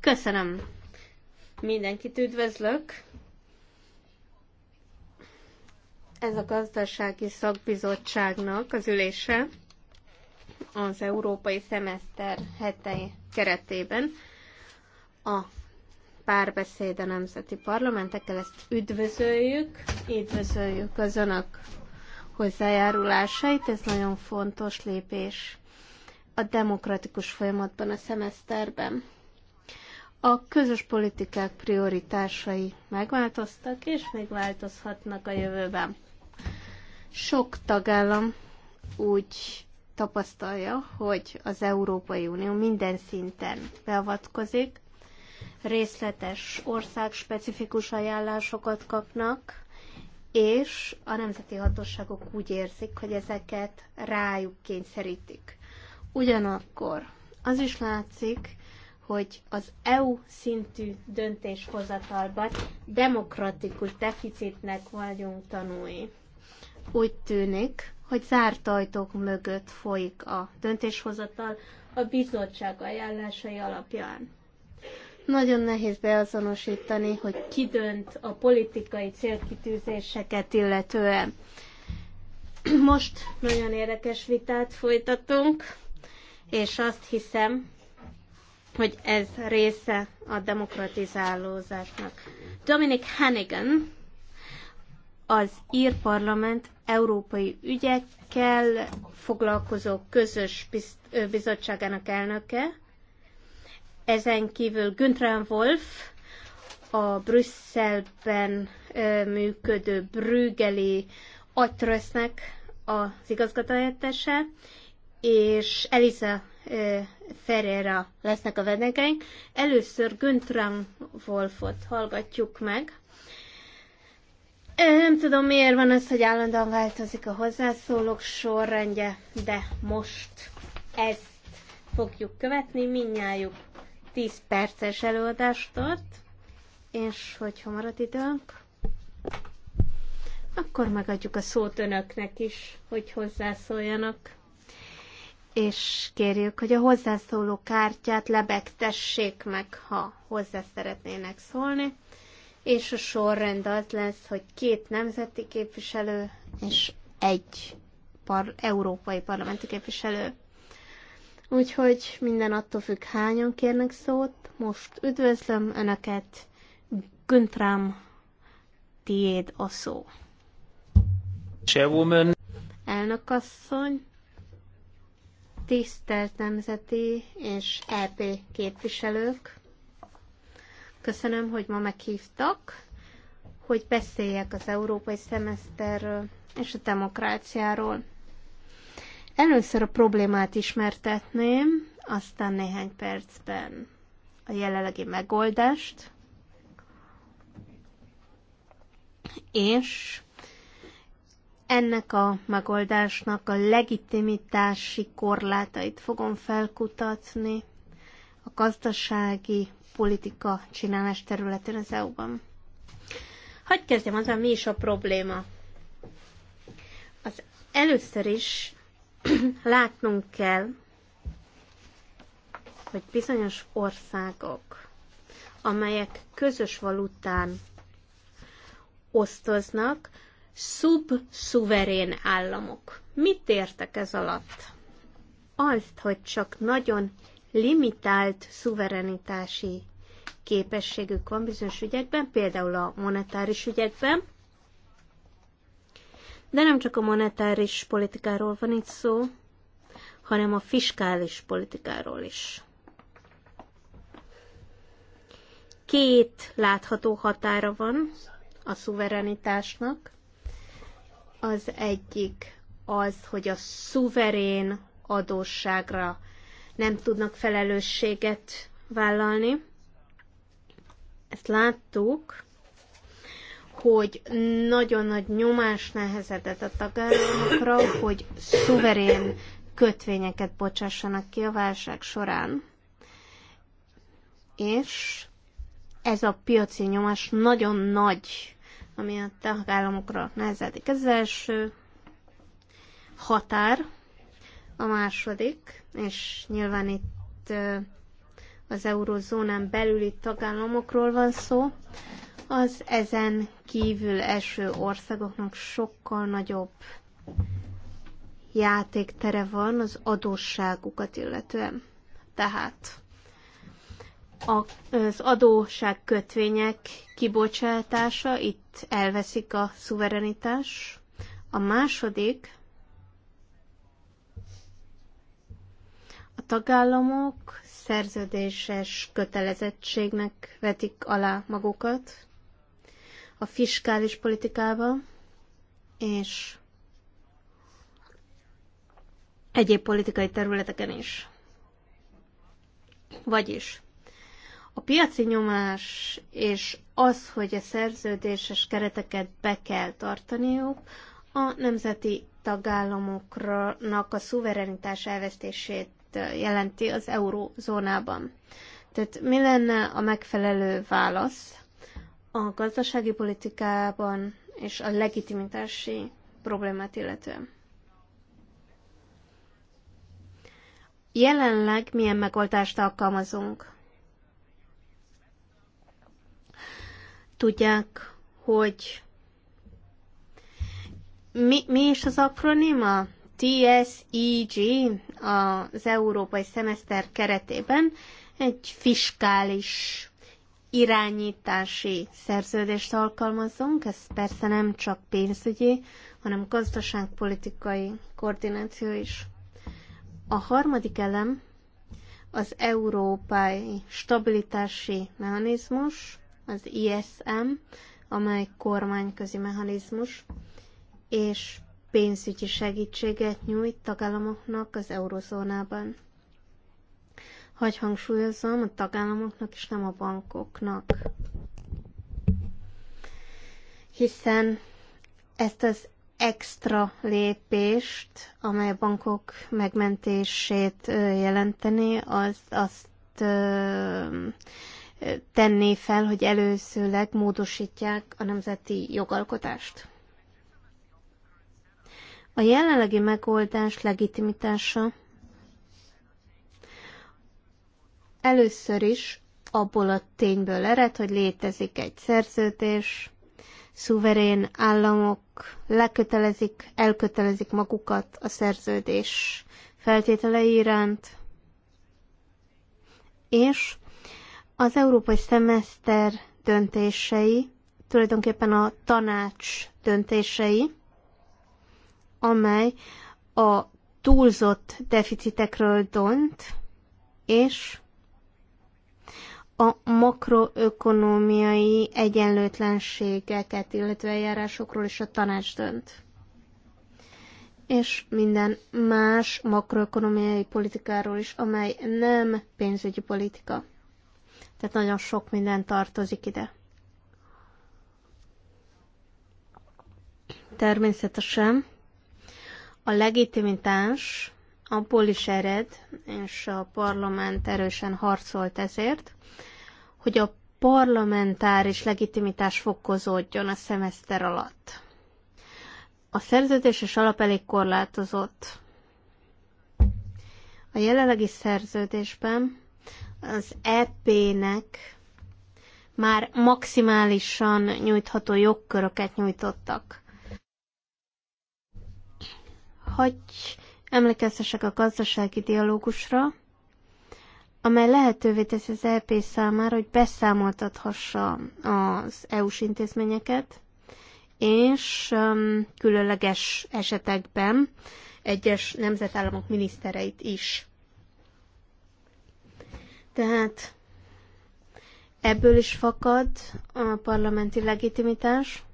Köszönöm. Mindenkit üdvözlök. Ez a gazdasági szakbizottságnak az ülése az európai szemeszter hetei keretében a párbeszéd a nemzeti parlamentekkel, ezt üdvözöljük, üdvözöljük az önök hozzájárulásait, ez nagyon fontos lépés a demokratikus folyamatban, a szemeszterben. A közös politikák prioritásai megváltoztak, és még változhatnak a jövőben. Sok tagállam úgy tapasztalja, hogy az Európai Unió minden szinten beavatkozik, részletes országspecifikus ajánlásokat kapnak, és a nemzeti hatóságok úgy érzik, hogy ezeket rájuk kényszerítik. Ugyanakkor az is látszik, hogy az EU szintű döntéshozatalban demokratikus deficitnek vagyunk tanulni. Úgy tűnik, hogy zárt ajtók mögött folyik a döntéshozatal a bizottság ajánlásai alapján. Nagyon nehéz beazonosítani, hogy ki dönt a politikai célkitűzéseket illetően. Most nagyon érdekes vitát folytatunk és azt hiszem, hogy ez része a demokratizálózásnak. Dominic Hannigan, az ír parlament európai ügyekkel foglalkozó közös bizottságának elnöke, ezen kívül Günther Wolf, a Brüsszelben működő brügeli agytrösznek az igazgatóhelyettese, és Elisa Ferreira lesznek a vendégeink. Először Güntram Wolfot hallgatjuk meg. Nem tudom, miért van az, hogy állandóan változik a hozzászólók sorrendje, de most ezt fogjuk követni. Mindjárt 10 perces előadást ad, és hogyha marad időnk, akkor megadjuk a szót önöknek is, hogy hozzászóljanak és kérjük, hogy a hozzászóló kártyát lebegtessék meg, ha hozzá szeretnének szólni, és a sorrend az lesz, hogy két nemzeti képviselő és egy par- európai parlamenti képviselő. Úgyhogy minden attól függ, hányan kérnek szót. Most üdvözlöm Önöket, Güntram tiéd a szó. Chairwoman. Elnök asszony, Tisztelt nemzeti és EP képviselők, köszönöm, hogy ma meghívtak, hogy beszéljek az európai szemeszterről és a demokráciáról. Először a problémát ismertetném, aztán néhány percben a jelenlegi megoldást, és ennek a megoldásnak a legitimitási korlátait fogom felkutatni a gazdasági politika csinálás területén az EU-ban. Hogy kezdjem azzal, mi is a probléma. Az először is látnunk kell, hogy bizonyos országok, amelyek közös valután osztoznak, szubszuverén államok. Mit értek ez alatt? Azt, hogy csak nagyon limitált szuverenitási képességük van bizonyos ügyekben, például a monetáris ügyekben, de nem csak a monetáris politikáról van itt szó, hanem a fiskális politikáról is. Két látható határa van a szuverenitásnak. Az egyik az, hogy a szuverén adósságra nem tudnak felelősséget vállalni. Ezt láttuk, hogy nagyon nagy nyomás nehezedett a tagállamokra, hogy szuverén kötvényeket bocsássanak ki a válság során. És ez a piaci nyomás nagyon nagy ami a tagállamokra nehezedik. Ez az első határ, a második, és nyilván itt az eurozónán belüli tagállamokról van szó, az ezen kívül eső országoknak sokkal nagyobb játéktere van az adósságukat illetően. Tehát az kötvények kibocsátása, itt elveszik a szuverenitás. A második, a tagállamok szerződéses kötelezettségnek vetik alá magukat a fiskális politikába, és egyéb politikai területeken is. Vagyis a piaci nyomás és az, hogy a szerződéses kereteket be kell tartaniuk, a nemzeti tagállamoknak a szuverenitás elvesztését jelenti az eurózónában. Tehát mi lenne a megfelelő válasz a gazdasági politikában és a legitimitási problémát illetően? Jelenleg milyen megoldást alkalmazunk? Tudják, hogy mi, mi is az akronima? TSEG az európai szemeszter keretében egy fiskális irányítási szerződést alkalmazunk. ez persze nem csak pénzügyi, hanem gazdaságpolitikai koordináció is. A harmadik elem az európai stabilitási mechanizmus, az ISM, amely kormányközi mechanizmus, és pénzügyi segítséget nyújt tagállamoknak az eurozónában. Hagy hangsúlyozom, a tagállamoknak és nem a bankoknak. Hiszen ezt az extra lépést, amely a bankok megmentését jelenteni, az azt tenné fel, hogy előszőleg módosítják a nemzeti jogalkotást. A jelenlegi megoldás legitimitása először is abból a tényből ered, hogy létezik egy szerződés, szuverén államok lekötelezik, elkötelezik magukat a szerződés feltételei iránt, és az európai szemeszter döntései, tulajdonképpen a tanács döntései, amely a túlzott deficitekről dönt, és a makroökonomiai egyenlőtlenségeket, illetve eljárásokról is a tanács dönt. És minden más makroökonomiai politikáról is, amely nem pénzügyi politika. Tehát nagyon sok minden tartozik ide. Természetesen a legitimitás abból is ered, és a parlament erősen harcolt ezért, hogy a parlamentáris legitimitás fokozódjon a szemeszter alatt. A szerződéses alap elég korlátozott. A jelenlegi szerződésben az EP-nek már maximálisan nyújtható jogköröket nyújtottak. Hogy emlékeztessek a gazdasági dialógusra, amely lehetővé teszi az EP számára, hogy beszámoltathassa az EU-s intézményeket, és um, különleges esetekben egyes nemzetállamok minisztereit is. Tehát ebből is fakad a parlamenti legitimitás,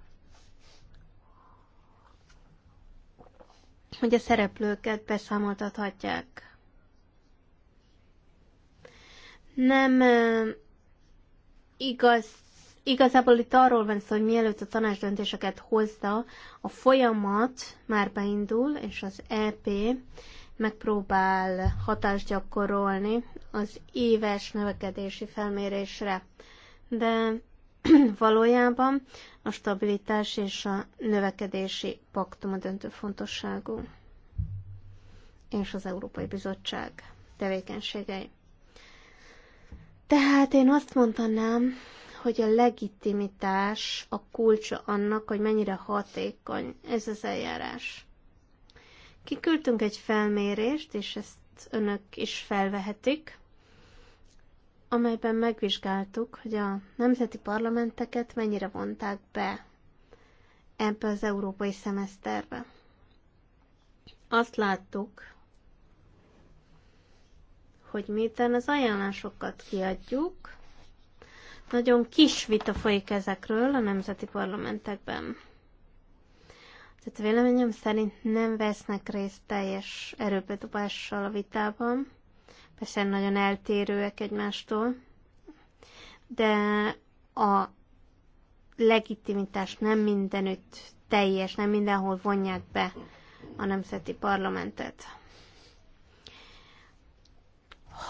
hogy a szereplőket beszámoltathatják. Nem igaz, igazából itt arról van szó, hogy mielőtt a tanács döntéseket hozza, a folyamat már beindul, és az EP megpróbál hatást gyakorolni az éves növekedési felmérésre. De valójában a stabilitás és a növekedési paktum a döntő fontosságú, és az Európai Bizottság tevékenységei. Tehát én azt mondanám, hogy a legitimitás a kulcsa annak, hogy mennyire hatékony ez az eljárás. Kiküldtünk egy felmérést, és ezt önök is felvehetik, amelyben megvizsgáltuk, hogy a nemzeti parlamenteket mennyire vonták be ebbe az európai szemeszterbe. Azt láttuk, hogy miután az ajánlásokat kiadjuk, nagyon kis vita folyik ezekről a nemzeti parlamentekben. Tehát véleményem szerint nem vesznek részt teljes erőbedobással a vitában. Persze nagyon eltérőek egymástól, de a legitimitás nem mindenütt teljes, nem mindenhol vonják be a nemzeti parlamentet.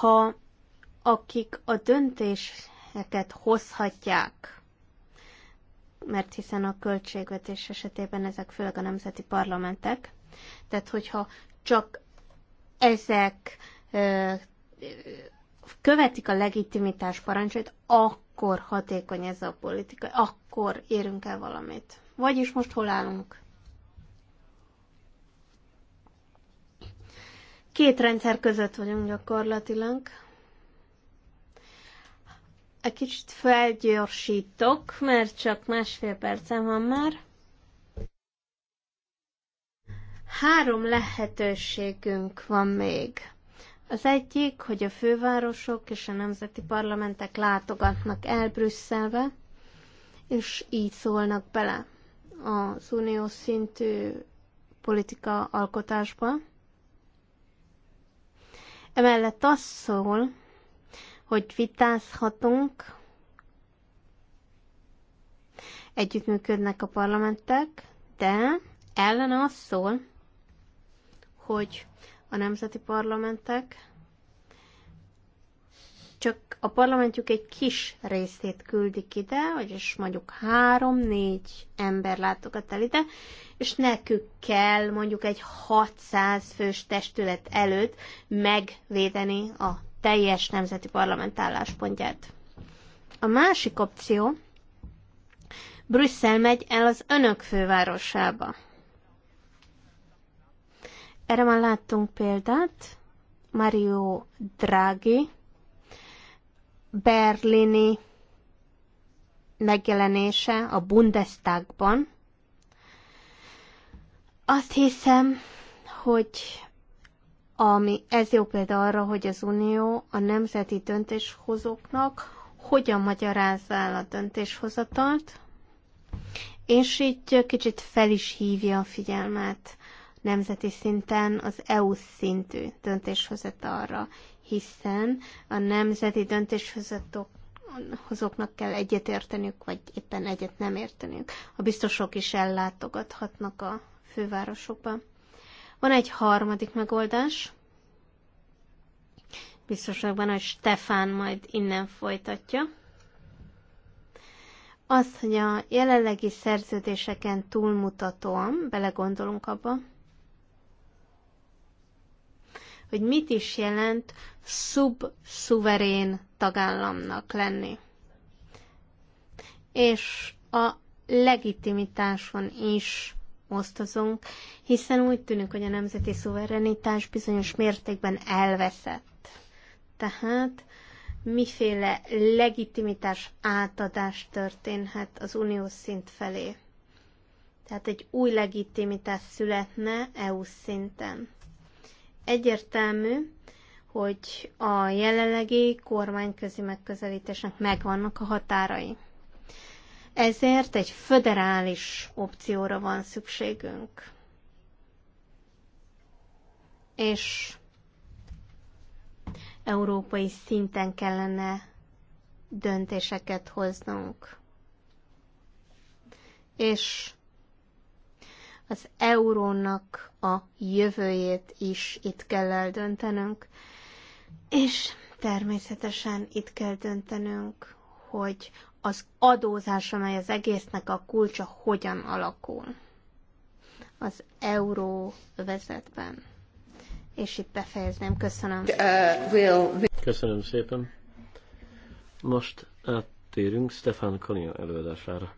Ha akik a döntéseket hozhatják, mert hiszen a költségvetés esetében ezek főleg a nemzeti parlamentek, tehát hogyha csak ezek követik a legitimitás parancsait, akkor hatékony ez a politika, akkor érünk el valamit. Vagyis most hol állunk? Két rendszer között vagyunk gyakorlatilag. Egy kicsit felgyorsítok, mert csak másfél percem van már. Három lehetőségünk van még. Az egyik, hogy a fővárosok és a nemzeti parlamentek látogatnak el Brüsszelbe, és így szólnak bele az unió szintű politika alkotásba. Emellett az szól, hogy vitázhatunk, együttműködnek a parlamentek, de ellene az szól, hogy a nemzeti parlamentek csak a parlamentjük egy kis részét küldik ide, vagyis mondjuk három-négy ember látogat el ide, és nekük kell mondjuk egy 600 fős testület előtt megvédeni a teljes nemzeti parlament álláspontját. A másik opció, Brüsszel megy el az önök fővárosába. Erre már láttunk példát. Mario Draghi, berlini megjelenése a Bundestagban. Azt hiszem, hogy ami ez jó példa arra, hogy az Unió a nemzeti döntéshozóknak hogyan magyarázza el a döntéshozatalt, és így kicsit fel is hívja a figyelmet nemzeti szinten az EU szintű döntéshozatalra, hiszen a nemzeti döntéshozatok hozóknak kell egyetérteniük, vagy éppen egyet nem érteniük. A biztosok is ellátogathatnak a fővárosokban. Van egy harmadik megoldás. Biztos vagyok benne, hogy Stefán majd innen folytatja. Az, hogy a jelenlegi szerződéseken túlmutatóan belegondolunk abba, hogy mit is jelent szubszuverén tagállamnak lenni. És a legitimitáson is osztozunk, hiszen úgy tűnik, hogy a nemzeti szuverenitás bizonyos mértékben elveszett. Tehát miféle legitimitás átadás történhet az uniós szint felé. Tehát egy új legitimitás születne EU szinten. Egyértelmű, hogy a jelenlegi kormányközi megközelítésnek megvannak a határai. Ezért egy föderális opcióra van szükségünk. És európai szinten kellene döntéseket hoznunk. És az eurónak a jövőjét is itt kell eldöntenünk, és természetesen itt kell döntenünk, hogy az adózás, amely az egésznek a kulcsa, hogyan alakul az euróvezetben. És itt befejezném. Köszönöm. Uh, köszönöm szépen. Most áttérünk Stefan Kalina előadására.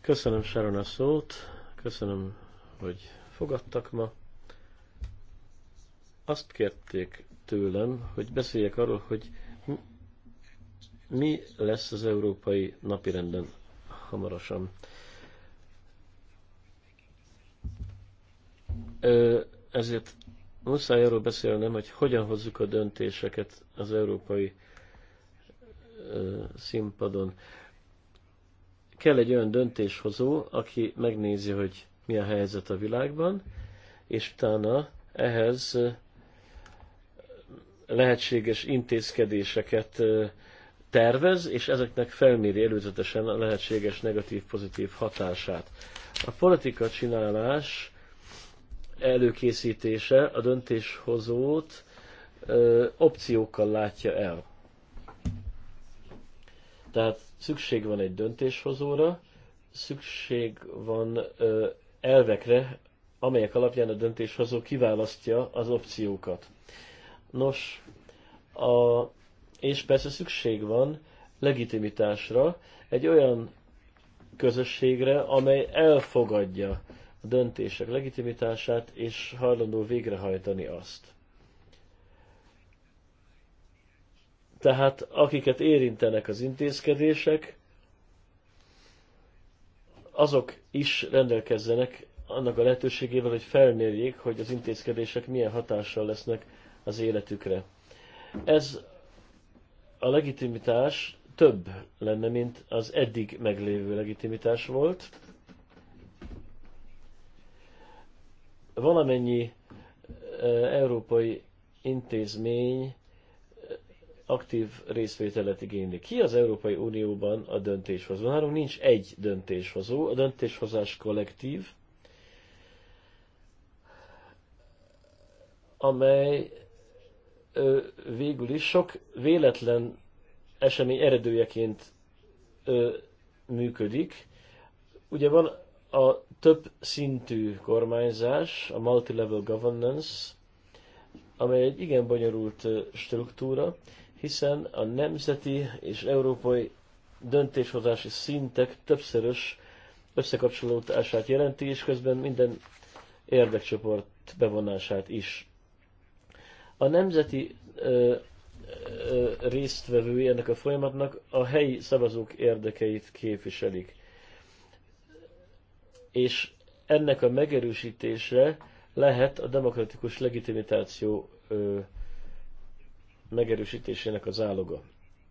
Köszönöm Sharon a szót, köszönöm, hogy fogadtak ma. Azt kérték tőlem, hogy beszéljek arról, hogy mi lesz az európai napirenden hamarosan. Ezért muszáj arról beszélnem, hogy hogyan hozzuk a döntéseket az európai színpadon. Kell egy olyan döntéshozó, aki megnézi, hogy mi a helyzet a világban, és utána ehhez lehetséges intézkedéseket tervez, és ezeknek felméri előzetesen a lehetséges negatív-pozitív hatását. A politika csinálás előkészítése a döntéshozót ö, opciókkal látja el. Tehát szükség van egy döntéshozóra, szükség van ö, elvekre, amelyek alapján a döntéshozó kiválasztja az opciókat. Nos, a és persze szükség van legitimitásra, egy olyan közösségre, amely elfogadja a döntések legitimitását, és hajlandó végrehajtani azt. Tehát akiket érintenek az intézkedések, azok is rendelkezzenek annak a lehetőségével, hogy felmérjék, hogy az intézkedések milyen hatással lesznek az életükre. Ez a legitimitás több lenne, mint az eddig meglévő legitimitás volt. Valamennyi európai intézmény aktív részvételet igényli. Ki az Európai Unióban a döntéshozó? Nálunk nincs egy döntéshozó, a döntéshozás kollektív, amely végül is sok véletlen esemény eredőjeként működik. Ugye van a több szintű kormányzás, a multi-level governance, amely egy igen bonyolult struktúra, hiszen a nemzeti és európai döntéshozási szintek többszörös összekapcsolódását jelenti, és közben minden érdekcsoport bevonását is. A nemzeti ö, ö, résztvevői ennek a folyamatnak a helyi szavazók érdekeit képviselik. És ennek a megerősítése lehet a demokratikus legitimitáció ö, megerősítésének az áloga.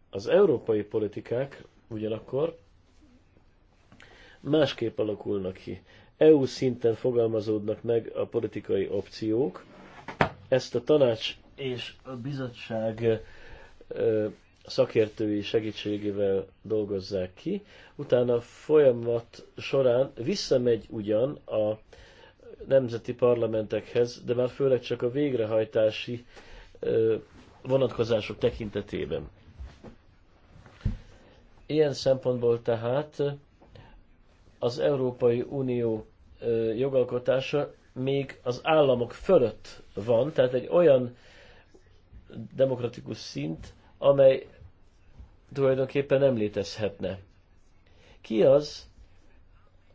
Az európai politikák ugyanakkor másképp alakulnak ki. EU szinten fogalmazódnak meg a politikai opciók, ezt a tanács és a bizottság szakértői segítségével dolgozzák ki. Utána a folyamat során visszamegy ugyan a nemzeti parlamentekhez, de már főleg csak a végrehajtási vonatkozások tekintetében. Ilyen szempontból tehát az Európai Unió jogalkotása még az államok fölött van, tehát egy olyan demokratikus szint, amely tulajdonképpen nem létezhetne. Ki az,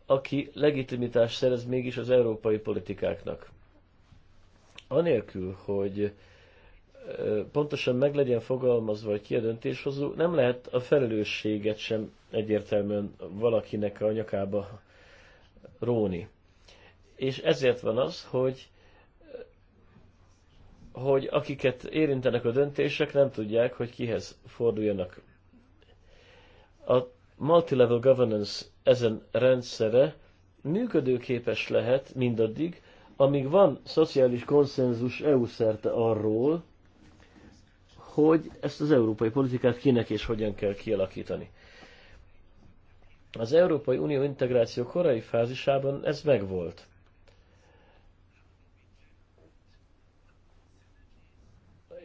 aki legitimitást szerez mégis az európai politikáknak? Anélkül, hogy pontosan meg legyen fogalmazva, hogy ki a döntéshozó, nem lehet a felelősséget sem egyértelműen valakinek a nyakába róni és ezért van az, hogy hogy akiket érintenek a döntések, nem tudják, hogy kihez forduljanak. A multilevel governance ezen rendszere működőképes lehet mindaddig, amíg van szociális konszenzus EU szerte arról, hogy ezt az európai politikát kinek és hogyan kell kialakítani. Az Európai Unió integráció korai fázisában ez megvolt.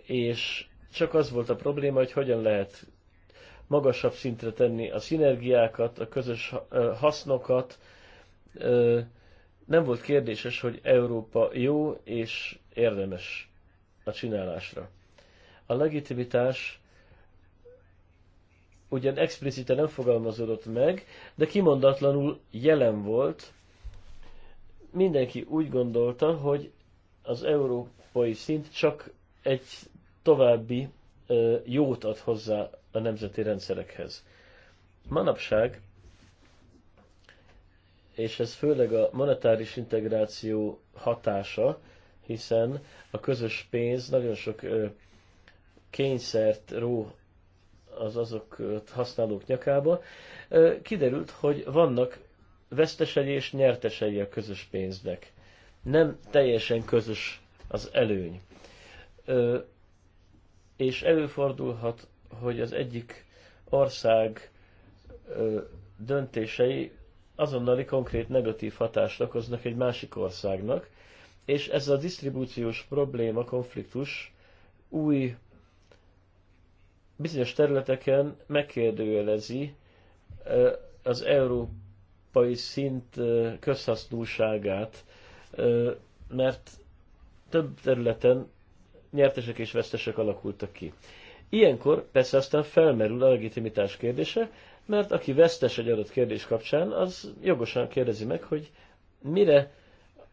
és csak az volt a probléma, hogy hogyan lehet magasabb szintre tenni a szinergiákat, a közös hasznokat. Nem volt kérdéses, hogy Európa jó és érdemes a csinálásra. A legitimitás ugyan explicite nem fogalmazódott meg, de kimondatlanul jelen volt. Mindenki úgy gondolta, hogy az európai szint csak egy további jót ad hozzá a nemzeti rendszerekhez. Manapság, és ez főleg a monetáris integráció hatása, hiszen a közös pénz nagyon sok kényszert ró az azok használók nyakába. Kiderült, hogy vannak vesztesei és nyertesei a közös pénznek. Nem teljesen közös az előny és előfordulhat, hogy az egyik ország döntései azonnali konkrét negatív hatást okoznak egy másik országnak, és ez a disztribúciós probléma, konfliktus új bizonyos területeken megkérdőjelezi az európai szint közhasznúságát, mert több területen nyertesek és vesztesek alakultak ki. Ilyenkor persze aztán felmerül a legitimitás kérdése, mert aki vesztes egy adott kérdés kapcsán, az jogosan kérdezi meg, hogy mire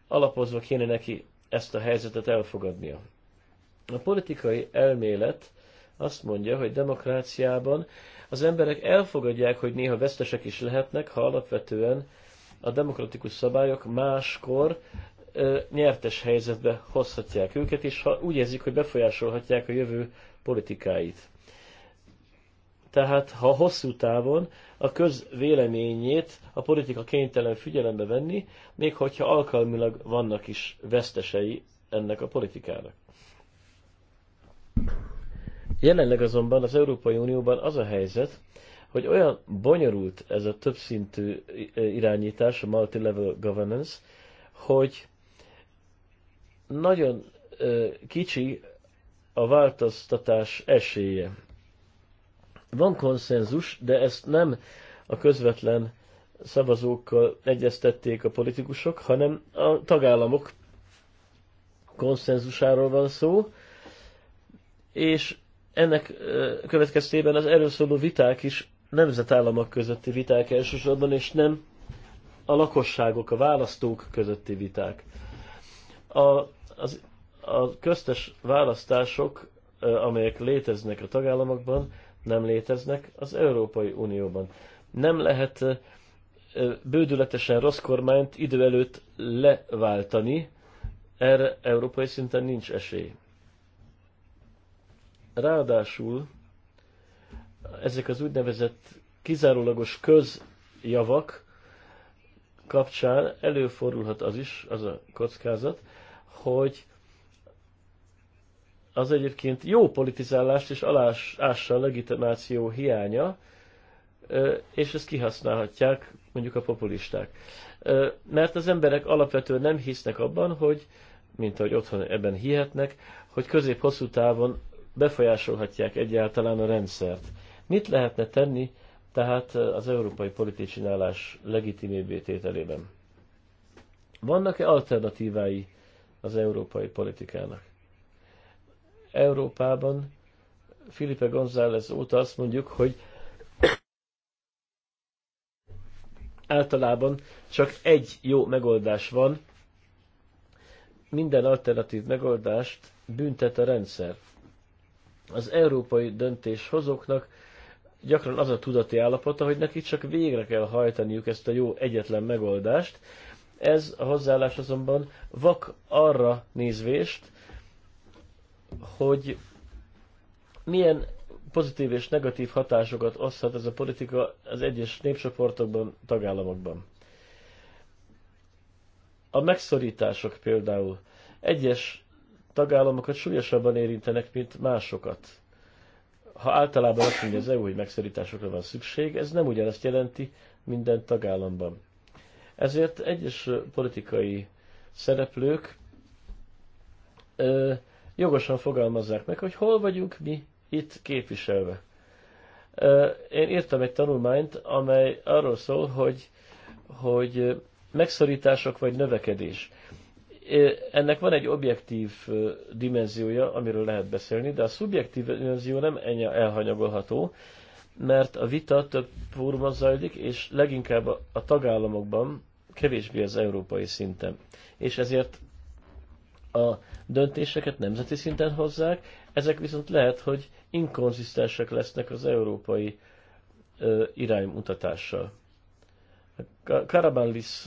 alapozva kéne neki ezt a helyzetet elfogadnia. A politikai elmélet azt mondja, hogy demokráciában az emberek elfogadják, hogy néha vesztesek is lehetnek, ha alapvetően a demokratikus szabályok máskor nyertes helyzetbe hozhatják őket, és ha úgy érzik, hogy befolyásolhatják a jövő politikáit. Tehát, ha hosszú távon a közvéleményét a politika kénytelen figyelembe venni, még hogyha alkalmilag vannak is vesztesei ennek a politikának. Jelenleg azonban az Európai Unióban az a helyzet, hogy olyan bonyolult ez a többszintű irányítás, a multi-level governance, hogy nagyon kicsi a változtatás esélye. Van konszenzus, de ezt nem a közvetlen szavazókkal egyeztették a politikusok, hanem a tagállamok konszenzusáról van szó, és ennek következtében az erről szóló viták is nemzetállamok közötti viták elsősorban, és nem a lakosságok, a választók közötti viták. A, az, a köztes választások, amelyek léteznek a tagállamokban, nem léteznek az Európai Unióban. Nem lehet bődületesen rossz kormányt idő előtt leváltani, erre európai szinten nincs esély. Ráadásul ezek az úgynevezett kizárólagos közjavak kapcsán előfordulhat az is, az a kockázat, hogy az egyébként jó politizálást és alásássa legitimáció hiánya, és ezt kihasználhatják mondjuk a populisták. Mert az emberek alapvetően nem hisznek abban, hogy, mint ahogy otthon ebben hihetnek, hogy közép-hosszú távon befolyásolhatják egyáltalán a rendszert. Mit lehetne tenni tehát az európai politikai csinálás legitimébé tételében? Vannak-e alternatívái az európai politikának. Európában Filipe González óta azt mondjuk, hogy általában csak egy jó megoldás van, minden alternatív megoldást büntet a rendszer. Az európai döntéshozóknak gyakran az a tudati állapota, hogy nekik csak végre kell hajtaniuk ezt a jó egyetlen megoldást, ez a hozzáállás azonban vak arra nézvést, hogy milyen pozitív és negatív hatásokat oszthat ez a politika az egyes népcsoportokban, tagállamokban. A megszorítások például egyes tagállamokat súlyosabban érintenek, mint másokat. Ha általában azt mondja az EU, hogy megszorításokra van szükség, ez nem ugyanazt jelenti minden tagállamban. Ezért egyes politikai szereplők ö, jogosan fogalmazzák meg, hogy hol vagyunk mi itt képviselve. Ö, én írtam egy tanulmányt, amely arról szól, hogy, hogy megszorítások vagy növekedés. Ennek van egy objektív dimenziója, amiről lehet beszélni, de a szubjektív dimenzió nem ennyi elhanyagolható, mert a vita több fórumon zajlik, és leginkább a tagállamokban, kevésbé az európai szinten. És ezért a döntéseket nemzeti szinten hozzák, ezek viszont lehet, hogy inkonzisztensek lesznek az európai ö, iránymutatással. A Karabanlis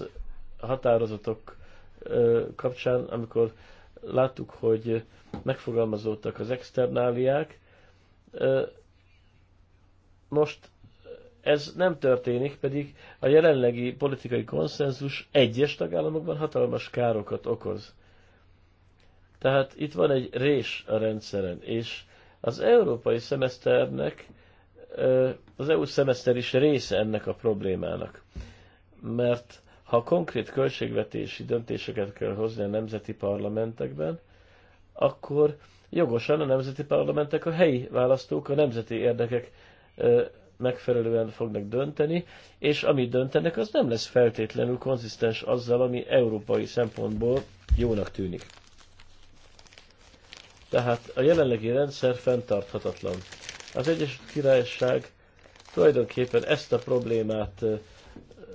határozatok ö, kapcsán, amikor láttuk, hogy megfogalmazódtak az externáliák, ö, most ez nem történik, pedig a jelenlegi politikai konszenzus egyes tagállamokban hatalmas károkat okoz. Tehát itt van egy rés a rendszeren, és az európai szemeszternek, az EU szemeszter is része ennek a problémának. Mert ha konkrét költségvetési döntéseket kell hozni a nemzeti parlamentekben, akkor jogosan a nemzeti parlamentek a helyi választók a nemzeti érdekek megfelelően fognak dönteni, és amit döntenek, az nem lesz feltétlenül konzisztens azzal, ami európai szempontból jónak tűnik. Tehát a jelenlegi rendszer fenntarthatatlan. Az Egyesült Királyság tulajdonképpen ezt a problémát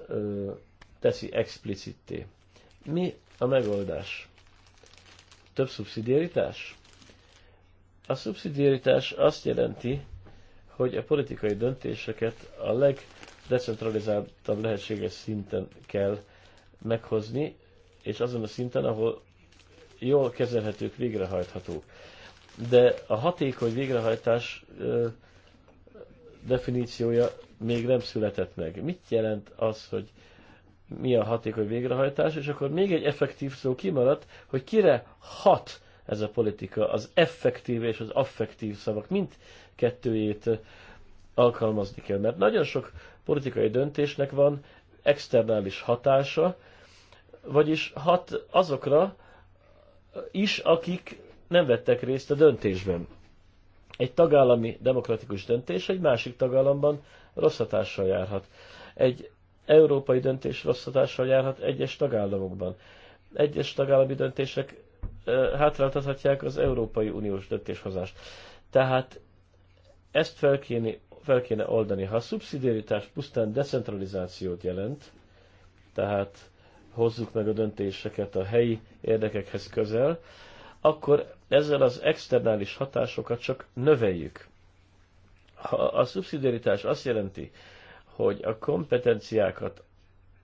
ö, teszi explicitté. Mi a megoldás? Több szubszidiaritás? A szubszidiaritás azt jelenti, hogy a politikai döntéseket a legdecentralizáltabb lehetséges szinten kell meghozni, és azon a szinten, ahol jól kezelhetők, végrehajthatók. De a hatékony végrehajtás definíciója még nem született meg. Mit jelent az, hogy mi a hatékony végrehajtás, és akkor még egy effektív szó kimaradt, hogy kire hat ez a politika, az effektív és az affektív szavak, mint kettőjét alkalmazni kell. Mert nagyon sok politikai döntésnek van externális hatása, vagyis hat azokra is, akik nem vettek részt a döntésben. Egy tagállami demokratikus döntés egy másik tagállamban rossz hatással járhat. Egy európai döntés rossz hatással járhat egyes tagállamokban. Egyes tagállami döntések hátráltathatják az Európai Uniós döntéshozást. Tehát ezt fel kéne, fel kéne oldani. Ha a szubszidiaritás pusztán decentralizációt jelent, tehát hozzuk meg a döntéseket a helyi érdekekhez közel, akkor ezzel az externális hatásokat csak növeljük. Ha a szubszidiaritás azt jelenti, hogy a kompetenciákat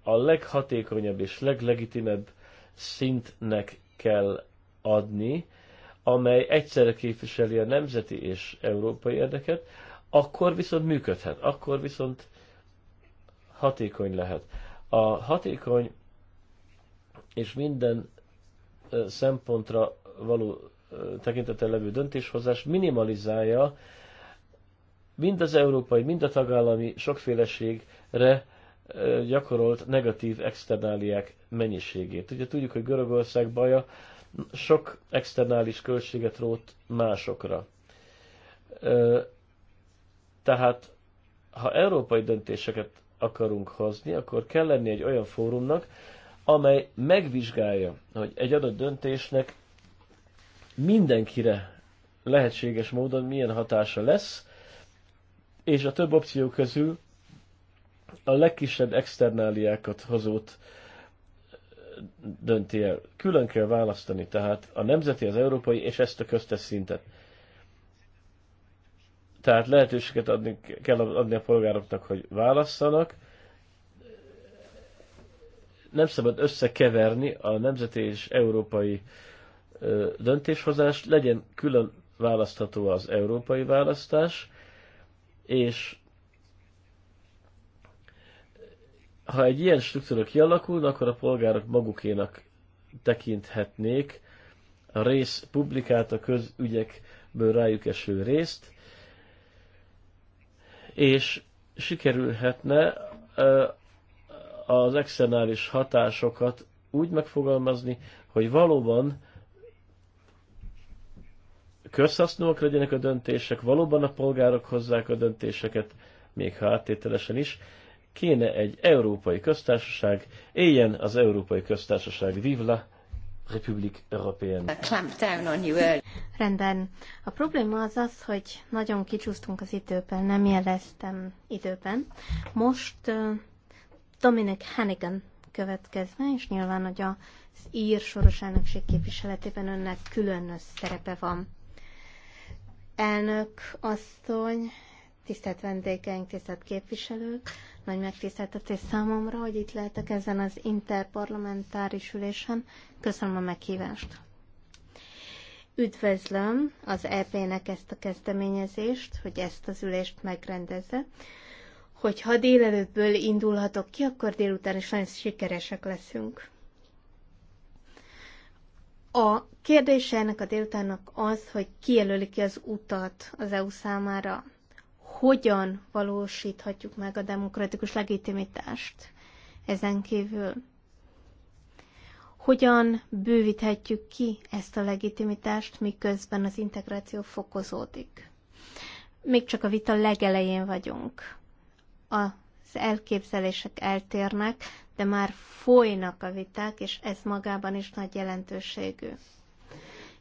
a leghatékonyabb és leglegitimebb szintnek kell adni, amely egyszerre képviseli a nemzeti és európai érdeket, akkor viszont működhet, akkor viszont hatékony lehet. A hatékony és minden szempontra való tekintettel levő döntéshozás minimalizálja mind az európai, mind a tagállami sokféleségre gyakorolt negatív externáliák mennyiségét. Ugye tudjuk, hogy Görögország baja sok externális költséget rót másokra. Tehát, ha európai döntéseket akarunk hozni, akkor kell lenni egy olyan fórumnak, amely megvizsgálja, hogy egy adott döntésnek mindenkire lehetséges módon milyen hatása lesz, és a több opció közül a legkisebb externáliákat hozott dönti el. Külön kell választani tehát a nemzeti, az európai és ezt a köztes szintet. Tehát lehetőséget adni, kell adni a polgároknak, hogy válasszanak. Nem szabad összekeverni a nemzeti és európai döntéshozást, legyen külön választható az európai választás, és ha egy ilyen struktúra kialakulna, akkor a polgárok magukénak tekinthetnék a rész publikát, a közügyekből rájuk eső részt, és sikerülhetne az externális hatásokat úgy megfogalmazni, hogy valóban közhasznúak legyenek a döntések, valóban a polgárok hozzák a döntéseket, még ha áttételesen is, kéne egy európai köztársaság, éljen az európai köztársaság, vive la Republik Européenne. Rendben. A probléma az az, hogy nagyon kicsúsztunk az időben, nem jeleztem időben. Most uh, Dominic Hannigan következne, és nyilván, hogy az ír soros elnökség képviseletében önnek különös szerepe van. Elnök asszony, tisztelt vendégeink, tisztelt képviselők, nagy megtiszteltetés számomra, hogy itt lehetek ezen az interparlamentáris ülésen. Köszönöm a meghívást. Üdvözlöm az EP-nek ezt a kezdeményezést, hogy ezt az ülést megrendezze. Hogy ha délelőttből indulhatok ki, akkor délután is nagyon sikeresek leszünk. A kérdése ennek a délutánnak az, hogy kijelöli ki az utat az EU számára hogyan valósíthatjuk meg a demokratikus legitimitást ezen kívül. Hogyan bővíthetjük ki ezt a legitimitást, miközben az integráció fokozódik. Még csak a vita legelején vagyunk. Az elképzelések eltérnek, de már folynak a viták, és ez magában is nagy jelentőségű.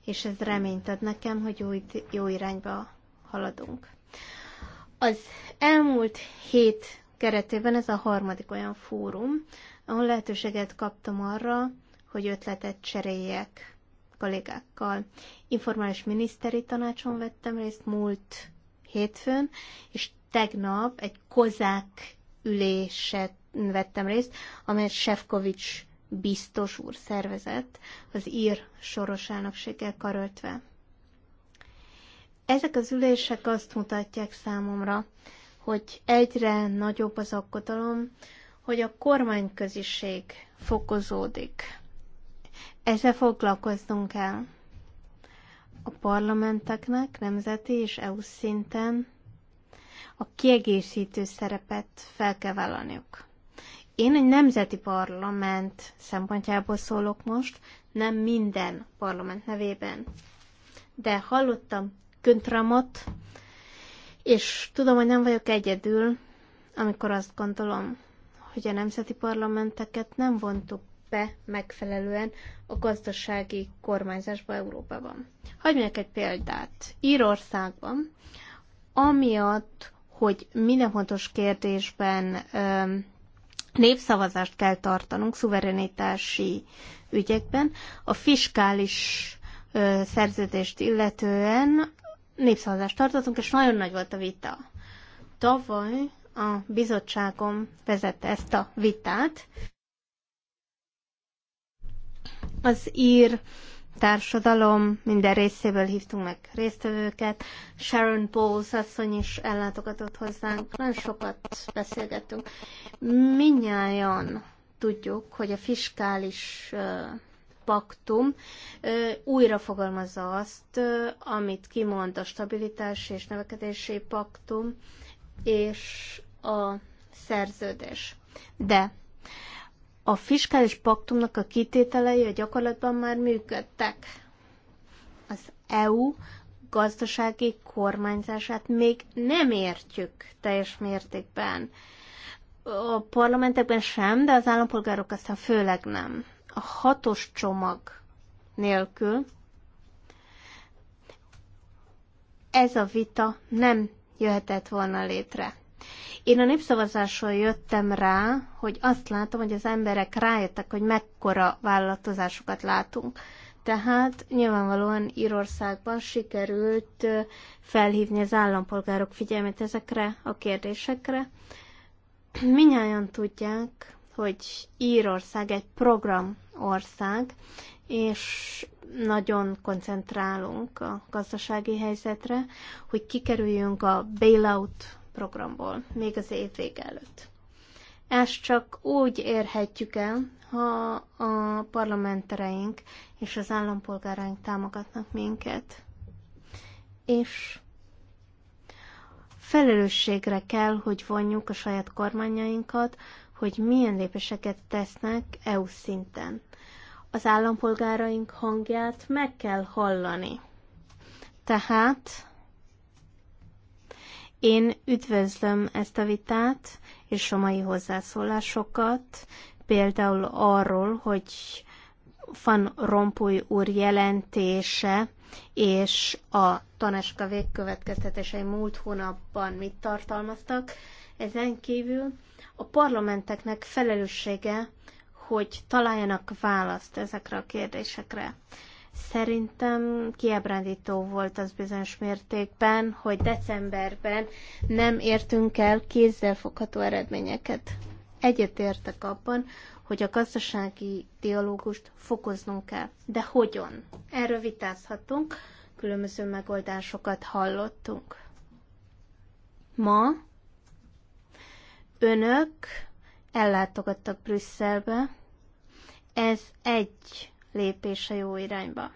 És ez reményt ad nekem, hogy jó, jó irányba haladunk. Az elmúlt hét keretében ez a harmadik olyan fórum, ahol lehetőséget kaptam arra, hogy ötletet cseréljek kollégákkal. Informális miniszteri tanácson vettem részt múlt hétfőn, és tegnap egy kozák üléset vettem részt, amelyet Sefkovics biztos úr szervezett az ír soros elnökséggel karöltve. Ezek az ülések azt mutatják számomra, hogy egyre nagyobb az aggodalom, hogy a kormányköziség fokozódik. Ezzel foglalkoznunk kell. A parlamenteknek nemzeti és EU szinten a kiegészítő szerepet fel kell vállalniuk. Én egy nemzeti parlament szempontjából szólok most, nem minden parlament nevében. De hallottam Güntramot, és tudom, hogy nem vagyok egyedül, amikor azt gondolom, hogy a nemzeti parlamenteket nem vontuk be megfelelően a gazdasági kormányzásba Európában. Hagyj meg egy példát. Írországban, amiatt, hogy minden fontos kérdésben öm, népszavazást kell tartanunk szuverenitási ügyekben, a fiskális ö, szerződést illetően népszavazást tartottunk, és nagyon nagy volt a vita. Tavaly a bizottságom vezette ezt a vitát. Az ír társadalom minden részéből hívtunk meg résztvevőket. Sharon Bowles asszony is ellátogatott hozzánk. Nagyon sokat beszélgettünk. Minnyáján tudjuk, hogy a fiskális paktum újra fogalmazza azt, amit kimond a stabilitás és növekedési paktum és a szerződés. De a fiskális paktumnak a kitételei a gyakorlatban már működtek. Az EU gazdasági kormányzását még nem értjük teljes mértékben. A parlamentekben sem, de az állampolgárok aztán főleg nem a hatos csomag nélkül ez a vita nem jöhetett volna létre. Én a népszavazáson jöttem rá, hogy azt látom, hogy az emberek rájöttek, hogy mekkora vállalatozásokat látunk. Tehát nyilvánvalóan Írországban sikerült felhívni az állampolgárok figyelmét ezekre a kérdésekre. Minnyáján tudják, hogy Írország egy program ország, és nagyon koncentrálunk a gazdasági helyzetre, hogy kikerüljünk a bailout programból még az év vége előtt. Ezt csak úgy érhetjük el, ha a parlamentereink és az állampolgáraink támogatnak minket. És felelősségre kell, hogy vonjuk a saját kormányainkat, hogy milyen lépéseket tesznek EU szinten. Az állampolgáraink hangját meg kell hallani. Tehát én üdvözlöm ezt a vitát és a mai hozzászólásokat, például arról, hogy Van Rompuy úr jelentése és a Taneska végkövetkeztetései múlt hónapban mit tartalmaztak. Ezen kívül a parlamenteknek felelőssége, hogy találjanak választ ezekre a kérdésekre. Szerintem kiábrándító volt az bizonyos mértékben, hogy decemberben nem értünk el kézzelfogható eredményeket. Egyetértek abban, hogy a gazdasági dialógust fokoznunk kell. De hogyan? Erről vitázhatunk, különböző megoldásokat hallottunk. Ma önök ellátogattak Brüsszelbe. Ez egy lépés a jó irányba.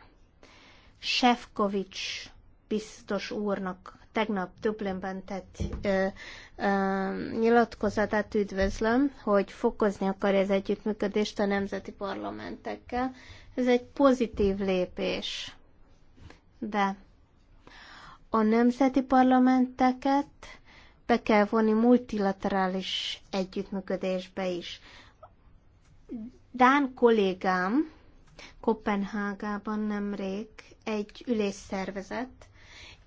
Sefkovics biztos úrnak tegnap Dublinben tett ö, ö, nyilatkozatát üdvözlöm, hogy fokozni akarja az együttműködést a nemzeti parlamentekkel. Ez egy pozitív lépés. De a nemzeti parlamenteket be kell vonni multilaterális együttműködésbe is. Dán kollégám Kopenhágában nemrég egy ülés szervezett,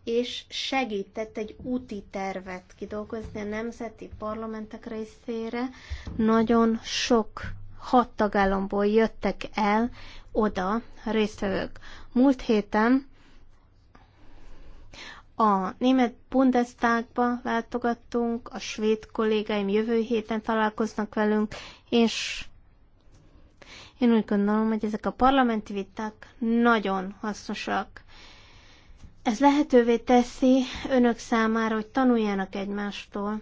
és segített egy úti tervet kidolgozni a nemzeti parlamentek részére. Nagyon sok hat tagállamból jöttek el oda résztvevők. Múlt héten a német Bundestagba látogattunk, a svéd kollégáim jövő héten találkoznak velünk, és én úgy gondolom, hogy ezek a parlamenti viták nagyon hasznosak. Ez lehetővé teszi önök számára, hogy tanuljanak egymástól,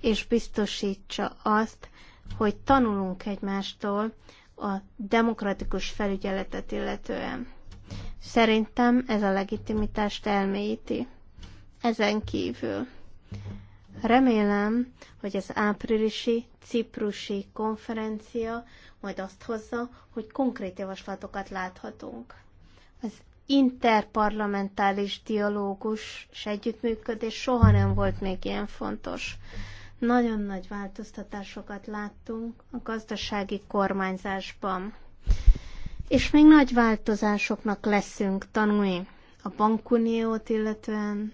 és biztosítsa azt, hogy tanulunk egymástól a demokratikus felügyeletet illetően. Szerintem ez a legitimitást elmélyíti ezen kívül. Remélem, hogy az áprilisi ciprusi konferencia majd azt hozza, hogy konkrét javaslatokat láthatunk. Az interparlamentális dialógus és együttműködés soha nem volt még ilyen fontos. Nagyon nagy változtatásokat láttunk a gazdasági kormányzásban. És még nagy változásoknak leszünk tanulni a bankuniót illetően,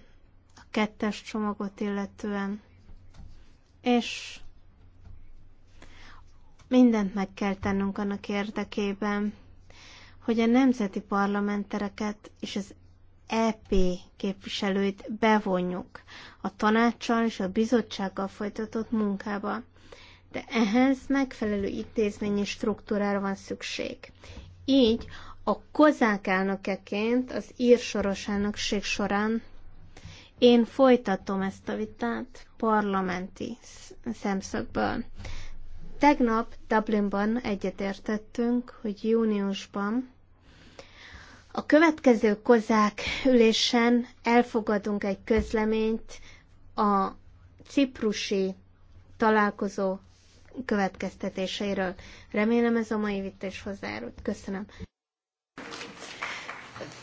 kettes csomagot illetően. És mindent meg kell tennünk annak érdekében, hogy a nemzeti parlamentereket és az EP képviselőit bevonjuk a tanácssal és a bizottsággal folytatott munkába. De ehhez megfelelő intézményi struktúrára van szükség. Így a kozák elnökeként az írsoros elnökség során én folytatom ezt a vitát parlamenti szemszögből. Tegnap Dublinban egyetértettünk, hogy júniusban a következő kozák ülésen elfogadunk egy közleményt a ciprusi találkozó következtetéseiről. Remélem ez a mai vita hozzájárult. Köszönöm.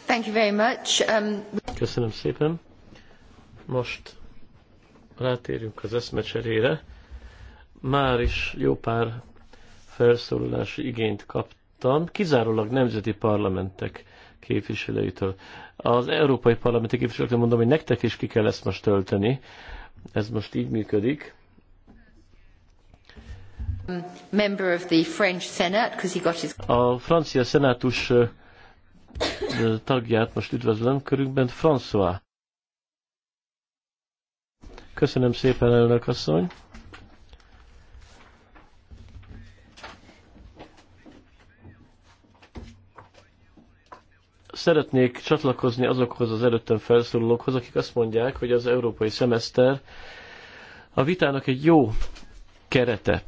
Thank you very much. Um... Köszönöm szépen most rátérjünk az eszmecserére. Már is jó pár felszólalási igényt kaptam, kizárólag nemzeti parlamentek képviselőitől. Az európai parlamenti képviselőtől mondom, hogy nektek is ki kell ezt most tölteni. Ez most így működik. Member of the French Senate, he got his... A francia szenátus tagját most üdvözlöm körünkben, François Köszönöm szépen, elnök asszony. Szeretnék csatlakozni azokhoz az előttem felszólalókhoz, akik azt mondják, hogy az európai szemeszter a vitának egy jó kerete.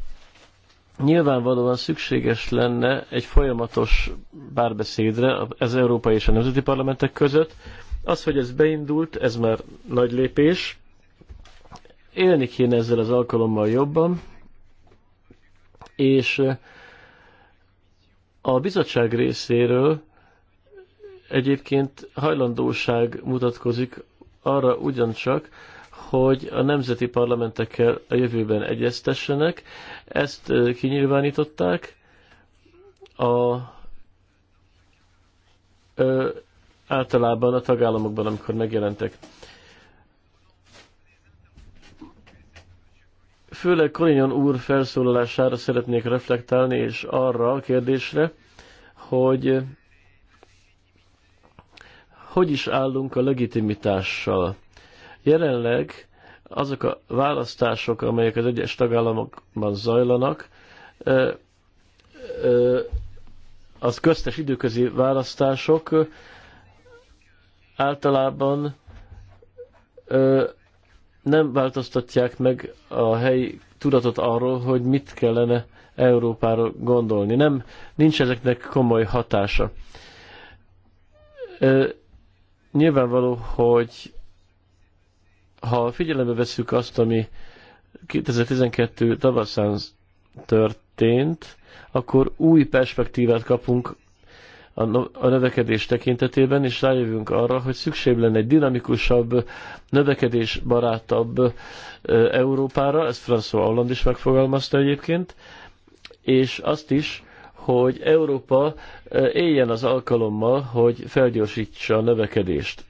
Nyilvánvalóan szükséges lenne egy folyamatos bárbeszédre az európai és a nemzeti parlamentek között. Az, hogy ez beindult, ez már nagy lépés Élni kéne ezzel az alkalommal jobban, és a bizottság részéről egyébként hajlandóság mutatkozik arra ugyancsak, hogy a nemzeti parlamentekkel a jövőben egyeztessenek. Ezt kinyilvánították. A, ö, általában a tagállamokban, amikor megjelentek főleg Korinyon úr felszólalására szeretnék reflektálni, és arra a kérdésre, hogy hogy is állunk a legitimitással. Jelenleg azok a választások, amelyek az egyes tagállamokban zajlanak, az köztes időközi választások általában nem változtatják meg a helyi tudatot arról, hogy mit kellene Európára gondolni. Nem, nincs ezeknek komoly hatása. E, nyilvánvaló, hogy ha figyelembe veszük azt, ami 2012 tavaszán történt, akkor új perspektívát kapunk a növekedés tekintetében, és rájövünk arra, hogy szükség lenne egy dinamikusabb, növekedésbarátabb Európára, ezt François Hollande is megfogalmazta egyébként, és azt is, hogy Európa éljen az alkalommal, hogy felgyorsítsa a növekedést.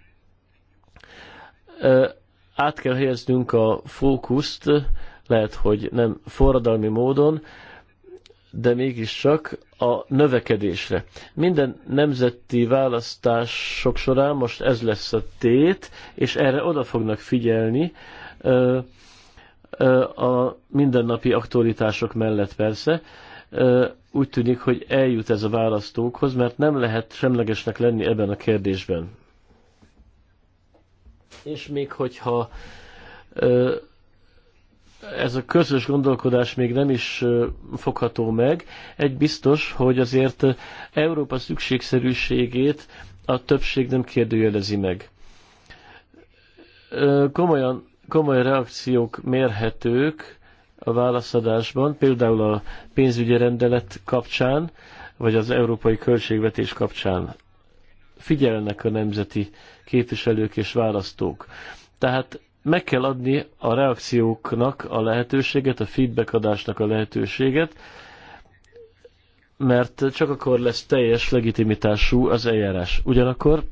Át kell helyeznünk a fókuszt, lehet, hogy nem forradalmi módon, de mégiscsak a növekedésre. Minden nemzeti választások során most ez lesz a tét, és erre oda fognak figyelni a mindennapi aktualitások mellett persze. Úgy tűnik, hogy eljut ez a választókhoz, mert nem lehet semlegesnek lenni ebben a kérdésben. És még hogyha ez a közös gondolkodás még nem is fogható meg. Egy biztos, hogy azért Európa szükségszerűségét a többség nem kérdőjelezi meg. Komolyan, komoly reakciók mérhetők a válaszadásban, például a pénzügyi rendelet kapcsán, vagy az európai költségvetés kapcsán. Figyelnek a nemzeti képviselők és választók. Tehát meg kell adni a reakcióknak a lehetőséget, a feedback adásnak a lehetőséget, mert csak akkor lesz teljes legitimitású az eljárás. Ugyanakkor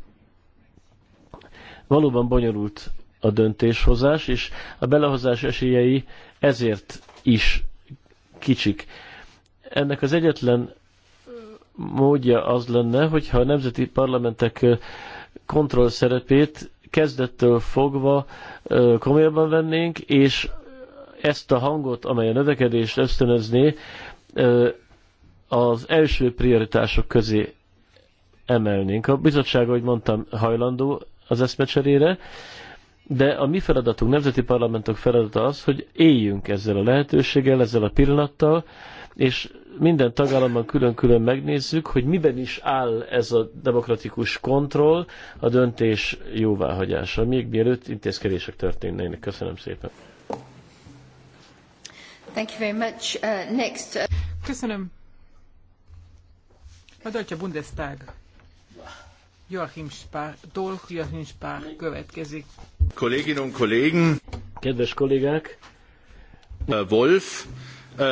valóban bonyolult a döntéshozás, és a belehozás esélyei ezért is kicsik. Ennek az egyetlen módja az lenne, hogyha a nemzeti parlamentek kontroll szerepét kezdettől fogva komolyabban vennénk, és ezt a hangot, amely a növekedést ösztönözné, az első prioritások közé emelnénk. A bizottság, ahogy mondtam, hajlandó az eszmecserére, de a mi feladatunk, nemzeti parlamentok feladata az, hogy éljünk ezzel a lehetőséggel, ezzel a pillanattal, és minden tagállamban külön-külön megnézzük, hogy miben is áll ez a demokratikus kontroll, a döntés jóváhagyása, még mielőtt intézkedések történnének. Köszönöm szépen. Thank you very much. Uh, next. Uh, Köszönöm. A Deutsche Bundestag. Joachim Spahr. Dolch Joachim Spahr következik. Kolleginnen und Kollegen. Kedves kollégák. Wolf.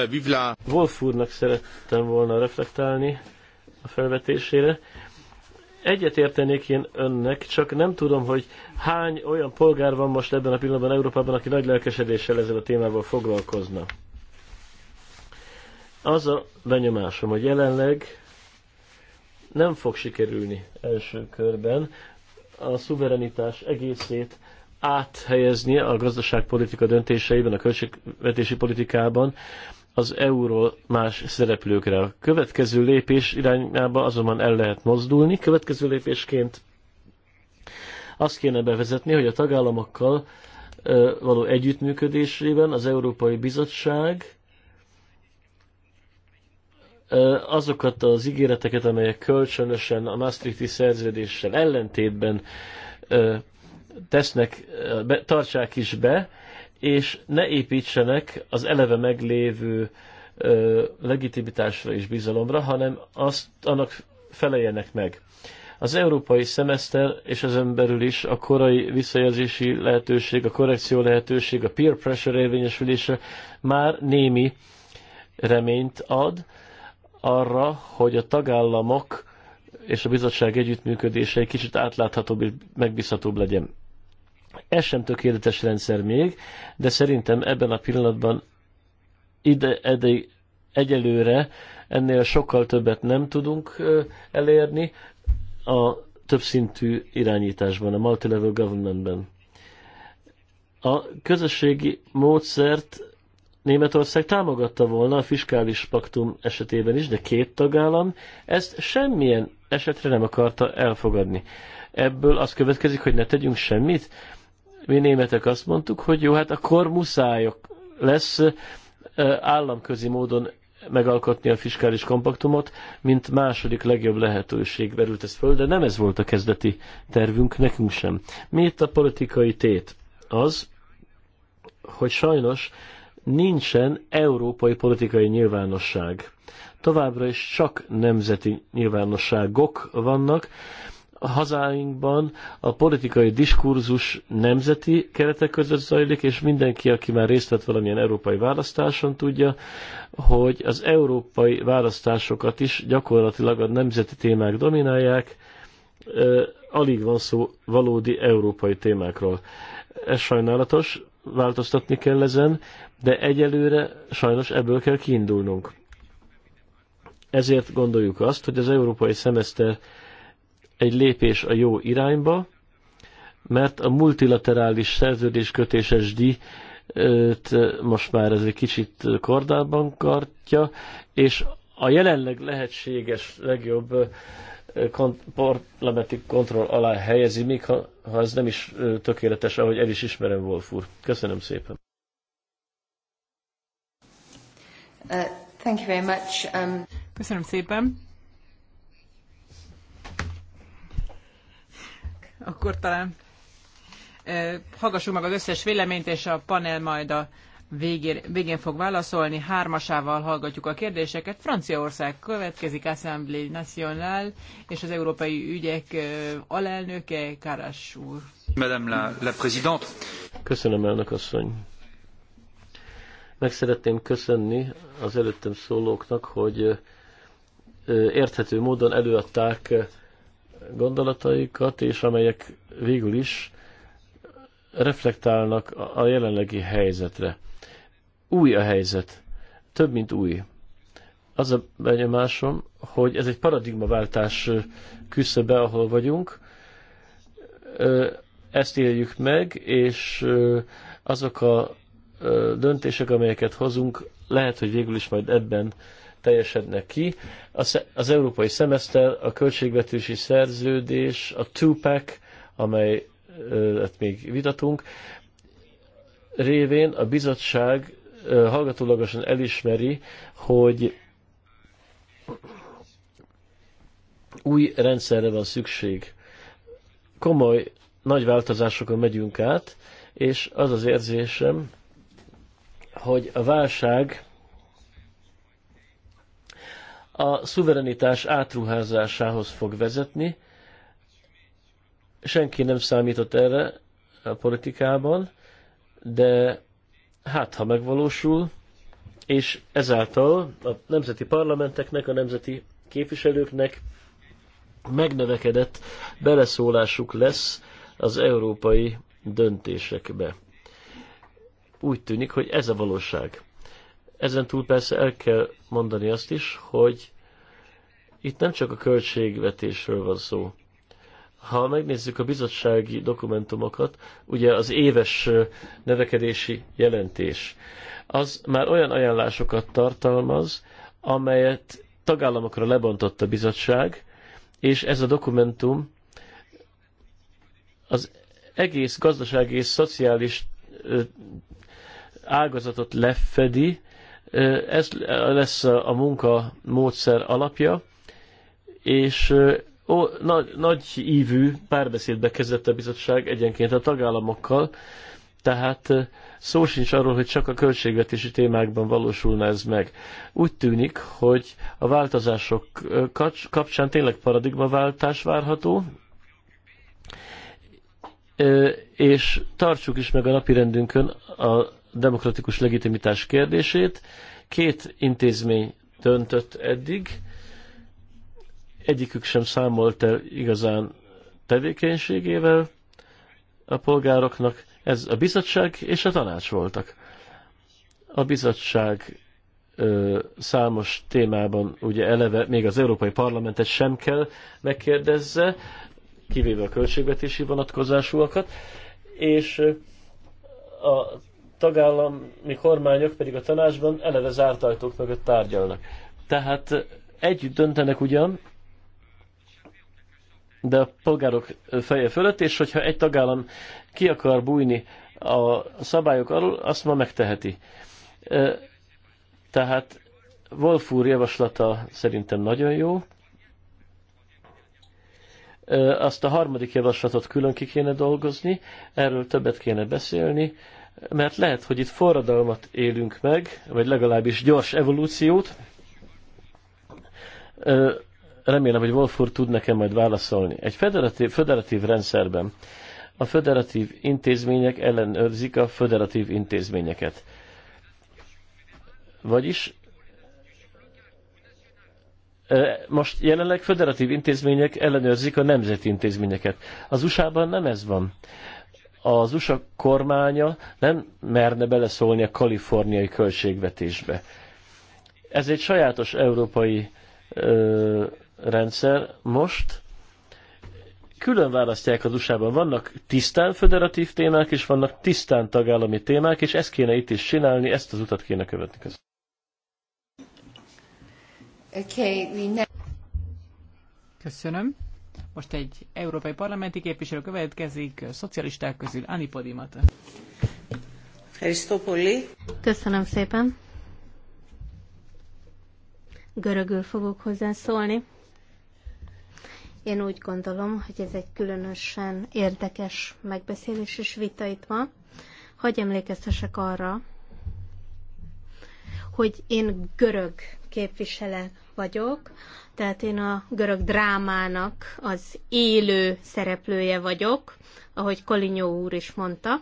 Vivla. Wolf úrnak szerettem volna reflektálni a felvetésére. Egyet értenék én önnek, csak nem tudom, hogy hány olyan polgár van most ebben a pillanatban Európában, aki nagy lelkesedéssel ezzel a témával foglalkozna. Az a benyomásom, hogy jelenleg nem fog sikerülni első körben a szuverenitás egészét áthelyezni a gazdaságpolitika döntéseiben, a költségvetési politikában az euró más szereplőkre. A következő lépés irányába azonban el lehet mozdulni. Következő lépésként azt kéne bevezetni, hogy a tagállamokkal való együttműködésében az Európai Bizottság azokat az ígéreteket, amelyek kölcsönösen a Maastrichti szerződéssel ellentétben tesznek, eh, tartsák is be, és ne építsenek az eleve meglévő eh, legitimitásra és bizalomra, hanem azt, annak feleljenek meg. Az európai szemeszter és az emberül is a korai visszajelzési lehetőség, a korrekció lehetőség, a peer pressure érvényesülése már némi reményt ad arra, hogy a tagállamok és a bizottság együttműködése egy kicsit átláthatóbb és megbízhatóbb legyen. Ez sem tökéletes rendszer még, de szerintem ebben a pillanatban ide, ide egyelőre ennél sokkal többet nem tudunk elérni a többszintű irányításban, a multilevel governmentben. A közösségi módszert Németország támogatta volna a fiskális paktum esetében is, de két tagállam ezt semmilyen esetre nem akarta elfogadni. Ebből az következik, hogy ne tegyünk semmit. Mi németek azt mondtuk, hogy jó, hát akkor muszájok lesz államközi módon megalkotni a fiskális kompaktumot, mint második legjobb lehetőség verült ez föl, de nem ez volt a kezdeti tervünk, nekünk sem. Mi itt a politikai tét? Az, hogy sajnos nincsen európai politikai nyilvánosság. Továbbra is csak nemzeti nyilvánosságok vannak, a hazáinkban a politikai diskurzus nemzeti keretek között zajlik, és mindenki, aki már részt vett valamilyen európai választáson, tudja, hogy az európai választásokat is gyakorlatilag a nemzeti témák dominálják, alig van szó valódi európai témákról. Ez sajnálatos, változtatni kell ezen, de egyelőre sajnos ebből kell kiindulnunk. Ezért gondoljuk azt, hogy az európai szemeszter egy lépés a jó irányba, mert a multilaterális szerződéskötéses díjt most már ez egy kicsit kordában kartja, és a jelenleg lehetséges legjobb kont parlamenti kontroll alá helyezi, még ha, ha ez nem is tökéletes, ahogy el is ismerem, Wolf úr. Köszönöm szépen. Uh, thank you very much. Um... Köszönöm szépen. akkor talán hallgassuk meg az összes véleményt, és a panel majd a végén, végén fog válaszolni. Hármasával hallgatjuk a kérdéseket. Franciaország következik, Assemblée Nationale, és az európai ügyek alelnöke, Karas úr. Madame la, la présidente. Köszönöm, elnök asszony. Meg szeretném köszönni az előttem szólóknak, hogy érthető módon előadták gondolataikat, és amelyek végül is reflektálnak a jelenlegi helyzetre. Új a helyzet, több, mint új. Az a benyomásom, hogy ez egy paradigmaváltás küszöbe, ahol vagyunk. Ezt éljük meg, és azok a döntések, amelyeket hozunk, lehet, hogy végül is majd ebben teljesednek ki. Az, az európai szemeszter, a költségvetési szerződés, a TUPAC, amely hát még vitatunk, révén a bizottság hallgatólagosan elismeri, hogy új rendszerre van szükség. Komoly, nagy változásokon megyünk át, és az az érzésem, hogy a válság a szuverenitás átruházásához fog vezetni. Senki nem számított erre a politikában, de hát ha megvalósul, és ezáltal a nemzeti parlamenteknek, a nemzeti képviselőknek megnövekedett beleszólásuk lesz az európai döntésekbe. Úgy tűnik, hogy ez a valóság. Ezen túl persze el kell mondani azt is, hogy itt nem csak a költségvetésről van szó. Ha megnézzük a bizottsági dokumentumokat, ugye az éves növekedési jelentés, az már olyan ajánlásokat tartalmaz, amelyet tagállamokra lebontott a bizottság, és ez a dokumentum az egész gazdasági és szociális ágazatot lefedi, ez lesz a munka módszer alapja, és ó, nagy, nagy ívű párbeszédbe kezdett a bizottság egyenként a tagállamokkal, tehát szó sincs arról, hogy csak a költségvetési témákban valósulna ez meg. Úgy tűnik, hogy a változások kapcsán tényleg paradigmaváltás várható, és tartsuk is meg a napirendünkön a demokratikus legitimitás kérdését. Két intézmény döntött eddig, egyikük sem számolt el igazán tevékenységével a polgároknak, ez a bizottság és a tanács voltak. A bizottság ö, számos témában ugye eleve még az Európai Parlamentet sem kell megkérdezze, kivéve a költségvetési vonatkozásúakat, és a tagállami kormányok pedig a tanácsban eleve zárt ajtók mögött tárgyalnak. Tehát együtt döntenek ugyan, de a polgárok feje fölött, és hogyha egy tagállam ki akar bújni a szabályok alól, azt ma megteheti. Tehát Wolf úr javaslata szerintem nagyon jó. Azt a harmadik javaslatot külön ki kéne dolgozni, erről többet kéne beszélni mert lehet, hogy itt forradalmat élünk meg, vagy legalábbis gyors evolúciót. Remélem, hogy Wolf úr tud nekem majd válaszolni. Egy federatív, federatív rendszerben a federatív intézmények ellenőrzik a federatív intézményeket. Vagyis most jelenleg federatív intézmények ellenőrzik a nemzeti intézményeket. Az USA-ban nem ez van az USA kormánya nem merne beleszólni a kaliforniai költségvetésbe. Ez egy sajátos európai ö, rendszer most. Külön választják az USA-ban. Vannak tisztán föderatív témák, és vannak tisztán tagállami témák, és ezt kéne itt is csinálni, ezt az utat kéne követni közben. Okay, Köszönöm. Most egy európai parlamenti képviselő következik, szocialisták közül Ani Podimata. Köszönöm szépen. Görögül fogok hozzászólni. Én úgy gondolom, hogy ez egy különösen érdekes megbeszélés és vita itt van. Hogy emlékeztesek arra, hogy én görög képviselő vagyok, tehát én a görög drámának az élő szereplője vagyok, ahogy Kolinyó úr is mondta.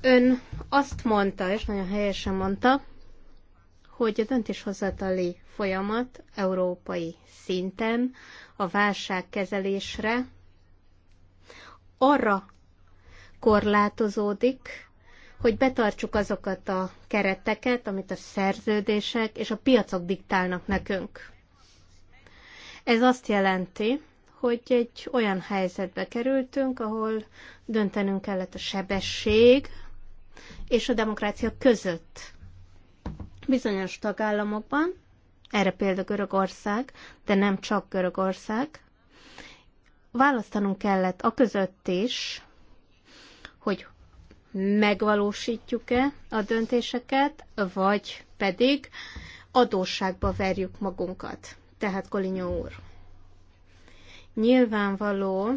Ön azt mondta, és nagyon helyesen mondta, hogy a döntéshozatali folyamat európai szinten a válságkezelésre arra korlátozódik, hogy betartsuk azokat a kereteket, amit a szerződések és a piacok diktálnak nekünk. Ez azt jelenti, hogy egy olyan helyzetbe kerültünk, ahol döntenünk kellett a sebesség és a demokrácia között. Bizonyos tagállamokban, erre példa Görögország, de nem csak Görögország, választanunk kellett a között is, hogy megvalósítjuk-e a döntéseket, vagy pedig adósságba verjük magunkat. Tehát Kolinyó úr. Nyilvánvaló,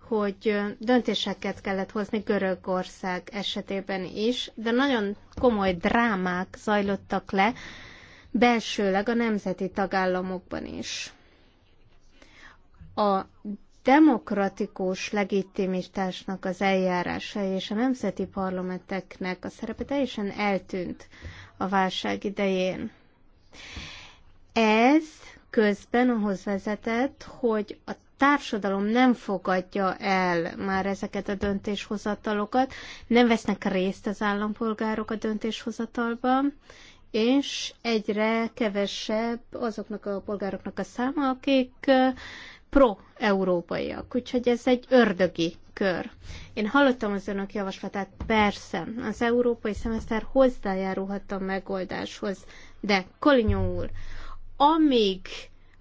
hogy döntéseket kellett hozni Görögország esetében is, de nagyon komoly drámák zajlottak le belsőleg a nemzeti tagállamokban is. A demokratikus legitimitásnak az eljárása és a nemzeti parlamenteknek a szerepe teljesen eltűnt a válság idején. Ez közben ahhoz vezetett, hogy a társadalom nem fogadja el már ezeket a döntéshozatalokat, nem vesznek részt az állampolgárok a döntéshozatalban, és egyre kevesebb azoknak a polgároknak a száma, akik pro-európaiak. Úgyhogy ez egy ördögi kör. Én hallottam az önök javaslatát, persze, az európai szemeszter hozzájárulhat a megoldáshoz, de Kolinyó úr, amíg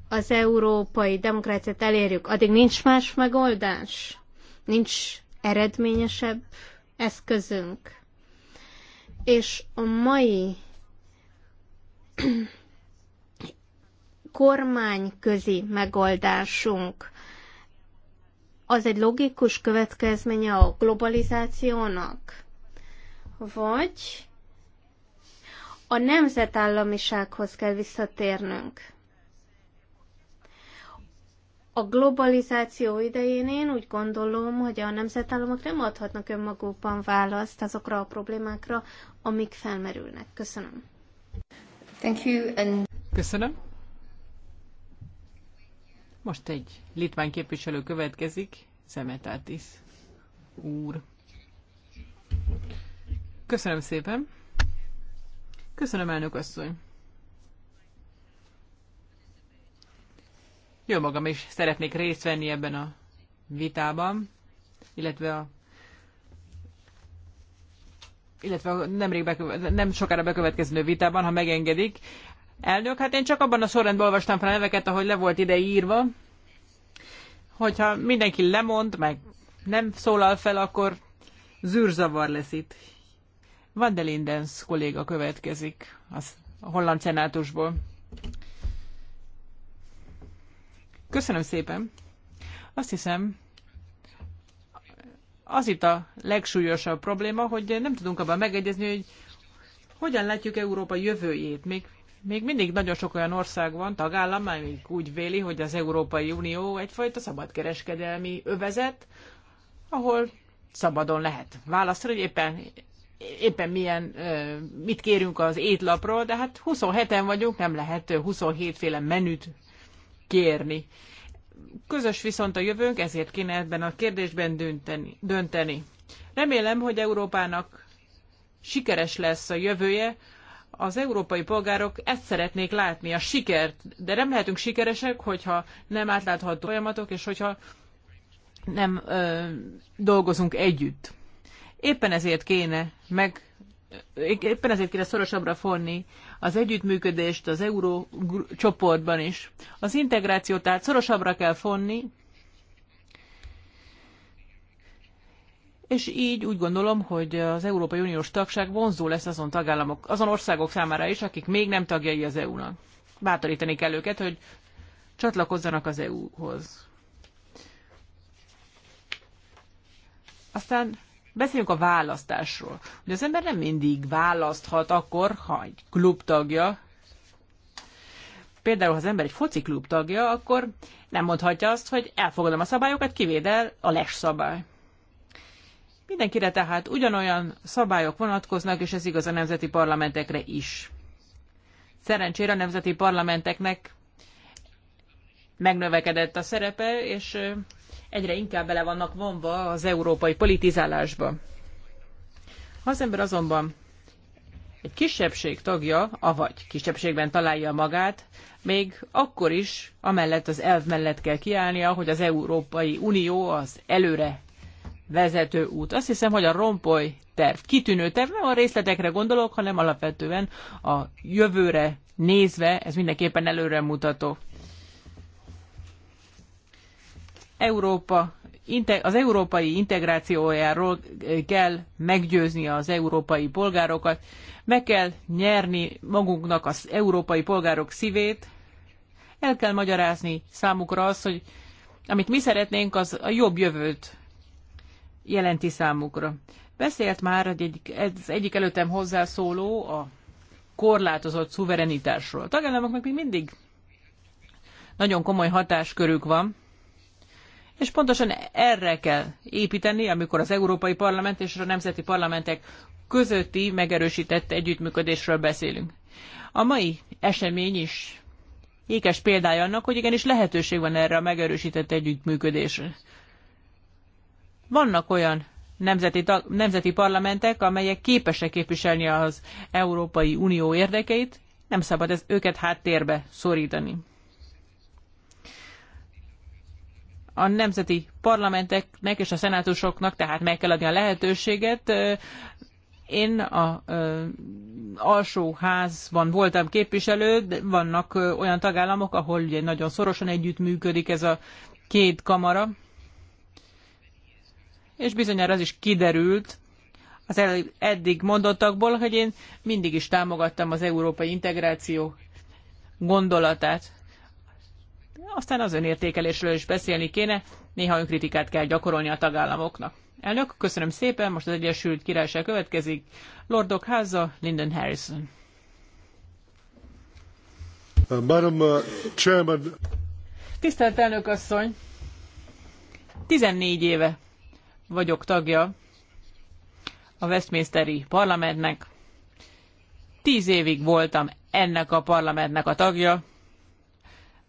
az európai demokráciát elérjük, addig nincs más megoldás? Nincs eredményesebb eszközünk? És a mai kormányközi megoldásunk az egy logikus következménye a globalizációnak? Vagy a nemzetállamisághoz kell visszatérnünk? A globalizáció idején én úgy gondolom, hogy a nemzetállamok nem adhatnak önmagukban választ azokra a problémákra, amik felmerülnek. Köszönöm. Thank you and... Köszönöm. Most egy litván képviselő következik, Szemetátis úr. Köszönöm szépen. Köszönöm, elnök asszony. Jó magam is szeretnék részt venni ebben a vitában, illetve a illetve nem nemrég bekövet, nem sokára bekövetkező vitában, ha megengedik. Elnök, hát én csak abban a sorrendben olvastam fel a neveket, ahogy le volt ide írva. Hogyha mindenki lemond, meg nem szólal fel, akkor zűrzavar lesz itt. Van de Lindens kolléga következik az a holland szenátusból. Köszönöm szépen. Azt hiszem, az itt a legsúlyosabb probléma, hogy nem tudunk abban megegyezni, hogy hogyan látjuk Európa jövőjét. Még még mindig nagyon sok olyan ország van, tagállam, amik úgy véli, hogy az Európai Unió egyfajta szabadkereskedelmi övezet, ahol szabadon lehet választani, hogy éppen, éppen milyen, mit kérünk az étlapról, de hát 27-en vagyunk, nem lehet 27 féle menüt kérni. Közös viszont a jövőnk, ezért kéne ebben a kérdésben dönteni. Remélem, hogy Európának sikeres lesz a jövője, az európai polgárok ezt szeretnék látni, a sikert, de nem lehetünk sikeresek, hogyha nem átlátható folyamatok, és hogyha nem ö, dolgozunk együtt. Éppen ezért kéne meg éppen ezért kéne szorosabbra fonni az együttműködést az euró csoportban is. Az integrációt tehát szorosabbra kell fonni, és így úgy gondolom, hogy az Európai Uniós tagság vonzó lesz azon tagállamok, azon országok számára is, akik még nem tagjai az EU-nak. Bátorítani kell őket, hogy csatlakozzanak az EU-hoz. Aztán beszéljünk a választásról. Ugye az ember nem mindig választhat akkor, ha egy klub tagja. Például, ha az ember egy foci klub tagja, akkor nem mondhatja azt, hogy elfogadom a szabályokat, kivédel a les szabály. Mindenkire tehát ugyanolyan szabályok vonatkoznak, és ez igaz a nemzeti parlamentekre is. Szerencsére a nemzeti parlamenteknek megnövekedett a szerepe, és egyre inkább bele vannak vonva az európai politizálásba. az ember azonban egy kisebbség tagja, avagy kisebbségben találja magát, még akkor is amellett az elv mellett kell kiállnia, hogy az Európai Unió az előre vezető út. Azt hiszem, hogy a rompoly terv, kitűnő terv, nem a részletekre gondolok, hanem alapvetően a jövőre nézve, ez mindenképpen előremutató. Európa, az európai integrációjáról kell meggyőzni az európai polgárokat, meg kell nyerni magunknak az európai polgárok szívét, el kell magyarázni számukra azt, hogy amit mi szeretnénk, az a jobb jövőt jelenti számukra. Beszélt már egy, az egyik előttem hozzászóló a korlátozott szuverenitásról. A tagállamoknak még mindig nagyon komoly hatáskörük van, és pontosan erre kell építeni, amikor az Európai Parlament és a nemzeti parlamentek közötti megerősített együttműködésről beszélünk. A mai esemény is ékes példája annak, hogy igenis lehetőség van erre a megerősített együttműködésre. Vannak olyan nemzeti, nemzeti parlamentek, amelyek képesek képviselni az Európai Unió érdekeit, nem szabad ez, őket háttérbe szorítani. A nemzeti parlamenteknek és a szenátusoknak tehát meg kell adni a lehetőséget. Én a alsó házban voltam képviselő, de vannak olyan tagállamok, ahol ugye nagyon szorosan együttműködik ez a két kamara, és bizonyára az is kiderült az eddig mondottakból, hogy én mindig is támogattam az európai integráció gondolatát. Aztán az önértékelésről is beszélni kéne, néha önkritikát kell gyakorolni a tagállamoknak. Elnök, köszönöm szépen, most az Egyesült Királyság következik. Lordok háza, Lyndon Harrison. Madam uh, Chairman. Tisztelt elnök asszony! 14 éve vagyok tagja a Westminsteri parlamentnek. Tíz évig voltam ennek a parlamentnek a tagja.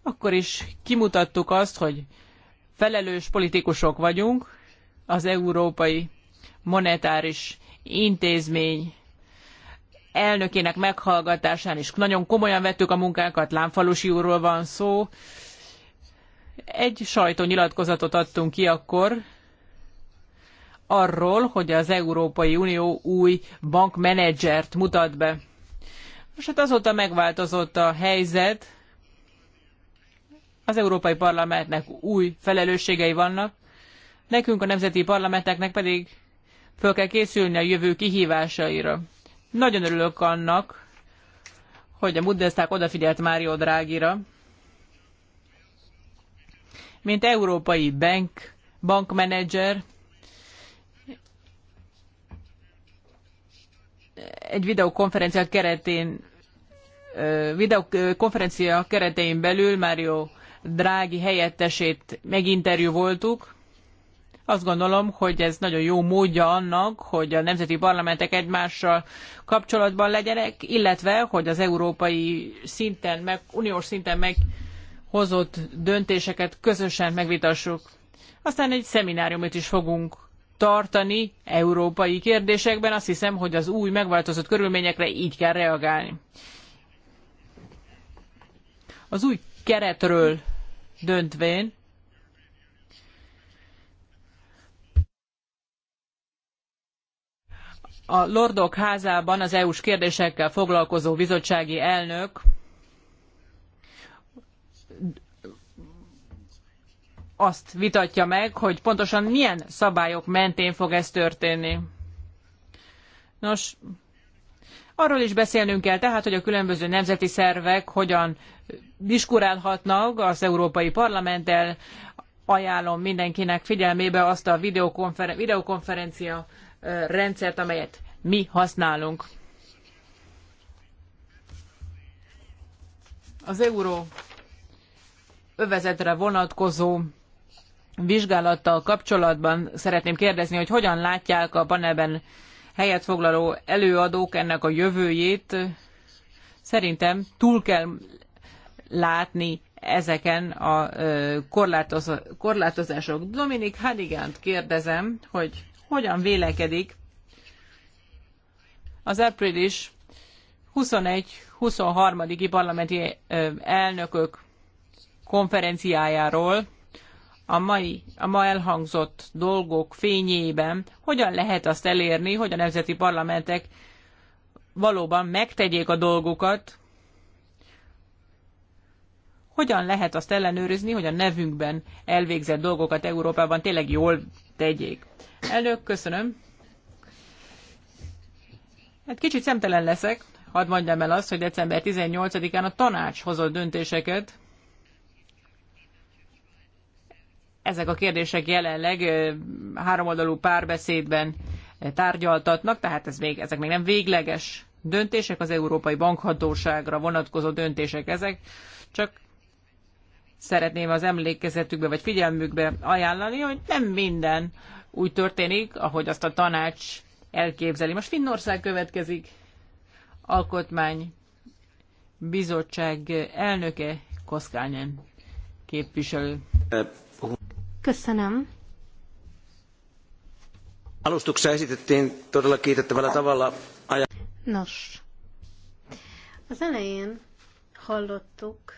Akkor is kimutattuk azt, hogy felelős politikusok vagyunk, az Európai Monetáris Intézmény elnökének meghallgatásán is nagyon komolyan vettük a munkánkat, Lámfalusi úrról van szó. Egy sajtónyilatkozatot adtunk ki akkor, arról, hogy az Európai Unió új bankmenedzsert mutat be. Most hát azóta megváltozott a helyzet, az Európai Parlamentnek új felelősségei vannak, nekünk a nemzeti parlamenteknek pedig föl kell készülni a jövő kihívásaira. Nagyon örülök annak, hogy a Bundestag odafigyelt Mário Drágira. Mint európai bank, bankmenedzser, egy videokonferencia keretén videokonferencia keretein belül Mário Drági helyettesét meginterjú voltuk. Azt gondolom, hogy ez nagyon jó módja annak, hogy a nemzeti parlamentek egymással kapcsolatban legyenek, illetve, hogy az európai szinten, meg uniós szinten meghozott döntéseket közösen megvitassuk. Aztán egy szemináriumot is fogunk tartani európai kérdésekben. Azt hiszem, hogy az új, megváltozott körülményekre így kell reagálni. Az új keretről döntvén a Lordok házában az EU-s kérdésekkel foglalkozó bizottsági elnök azt vitatja meg, hogy pontosan milyen szabályok mentén fog ez történni. Nos, arról is beszélnünk kell tehát, hogy a különböző nemzeti szervek hogyan diskurálhatnak az Európai Parlamenttel. Ajánlom mindenkinek figyelmébe azt a videokonferen- videokonferencia rendszert, amelyet mi használunk. Az euró övezetre vonatkozó vizsgálattal kapcsolatban szeretném kérdezni, hogy hogyan látják a panelben helyet foglaló előadók ennek a jövőjét. Szerintem túl kell látni ezeken a korlátoz, korlátozások. Dominik Hadigant kérdezem, hogy hogyan vélekedik az április 21-23. parlamenti elnökök konferenciájáról, a mai, a ma elhangzott dolgok fényében hogyan lehet azt elérni, hogy a nemzeti parlamentek valóban megtegyék a dolgukat, hogyan lehet azt ellenőrizni, hogy a nevünkben elvégzett dolgokat Európában tényleg jól tegyék. Elnök, köszönöm. Hát kicsit szemtelen leszek, hadd mondjam el azt, hogy december 18-án a tanács hozott döntéseket, ezek a kérdések jelenleg háromoldalú párbeszédben tárgyaltatnak, tehát ez még, ezek még nem végleges döntések, az Európai Bankhatóságra vonatkozó döntések ezek, csak szeretném az emlékezetükbe vagy figyelmükbe ajánlani, hogy nem minden úgy történik, ahogy azt a tanács elképzeli. Most Finnország következik, alkotmány bizottság elnöke Koszkányen képviselő. Köszönöm. Alustuksessa esitettiin todella kiitettävällä tavalla aja... Nos, az elején hallottuk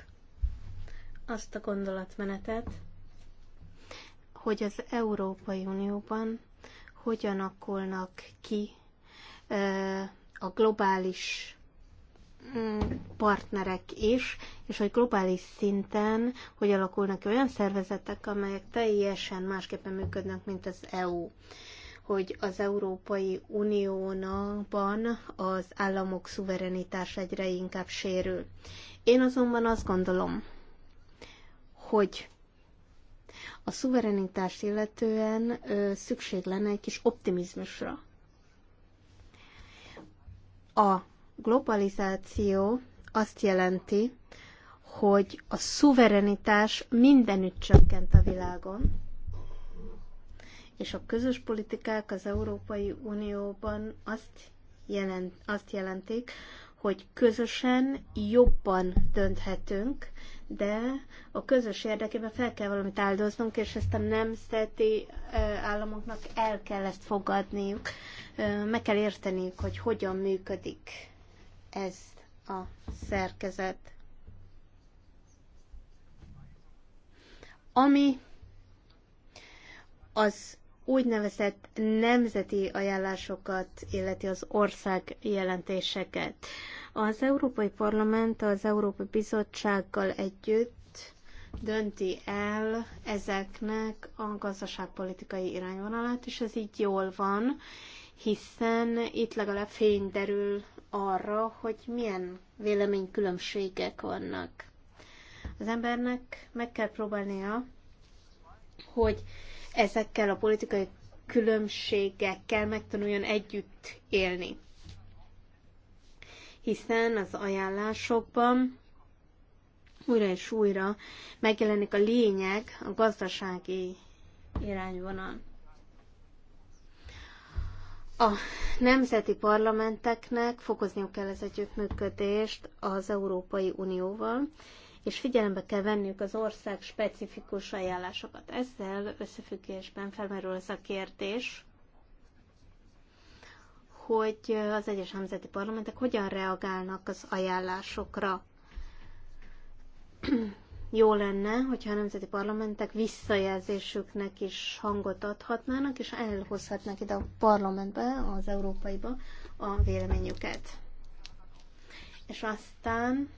azt a gondolatmenetet, hogy az Európai Unióban hogyan alakulnak ki a globális partnerek is, és hogy globális szinten hogy alakulnak olyan szervezetek, amelyek teljesen másképpen működnek, mint az EU hogy az Európai Uniónakban az államok szuverenitás egyre inkább sérül. Én azonban azt gondolom, hogy a szuverenitást illetően ö, szükség lenne egy kis optimizmusra. A globalizáció azt jelenti, hogy a szuverenitás mindenütt csökkent a világon, és a közös politikák az Európai Unióban azt, jelent, azt jelentik, hogy közösen jobban dönthetünk, de a közös érdekében fel kell valamit áldoznunk, és ezt a nemzeti államoknak el kell ezt fogadniuk, meg kell érteniük, hogy hogyan működik ez a szerkezet. Ami az úgynevezett nemzeti ajánlásokat, illeti az ország jelentéseket. Az Európai Parlament az Európai Bizottsággal együtt dönti el ezeknek a gazdaságpolitikai irányvonalát, és ez így jól van, hiszen itt legalább fény derül arra, hogy milyen véleménykülönbségek vannak. Az embernek meg kell próbálnia, hogy ezekkel a politikai különbségekkel megtanuljon együtt élni. Hiszen az ajánlásokban újra és újra megjelenik a lényeg, a gazdasági irányvonal. A nemzeti parlamenteknek fokozniuk kell az együttműködést az Európai Unióval, és figyelembe kell venniük az ország specifikus ajánlásokat. Ezzel összefüggésben felmerül az a kérdés, hogy az egyes nemzeti parlamentek hogyan reagálnak az ajánlásokra jó lenne, hogyha a nemzeti parlamentek visszajelzésüknek is hangot adhatnának, és elhozhatnák ide a parlamentbe, az európaiba a véleményüket. És aztán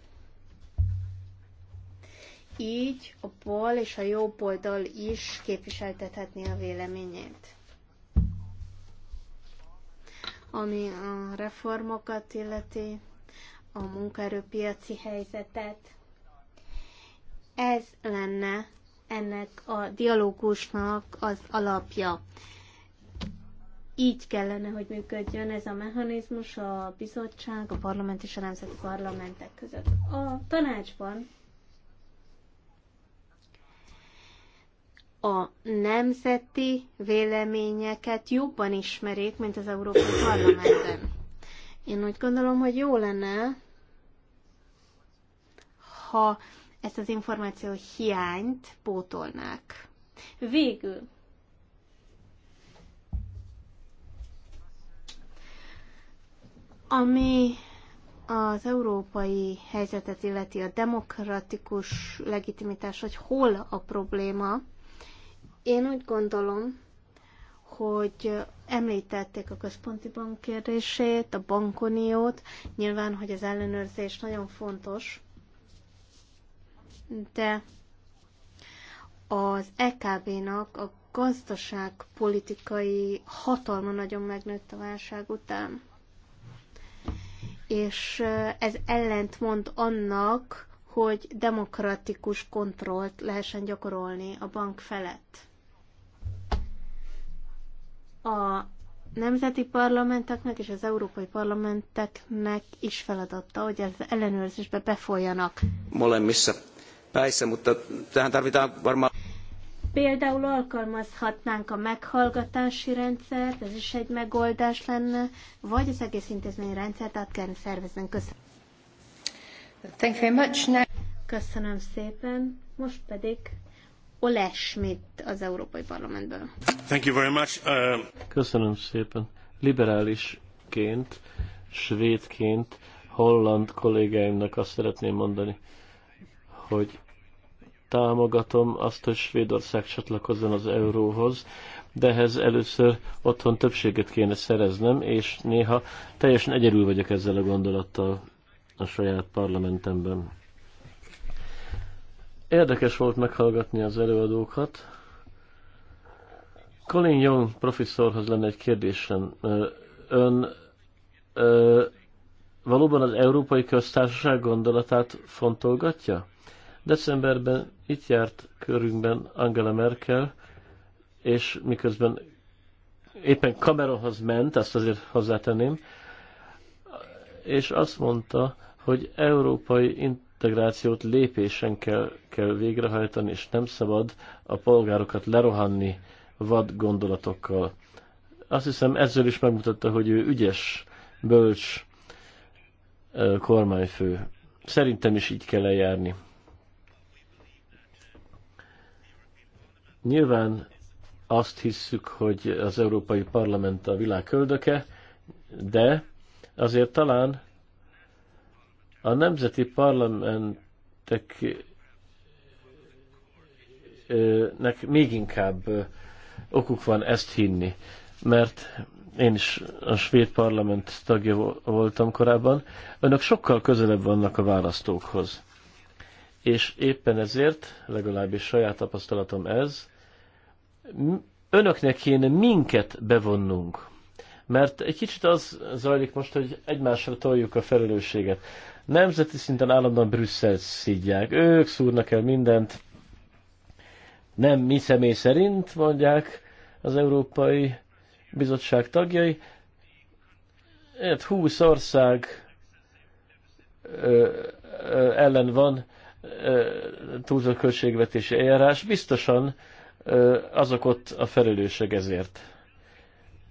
így a bal és a jobb oldal is képviseltethetné a véleményét. Ami a reformokat illeti, a munkaerőpiaci helyzetet, ez lenne ennek a dialógusnak az alapja. Így kellene, hogy működjön ez a mechanizmus a bizottság, a parlament és a nemzeti parlamentek között. A tanácsban a nemzeti véleményeket jobban ismerik, mint az Európai Parlamentben. Én úgy gondolom, hogy jó lenne, ha ezt az információ hiányt pótolnák. Végül ami az európai helyzetet illeti a demokratikus legitimitás, hogy hol a probléma. Én úgy gondolom, hogy említették a központi bank kérdését, a bankoniót, nyilván, hogy az ellenőrzés nagyon fontos, de az EKB-nak a gazdaságpolitikai hatalma nagyon megnőtt a válság után. És ez ellentmond annak, hogy demokratikus kontrollt lehessen gyakorolni a bank felett. A nemzeti parlamenteknek és az európai parlamenteknek is feladatta, hogy az ellenőrzésbe befolyanak. Molemmissa mutta tarvitaan varmaan... Például alkalmazhatnánk a meghallgatási rendszert, ez is egy megoldás lenne, vagy az egész intézmény rendszert át kellene szervezni. Köszönöm. Thank you very much. Köszönöm szépen. Most pedig Ole Schmidt az Európai Parlamentből. Thank you very much. Uh... Köszönöm szépen. Liberálisként, svédként, holland kollégáimnak azt szeretném mondani, hogy támogatom azt, hogy Svédország csatlakozzon az euróhoz, de ehhez először otthon többséget kéne szereznem, és néha teljesen egyedül vagyok ezzel a gondolattal a saját parlamentemben. Érdekes volt meghallgatni az előadókat. Colin Young professzorhoz lenne egy kérdésem. Ön ö, valóban az Európai Köztársaság gondolatát fontolgatja? Decemberben itt járt körünkben Angela Merkel, és miközben éppen kamerahoz ment, azt azért hozzátenném, és azt mondta, hogy európai integrációt lépésen kell, kell végrehajtani, és nem szabad a polgárokat lerohanni vad gondolatokkal. Azt hiszem ezzel is megmutatta, hogy ő ügyes, bölcs kormányfő. Szerintem is így kell eljárni. Nyilván azt hisszük, hogy az Európai Parlament a világ köldöke, de azért talán a nemzeti parlamenteknek még inkább okuk van ezt hinni, mert én is a svéd parlament tagja voltam korábban, önök sokkal közelebb vannak a választókhoz. És éppen ezért, legalábbis saját tapasztalatom ez, önöknek kéne minket bevonnunk. Mert egy kicsit az zajlik most, hogy egymásra toljuk a felelősséget. Nemzeti szinten állandóan Brüsszel szídják. Ők szúrnak el mindent. Nem mi személy szerint mondják az Európai Bizottság tagjai. Egy 20 ország ö, ö, ellen van túlzott költségvetési eljárás. Biztosan azok ott a felelősök ezért.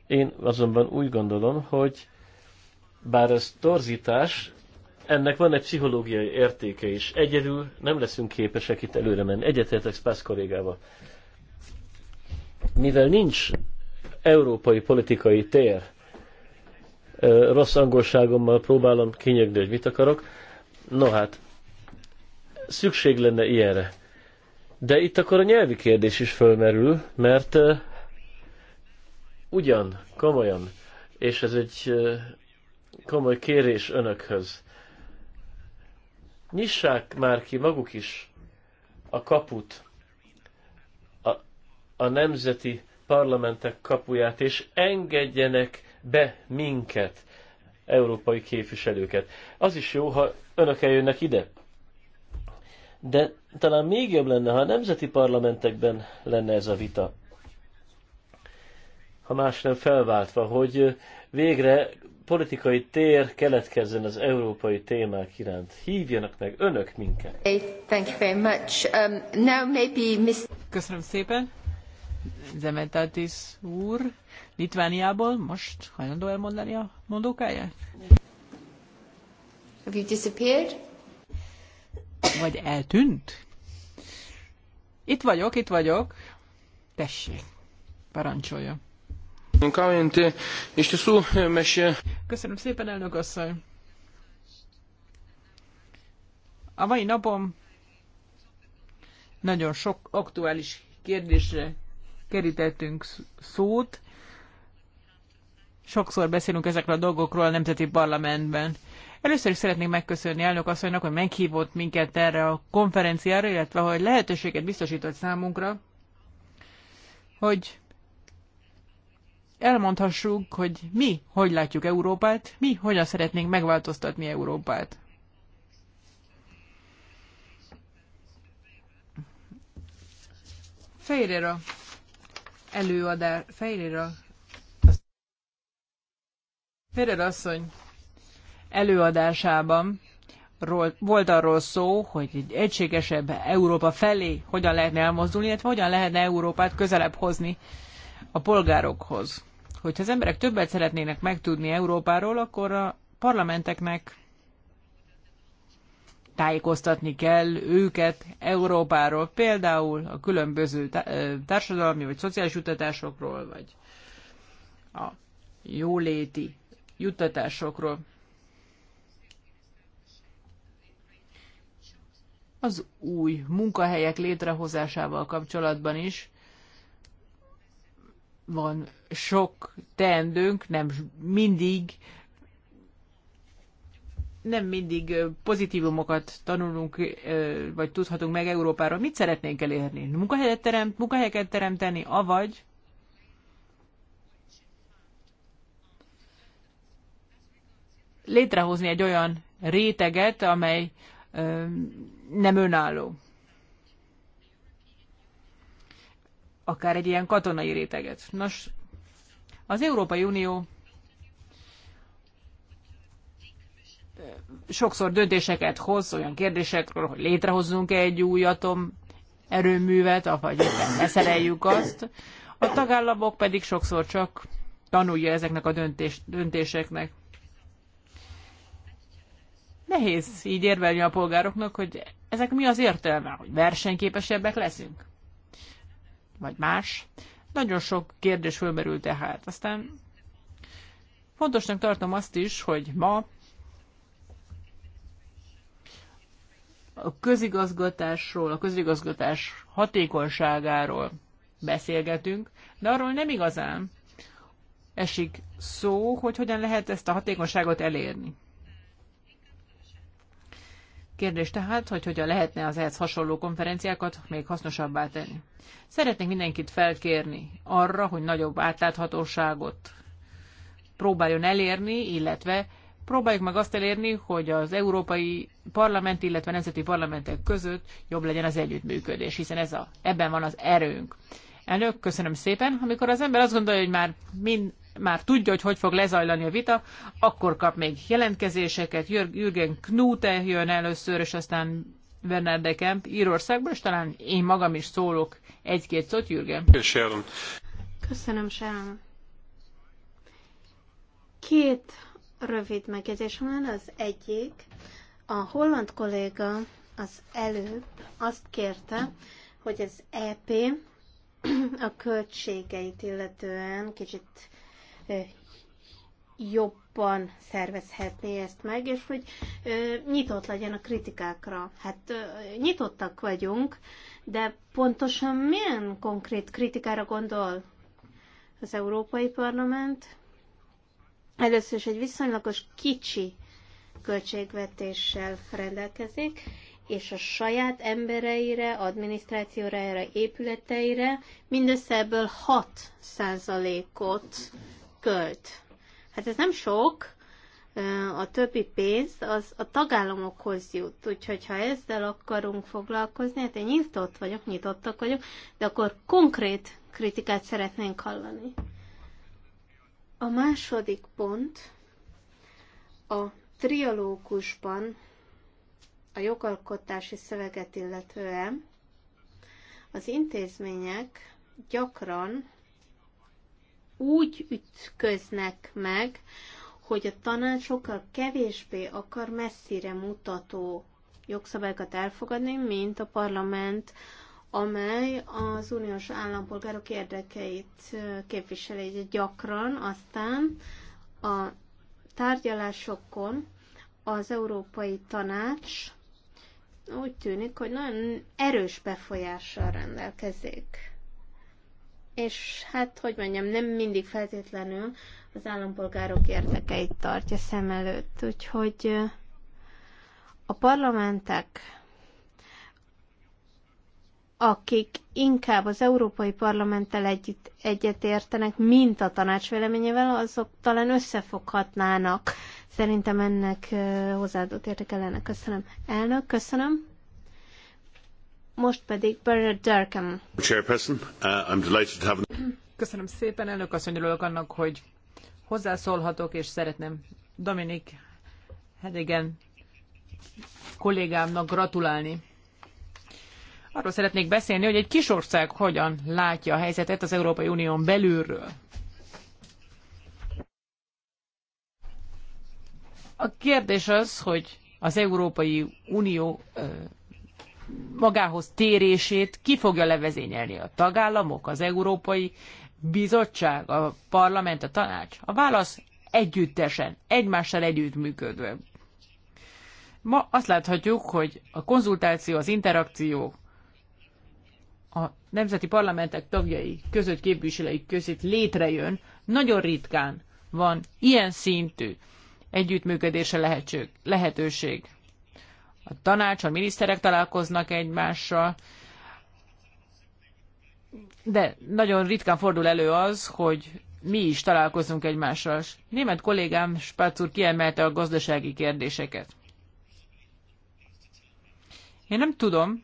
Én azonban úgy gondolom, hogy bár ez torzítás, ennek van egy pszichológiai értéke is. Egyedül nem leszünk képesek itt előre menni. Egyetértek Spász kollégával. Mivel nincs európai politikai tér, rossz angolságommal próbálom kinyögni, hogy mit akarok, no hát, szükség lenne ilyenre de itt akkor a nyelvi kérdés is fölmerül, mert uh, ugyan, komolyan, és ez egy uh, komoly kérés önökhöz. Nyissák már ki maguk is a kaput, a, a nemzeti parlamentek kapuját, és engedjenek be minket, európai képviselőket. Az is jó, ha önök eljönnek ide. De talán még jobb lenne, ha a nemzeti parlamentekben lenne ez a vita. Ha más nem felváltva, hogy végre politikai tér keletkezzen az európai témák iránt. Hívjanak meg önök minket. Thank you very much. Um, now maybe Miss... Köszönöm szépen. Zemetatis úr Litvániából most hajlandó elmondani a mondókáját? Have you disappeared? Vagy eltűnt? Itt vagyok, itt vagyok. Tessék, parancsolja. Köszönöm szépen, elnök asszony. A mai napom nagyon sok aktuális kérdésre kerítettünk szót. Sokszor beszélünk ezekről a dolgokról a Nemzeti Parlamentben. Először is szeretnék megköszönni elnök asszonynak, hogy meghívott minket erre a konferenciára, illetve hogy lehetőséget biztosított számunkra, hogy elmondhassuk, hogy mi hogy látjuk Európát, mi hogyan szeretnénk megváltoztatni Európát. Ferreira előadás, Ferreira Ferreira asszony előadásában volt arról szó, hogy egy egységesebb Európa felé hogyan lehetne elmozdulni, illetve hogyan lehetne Európát közelebb hozni a polgárokhoz. Hogyha az emberek többet szeretnének megtudni Európáról, akkor a parlamenteknek tájékoztatni kell őket Európáról, például a különböző társadalmi vagy szociális juttatásokról, vagy a jóléti juttatásokról. az új munkahelyek létrehozásával kapcsolatban is van sok teendőnk, nem mindig nem mindig pozitívumokat tanulunk, vagy tudhatunk meg Európáról. Mit szeretnénk elérni? Munkahelyet teremt, munkahelyeket teremteni, avagy létrehozni egy olyan réteget, amely nem önálló. Akár egy ilyen katonai réteget. Nos, az Európai Unió sokszor döntéseket hoz olyan kérdésekről, hogy létrehozzunk -e egy új atom erőművet, vagy éppen beszereljük azt. A tagállamok pedig sokszor csak tanulja ezeknek a döntés, döntéseknek nehéz így érvelni a polgároknak, hogy ezek mi az értelme, hogy versenyképesebbek leszünk? Vagy más? Nagyon sok kérdés fölmerül tehát. Aztán fontosnak tartom azt is, hogy ma a közigazgatásról, a közigazgatás hatékonyságáról beszélgetünk, de arról nem igazán esik szó, hogy hogyan lehet ezt a hatékonyságot elérni. Kérdés tehát, hogy hogyan lehetne az ehhez hasonló konferenciákat még hasznosabbá tenni. Szeretnék mindenkit felkérni arra, hogy nagyobb átláthatóságot próbáljon elérni, illetve próbáljuk meg azt elérni, hogy az Európai Parlament, illetve nemzeti parlamentek között jobb legyen az együttműködés, hiszen ez a, ebben van az erőnk. Elnök, köszönöm szépen. Amikor az ember azt gondolja, hogy már mind már tudja, hogy hogy fog lezajlani a vita, akkor kap még jelentkezéseket. Jürgen Knute jön először, és aztán de Kemp Írországból, és talán én magam is szólok egy-két szót, Jürgen. Köszönöm, Köszönöm Sharon. Két rövid megjegyzés van. Az egyik, a holland kolléga az előbb azt kérte, hogy az EP a költségeit illetően kicsit jobban szervezhetné ezt meg, és hogy nyitott legyen a kritikákra. Hát nyitottak vagyunk, de pontosan milyen konkrét kritikára gondol az Európai Parlament? Először is egy viszonylagos kicsi költségvetéssel rendelkezik, és a saját embereire, adminisztrációra, épületeire mindössze ebből 6 százalékot költ. Hát ez nem sok, a többi pénz az a tagállamokhoz jut. Úgyhogy ha ezzel akarunk foglalkozni, hát én nyitott vagyok, nyitottak vagyok, de akkor konkrét kritikát szeretnénk hallani. A második pont a trialógusban a jogalkotási szöveget illetően az intézmények gyakran úgy ütköznek meg, hogy a tanács sokkal kevésbé akar messzire mutató jogszabályokat elfogadni, mint a parlament, amely az uniós állampolgárok érdekeit képviseli gyakran, aztán a tárgyalásokon az Európai Tanács úgy tűnik, hogy nagyon erős befolyással rendelkezik és hát, hogy mondjam, nem mindig feltétlenül az állampolgárok érdekeit tartja szem előtt. Úgyhogy a parlamentek, akik inkább az Európai Parlamenttel együtt egyetértenek, mint a tanács véleményével, azok talán összefoghatnának. Szerintem ennek hozzáadott értéke lenne. Köszönöm. Elnök, köszönöm. Most pedig Bernard Durkham. Chairperson, uh, I'm delighted to have... Köszönöm szépen, elnök asszony, örülök annak, hogy hozzászólhatok, és szeretném Dominik Hedigen kollégámnak gratulálni. Arról szeretnék beszélni, hogy egy kis ország hogyan látja a helyzetet az Európai Unión belülről. A kérdés az, hogy az Európai Unió magához térését ki fogja levezényelni? A tagállamok, az Európai Bizottság, a parlament, a tanács? A válasz együttesen, egymással együttműködve. Ma azt láthatjuk, hogy a konzultáció, az interakció a nemzeti parlamentek tagjai között, képviselői között létrejön, nagyon ritkán van ilyen szintű együttműködése lehetőség a tanács, a miniszterek találkoznak egymással, de nagyon ritkán fordul elő az, hogy mi is találkozunk egymással. Német kollégám Spácz úr kiemelte a gazdasági kérdéseket. Én nem tudom,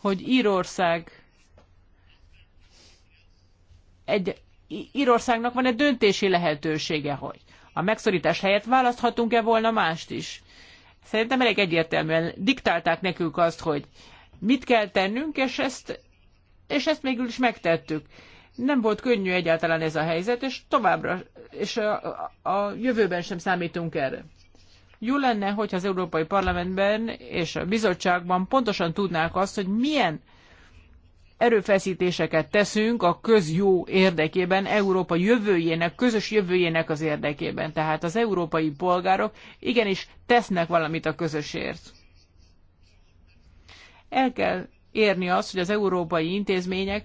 hogy Írország egy Írországnak van-e döntési lehetősége, hogy a megszorítás helyett választhatunk-e volna mást is? Szerintem elég egyértelműen diktálták nekünk azt, hogy mit kell tennünk, és ezt, és ezt mégis is megtettük. Nem volt könnyű egyáltalán ez a helyzet, és továbbra, és a, a jövőben sem számítunk erre. Jó lenne, hogyha az Európai Parlamentben és a bizottságban pontosan tudnák azt, hogy milyen erőfeszítéseket teszünk a közjó érdekében, Európa jövőjének, közös jövőjének az érdekében. Tehát az európai polgárok igenis tesznek valamit a közösért. El kell érni azt, hogy az európai intézmények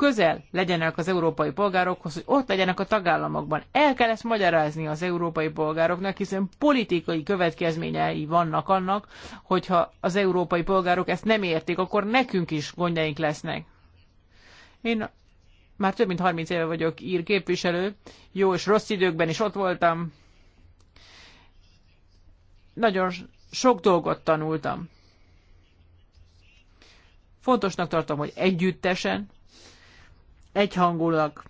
közel legyenek az európai polgárokhoz, hogy ott legyenek a tagállamokban. El kell ezt magyarázni az európai polgároknak, hiszen politikai következményei vannak annak, hogyha az európai polgárok ezt nem értik, akkor nekünk is gondjaink lesznek. Én már több mint 30 éve vagyok ír képviselő, jó és rossz időkben is ott voltam. Nagyon sok dolgot tanultam. Fontosnak tartom, hogy együttesen egyhangulag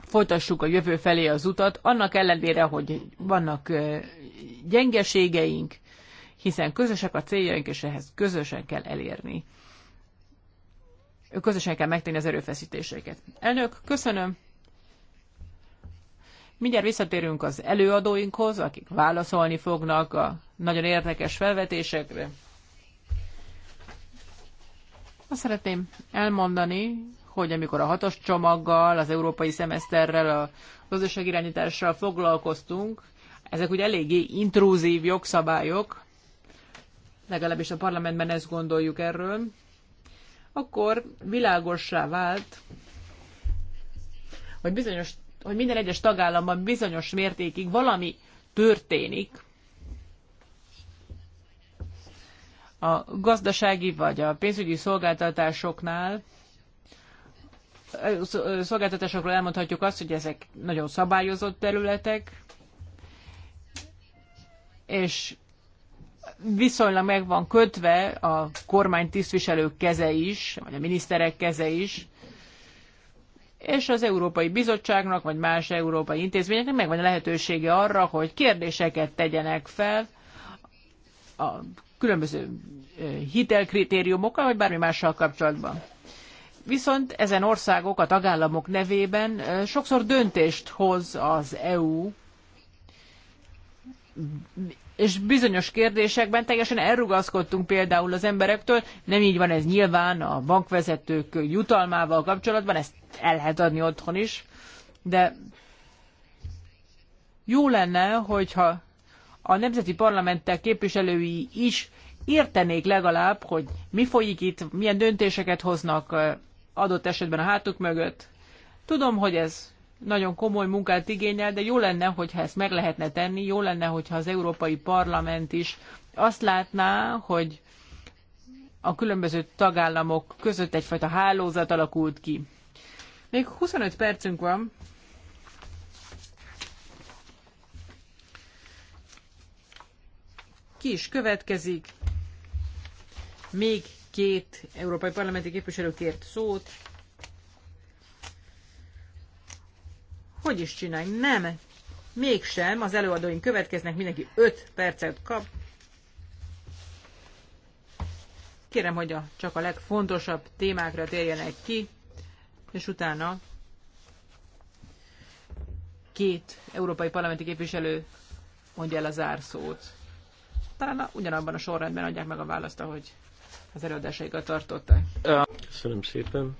folytassuk a jövő felé az utat, annak ellenére, hogy vannak gyengeségeink, hiszen közösek a céljaink, és ehhez közösen kell elérni. Közösen kell megtenni az erőfeszítéseket. Elnök, köszönöm. Mindjárt visszatérünk az előadóinkhoz, akik válaszolni fognak a nagyon érdekes felvetésekre. Azt szeretném elmondani, hogy amikor a hatos csomaggal, az európai szemeszterrel, a gazdaságirányítással foglalkoztunk, ezek ugye eléggé intrúzív jogszabályok, legalábbis a parlamentben ezt gondoljuk erről, akkor világossá vált, hogy, bizonyos, hogy minden egyes tagállamban bizonyos mértékig valami történik, a gazdasági vagy a pénzügyi szolgáltatásoknál, szolgáltatásokról elmondhatjuk azt, hogy ezek nagyon szabályozott területek, és viszonylag meg van kötve a kormány tisztviselők keze is, vagy a miniszterek keze is, és az Európai Bizottságnak, vagy más európai intézményeknek megvan a lehetősége arra, hogy kérdéseket tegyenek fel a különböző eh, hitelkritériumokkal, vagy bármi mással kapcsolatban. Viszont ezen országok a tagállamok nevében sokszor döntést hoz az EU, és bizonyos kérdésekben teljesen elrugaszkodtunk például az emberektől, nem így van ez nyilván a bankvezetők jutalmával kapcsolatban, ezt el lehet adni otthon is, de jó lenne, hogyha a nemzeti parlamentek képviselői is értenék legalább, hogy mi folyik itt, milyen döntéseket hoznak adott esetben a hátuk mögött. Tudom, hogy ez nagyon komoly munkát igényel, de jó lenne, hogyha ezt meg lehetne tenni, jó lenne, hogyha az Európai Parlament is azt látná, hogy a különböző tagállamok között egyfajta hálózat alakult ki. Még 25 percünk van. Ki is következik. Még két európai parlamenti képviselő kért szót. Hogy is csinálj? Nem. Mégsem. Az előadóink következnek, mindenki 5 percet kap. Kérem, hogy a, csak a legfontosabb témákra térjenek ki, és utána két európai parlamenti képviselő mondja el a zárszót. Talán ugyanabban a sorrendben adják meg a választ, ahogy az előadásaikat tartották. Köszönöm szépen.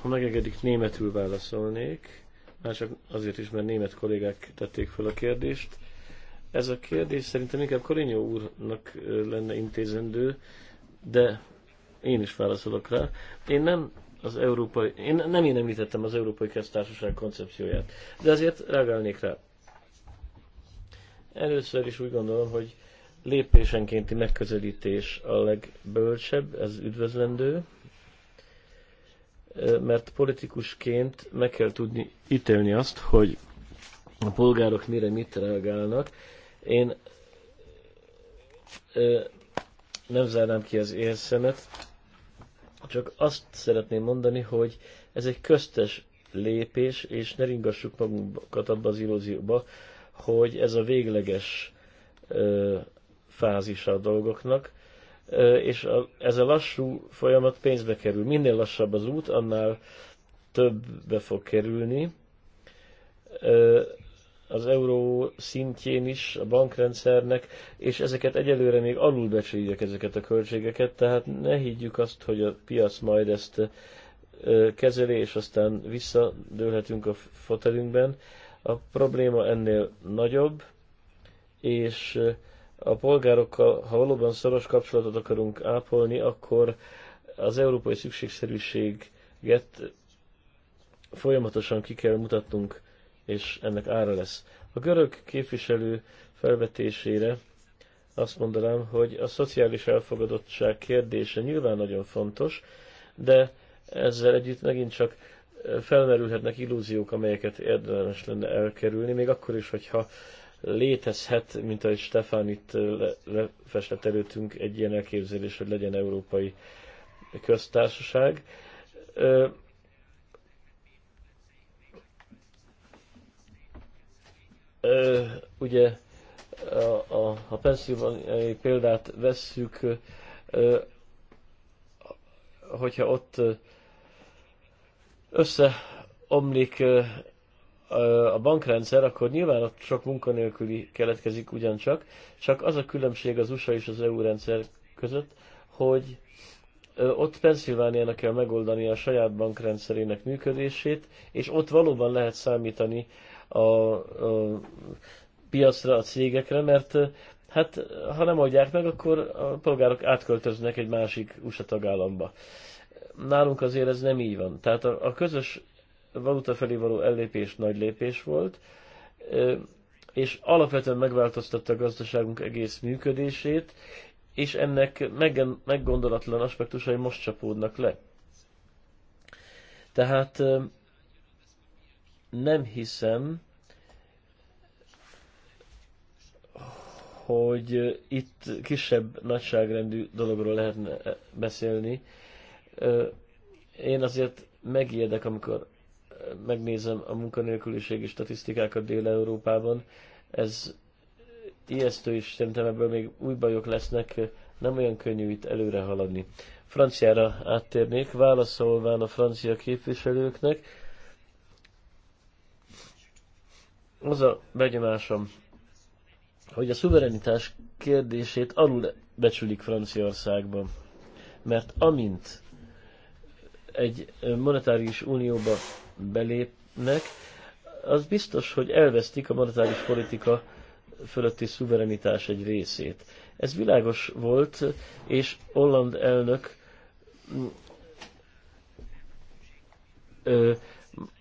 Ha megengedik, németül válaszolnék. Már csak azért is, mert német kollégák tették fel a kérdést. Ez a kérdés szerintem inkább Korinyó úrnak lenne intézendő, de én is válaszolok rá. Én nem az európai, én nem én említettem az Európai Köztársaság koncepcióját, de azért reagálnék rá. Először is úgy gondolom, hogy lépésenkénti megközelítés a legbölcsebb, ez üdvözlendő, mert politikusként meg kell tudni ítélni azt, hogy a polgárok mire mit reagálnak. Én nem zárnám ki az érszemet, csak azt szeretném mondani, hogy ez egy köztes lépés, és ne ringassuk magunkat abba az illúzióba, hogy ez a végleges fázisa a dolgoknak, és a, ez a lassú folyamat pénzbe kerül. Minél lassabb az út, annál többbe fog kerülni. Az euró szintjén is, a bankrendszernek, és ezeket egyelőre még alulbecsüljük ezeket a költségeket, tehát ne higgyük azt, hogy a piac majd ezt kezeli, és aztán visszadőlhetünk a fotelünkben. A probléma ennél nagyobb, és a polgárokkal, ha valóban szoros kapcsolatot akarunk ápolni, akkor az európai szükségszerűséget folyamatosan ki kell mutatnunk, és ennek ára lesz. A görög képviselő felvetésére azt mondanám, hogy a szociális elfogadottság kérdése nyilván nagyon fontos, de ezzel együtt megint csak felmerülhetnek illúziók, amelyeket érdemes lenne elkerülni, még akkor is, hogyha létezhet, mint ahogy Stefán itt lefestett előttünk, egy ilyen elképzelés, hogy legyen európai köztársaság. Ugye, a, a, ha Pennsylvaniai példát vesszük, hogyha ott összeomlik a bankrendszer, akkor nyilván ott sok munkanélküli keletkezik ugyancsak, csak az a különbség az USA és az EU rendszer között, hogy ott Pennsylvániának kell megoldani a saját bankrendszerének működését, és ott valóban lehet számítani a, a piacra, a cégekre, mert hát ha nem oldják meg, akkor a polgárok átköltöznek egy másik USA tagállamba. Nálunk azért ez nem így van. Tehát a, a közös valuta felé való ellépés nagy lépés volt, és alapvetően megváltoztatta a gazdaságunk egész működését, és ennek meggondolatlan aspektusai most csapódnak le. Tehát nem hiszem, hogy itt kisebb nagyságrendű dologról lehetne beszélni. Én azért megijedek, amikor megnézem a munkanélküliségi statisztikákat Dél-Európában, ez ijesztő, és szerintem ebből még új bajok lesznek, nem olyan könnyű itt előre haladni. Franciára áttérnék, válaszolván a francia képviselőknek. Az a benyomásom, hogy a szuverenitás kérdését alul becsülik Franciaországban. Mert amint egy monetáris unióba belépnek, az biztos, hogy elvesztik a monetáris politika fölötti szuverenitás egy részét. Ez világos volt, és Holland elnök ö,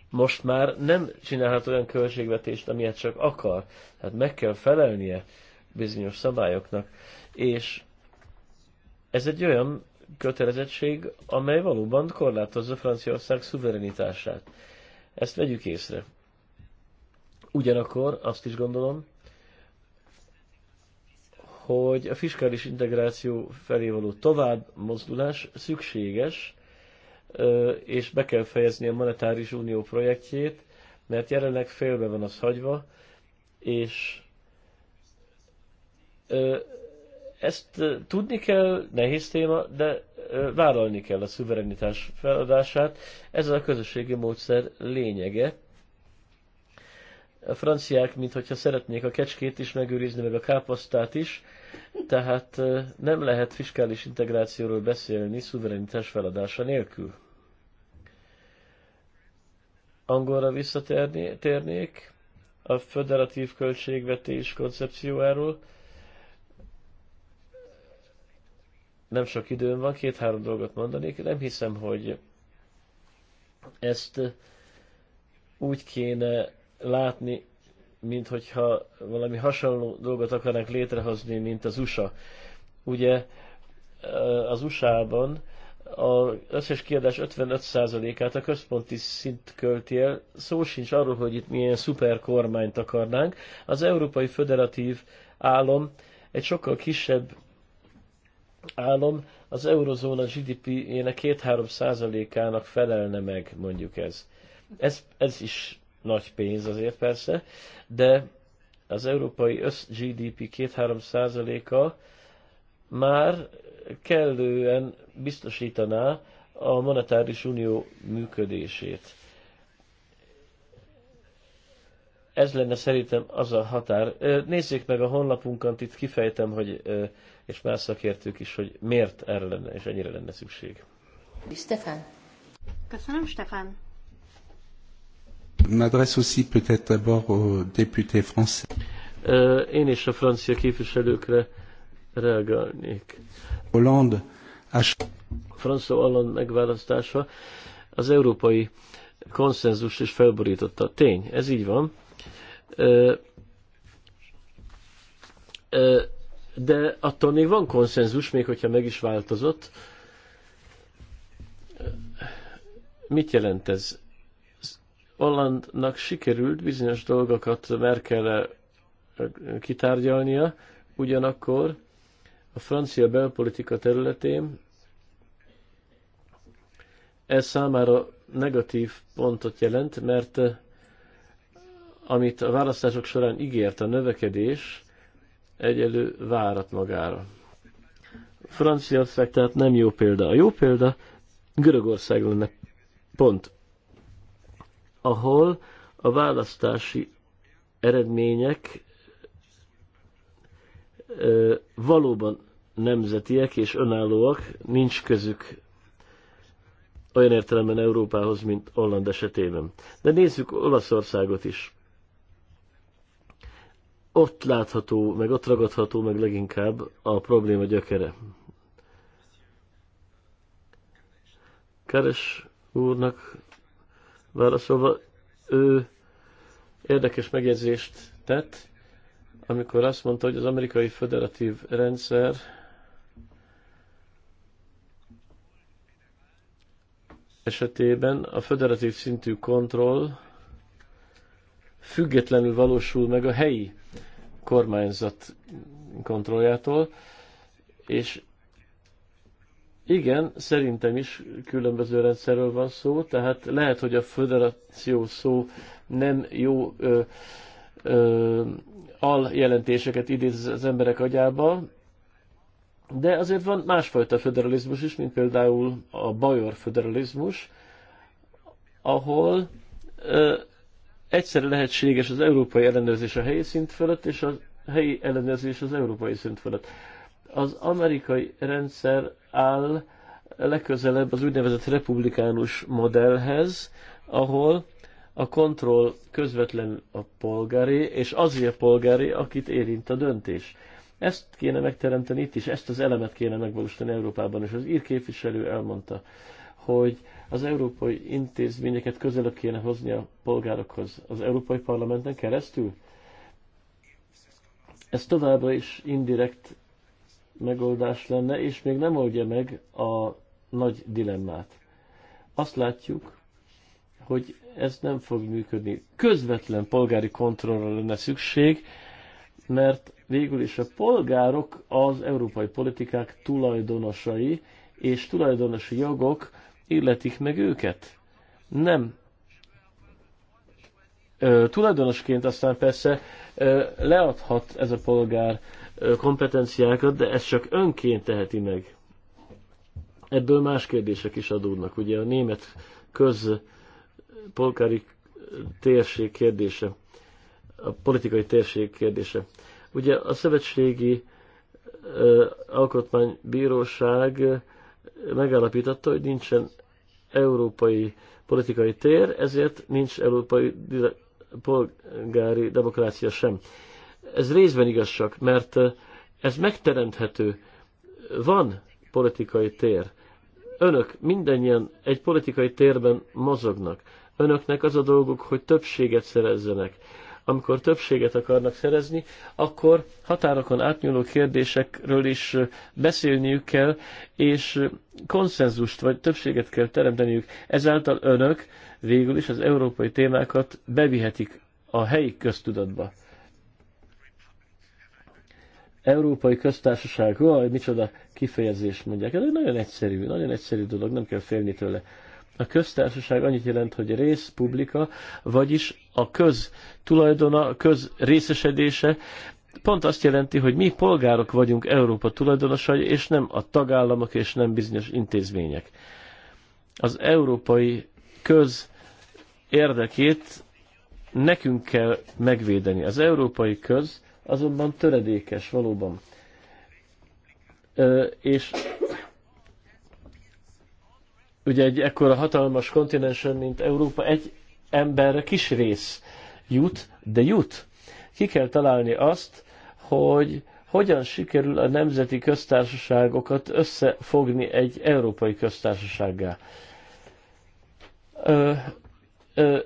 most már nem csinálhat olyan költségvetést, amilyet csak akar. Tehát meg kell felelnie bizonyos szabályoknak. És ez egy olyan kötelezettség, amely valóban korlátozza Franciaország szuverenitását. Ezt vegyük észre. Ugyanakkor azt is gondolom, hogy a fiskális integráció felé való tovább mozdulás szükséges, és be kell fejezni a monetáris unió projektjét, mert jelenleg félbe van az hagyva, és ezt tudni kell, nehéz téma, de vállalni kell a szuverenitás feladását. Ez a közösségi módszer lényege. A franciák, mintha szeretnék a kecskét is megőrizni, meg a káposztát is, tehát nem lehet fiskális integrációról beszélni szuverenitás feladása nélkül. Angolra visszatérnék a föderatív költségvetés koncepciójáról. nem sok időm van, két-három dolgot mondanék. Nem hiszem, hogy ezt úgy kéne látni, mint hogyha valami hasonló dolgot akarnak létrehozni, mint az USA. Ugye eh, az USA-ban az összes kiadás 55%-át a központi szint költi el. Szó sincs arról, hogy itt milyen szuper kormányt akarnánk. Az Európai Föderatív Állam egy sokkal kisebb Állom az eurozóna GDP-jének 2-3 százalékának felelne meg, mondjuk ez. ez. Ez is nagy pénz azért persze, de az európai össz GDP 2-3 százaléka már kellően biztosítaná a monetáris unió működését. Ez lenne szerintem az a határ. Nézzék meg a honlapunkat, itt kifejtem, hogy és más szakértők is, hogy miért erre lenne és ennyire lenne szükség. Stefan. Köszönöm, Stefan. M'adresse aussi peut-être d'abord aux députés français. Én is a francia képviselőkre reagálnék. Hollande. François Hollande megválasztása az európai konszenzus is felborította. Tény, ez így van de attól még van konszenzus, még hogyha meg is változott. Mit jelent ez? Hollandnak sikerült bizonyos dolgokat Merkel kitárgyalnia, ugyanakkor a francia belpolitika területén ez számára negatív pontot jelent, mert amit a választások során ígért a növekedés, egyelő várat magára. Franciaország tehát nem jó példa. A jó példa Görögország lenne pont, ahol a választási eredmények ö, valóban nemzetiek és önállóak, nincs közük olyan értelemben Európához, mint Holland esetében. De nézzük Olaszországot is ott látható, meg ott ragadható meg leginkább a probléma gyökere. Keres úrnak válaszolva, ő érdekes megjegyzést tett, amikor azt mondta, hogy az amerikai federatív rendszer esetében a federatív szintű kontroll függetlenül valósul meg a helyi kormányzat kontrolljától, és igen, szerintem is különböző rendszerről van szó, tehát lehet, hogy a föderáció szó nem jó ö, ö, aljelentéseket idéz az emberek agyába, de azért van másfajta föderalizmus is, mint például a bajor föderalizmus, ahol ö, egyszerre lehetséges az európai ellenőrzés a helyi szint fölött, és a helyi ellenőrzés az európai szint fölött. Az amerikai rendszer áll legközelebb az úgynevezett republikánus modellhez, ahol a kontroll közvetlen a polgári, és azért polgári, akit érint a döntés. Ezt kéne megteremteni itt is, ezt az elemet kéne megvalósítani Európában, és az írképviselő elmondta, hogy az európai intézményeket közelebb kéne hozni a polgárokhoz, az európai parlamenten keresztül. Ez továbbra is indirekt megoldás lenne, és még nem oldja meg a nagy dilemmát. Azt látjuk, hogy ez nem fog működni. Közvetlen polgári kontrollra lenne szükség, mert végül is a polgárok az európai politikák tulajdonosai, és tulajdonosi jogok illetik meg őket? Nem. Ö, tulajdonosként aztán persze ö, leadhat ez a polgár ö, kompetenciákat, de ezt csak önként teheti meg. Ebből más kérdések is adódnak. Ugye a német közpolgári térség kérdése, a politikai térség kérdése. Ugye a szövetségi ö, alkotmánybíróság megállapította, hogy nincsen európai politikai tér, ezért nincs európai polgári demokrácia sem. Ez részben igaz csak, mert ez megteremthető. Van politikai tér. Önök mindannyian egy politikai térben mozognak. Önöknek az a dolguk, hogy többséget szerezzenek amikor többséget akarnak szerezni, akkor határokon átnyúló kérdésekről is beszélniük kell, és konszenzust vagy többséget kell teremteniük. Ezáltal önök végül is az európai témákat bevihetik a helyi köztudatba. Európai Köztársaság, vaj, micsoda kifejezés mondják. Ez egy nagyon egyszerű, nagyon egyszerű dolog, nem kell félni tőle. A köztársaság annyit jelent, hogy rész, publika, vagyis a köz tulajdona, a köz részesedése, pont azt jelenti, hogy mi polgárok vagyunk Európa tulajdonosai, és nem a tagállamok, és nem bizonyos intézmények. Az európai köz érdekét nekünk kell megvédeni. Az európai köz azonban töredékes valóban. Ö, és ugye egy ekkora hatalmas kontinensen, mint Európa, egy emberre kis rész jut, de jut. Ki kell találni azt, hogy hogyan sikerül a nemzeti köztársaságokat összefogni egy európai köztársasággá. Ö, ö,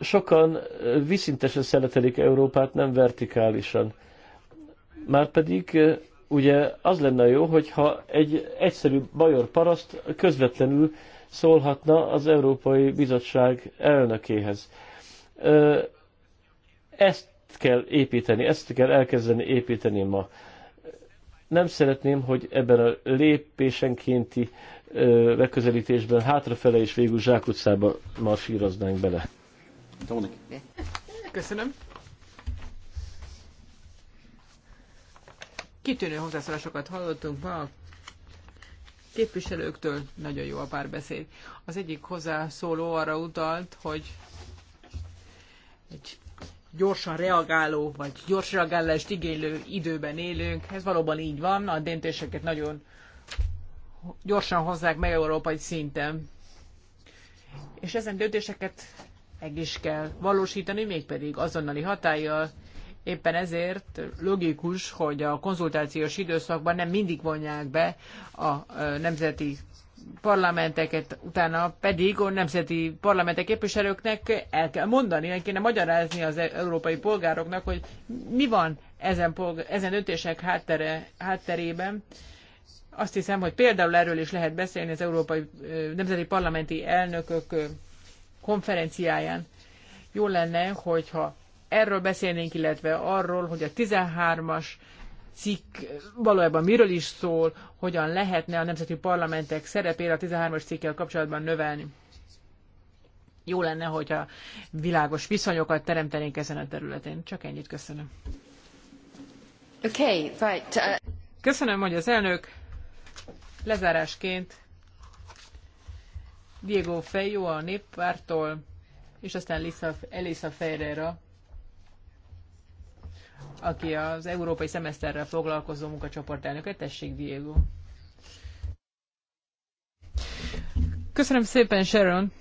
sokan viszintesen szeretelik Európát, nem vertikálisan. Márpedig ugye az lenne jó, hogyha egy egyszerű bajor paraszt közvetlenül szólhatna az Európai Bizottság elnökéhez. Ezt kell építeni, ezt kell elkezdeni építeni ma. Nem szeretném, hogy ebben a lépésenkénti megközelítésben hátrafele és végül zsákutcába marsíroznánk bele. Köszönöm. Kitűnő hozzászólásokat hallottunk ma a képviselőktől nagyon jó a párbeszéd. Az egyik hozzászóló arra utalt, hogy egy gyorsan reagáló, vagy gyors reagálást igénylő időben élünk. Ez valóban így van, a döntéseket nagyon gyorsan hozzák meg európai szinten. És ezen döntéseket meg is kell valósítani, mégpedig azonnali hatállyal, Éppen ezért logikus, hogy a konzultációs időszakban nem mindig vonják be a nemzeti parlamenteket, utána pedig a nemzeti parlamentek képviselőknek el kell mondani, el kéne magyarázni az e- európai polgároknak, hogy mi van ezen, polgár, ezen döntések háttere, hátterében. Azt hiszem, hogy például erről is lehet beszélni az Európai Nemzeti Parlamenti Elnökök konferenciáján. Jó lenne, hogyha erről beszélnénk, illetve arról, hogy a 13-as cikk valójában miről is szól, hogyan lehetne a nemzeti parlamentek szerepére a 13-as cikkel kapcsolatban növelni. Jó lenne, hogyha világos viszonyokat teremtenénk ezen a területen. Csak ennyit köszönöm. Okay, right. Uh... Köszönöm, hogy az elnök lezárásként Diego Feio a néppártól, és aztán Lisa, Elisa Ferreira aki az európai szemeszterrel foglalkozó munkacsoport elnöke. Tessék, Diego! Köszönöm szépen, Sharon!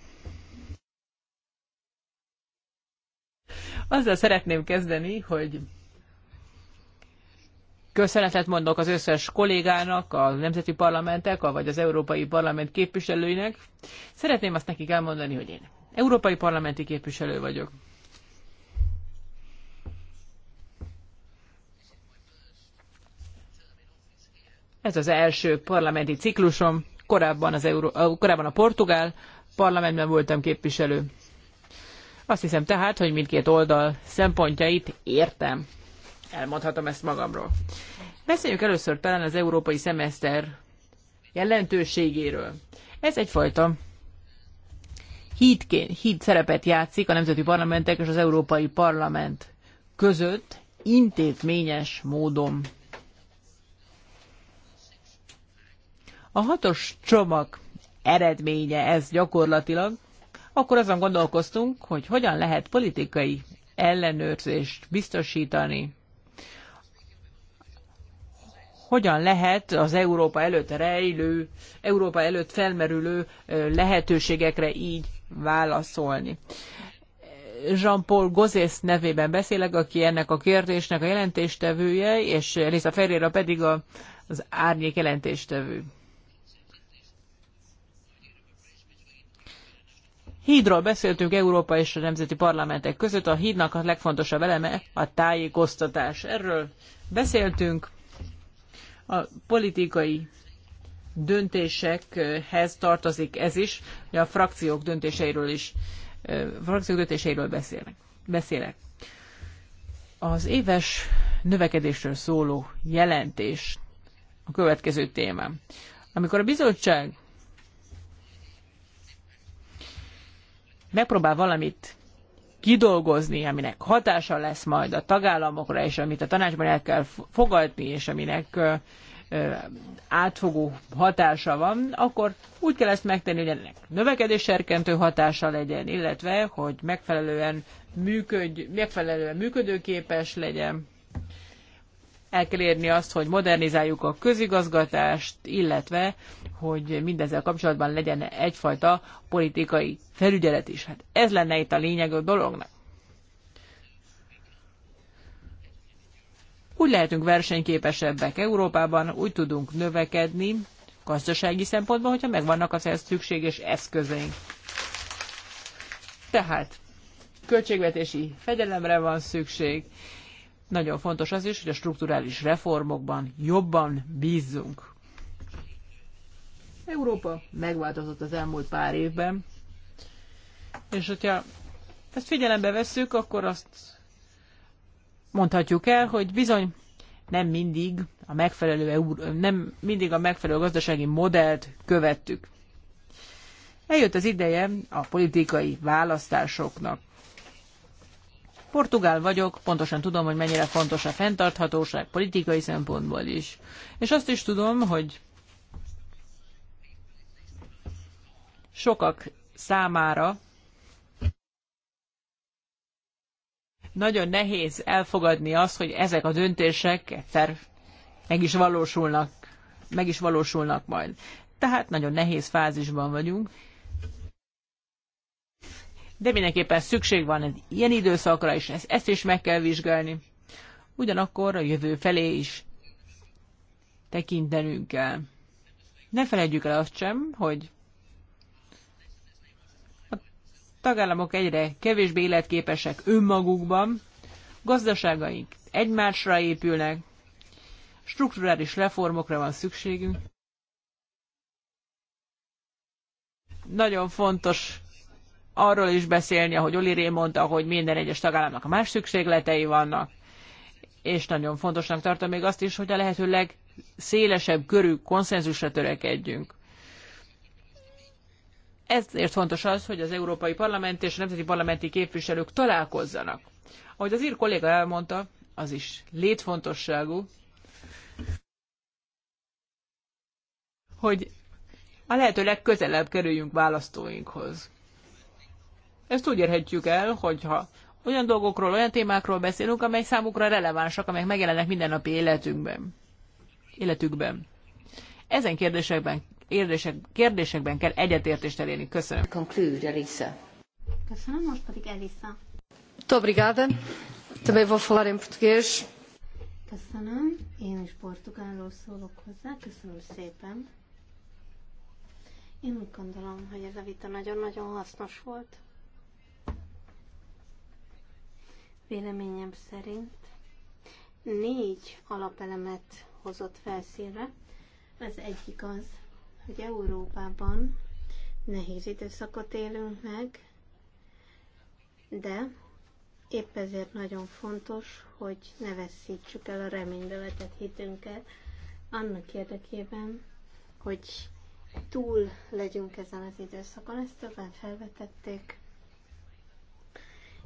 Azzal szeretném kezdeni, hogy köszönetet mondok az összes kollégának, a nemzeti parlamentek, vagy az Európai Parlament képviselőinek. Szeretném azt nekik elmondani, hogy én európai parlamenti képviselő vagyok. Ez az első parlamenti ciklusom, korábban, az Euró- korábban a portugál parlamentben voltam képviselő. Azt hiszem tehát, hogy mindkét oldal szempontjait értem. Elmondhatom ezt magamról. Beszéljünk először talán az európai szemeszter jelentőségéről. Ez egyfajta hídként, híd szerepet játszik a nemzeti parlamentek és az Európai Parlament között intézményes módon. a hatos csomag eredménye ez gyakorlatilag, akkor azon gondolkoztunk, hogy hogyan lehet politikai ellenőrzést biztosítani, hogyan lehet az Európa előtt rejlő, Európa előtt felmerülő lehetőségekre így válaszolni. Jean-Paul Gozész nevében beszélek, aki ennek a kérdésnek a jelentéstevője, és Elisa Ferreira pedig a, az árnyék jelentéstevő. Hídról beszéltünk Európa és a nemzeti parlamentek között. A hídnak a legfontosabb eleme a tájékoztatás. Erről beszéltünk. A politikai döntésekhez tartozik ez is, hogy a frakciók döntéseiről is, a frakciók döntéseiről beszélnek. beszélek. Az éves növekedésről szóló jelentés a következő témám. Amikor a bizottság megpróbál valamit kidolgozni, aminek hatása lesz majd a tagállamokra, és amit a tanácsban el kell fogadni, és aminek átfogó hatása van, akkor úgy kell ezt megtenni, hogy ennek növekedésserkentő hatása legyen, illetve, hogy megfelelően, működj, megfelelően működőképes legyen, el kell érni azt, hogy modernizáljuk a közigazgatást, illetve, hogy mindezzel kapcsolatban legyen egyfajta politikai felügyelet is. Hát ez lenne itt a lényeg a dolognak. Úgy lehetünk versenyképesebbek Európában, úgy tudunk növekedni gazdasági szempontból, hogyha megvannak az ehhez szükséges eszközeink. Tehát költségvetési fegyelemre van szükség, nagyon fontos az is, hogy a strukturális reformokban jobban bízzunk. Európa megváltozott az elmúlt pár évben, és hogyha ezt figyelembe vesszük, akkor azt mondhatjuk el, hogy bizony nem mindig a megfelelő, nem mindig a megfelelő gazdasági modellt követtük. Eljött az ideje a politikai választásoknak. Portugál vagyok, pontosan tudom, hogy mennyire fontos a fenntarthatóság politikai szempontból is. És azt is tudom, hogy sokak számára nagyon nehéz elfogadni azt, hogy ezek a döntések egyszer meg is valósulnak, meg is valósulnak majd. Tehát nagyon nehéz fázisban vagyunk de mindenképpen szükség van egy ilyen időszakra, és ezt, ezt is meg kell vizsgálni. Ugyanakkor a jövő felé is tekintenünk kell. Ne felejtjük el azt sem, hogy a tagállamok egyre kevésbé életképesek önmagukban, gazdaságaink egymásra épülnek, strukturális reformokra van szükségünk. Nagyon fontos arról is beszélni, ahogy Oli Ré mondta, hogy minden egyes tagállamnak más szükségletei vannak, és nagyon fontosnak tartom még azt is, hogy a lehető legszélesebb körű konszenzusra törekedjünk. Ezért fontos az, hogy az Európai Parlament és a Nemzeti Parlamenti képviselők találkozzanak. Ahogy az ír kolléga elmondta, az is létfontosságú, hogy a lehető legközelebb kerüljünk választóinkhoz. Ezt úgy érhetjük el, hogyha olyan dolgokról, olyan témákról beszélünk, amely számukra relevánsak, amelyek megjelennek mindennapi életünkben. Életükben. Ezen kérdésekben, kérdések, kérdésekben kell egyetértést elérni. Köszönöm. Conclude, Elisa. Köszönöm, most pedig Elisa. Muito obrigada. Também vou falar em português. Köszönöm. Én is portugálról szólok hozzá. Köszönöm szépen. Én úgy gondolom, hogy ez a vita nagyon-nagyon hasznos volt. Véleményem szerint négy alapelemet hozott felszínre. Az egyik az, hogy Európában nehéz időszakot élünk meg, de épp ezért nagyon fontos, hogy ne veszítsük el a vetett hitünket, annak érdekében, hogy túl legyünk ezen az időszakon. Ezt többen felvetették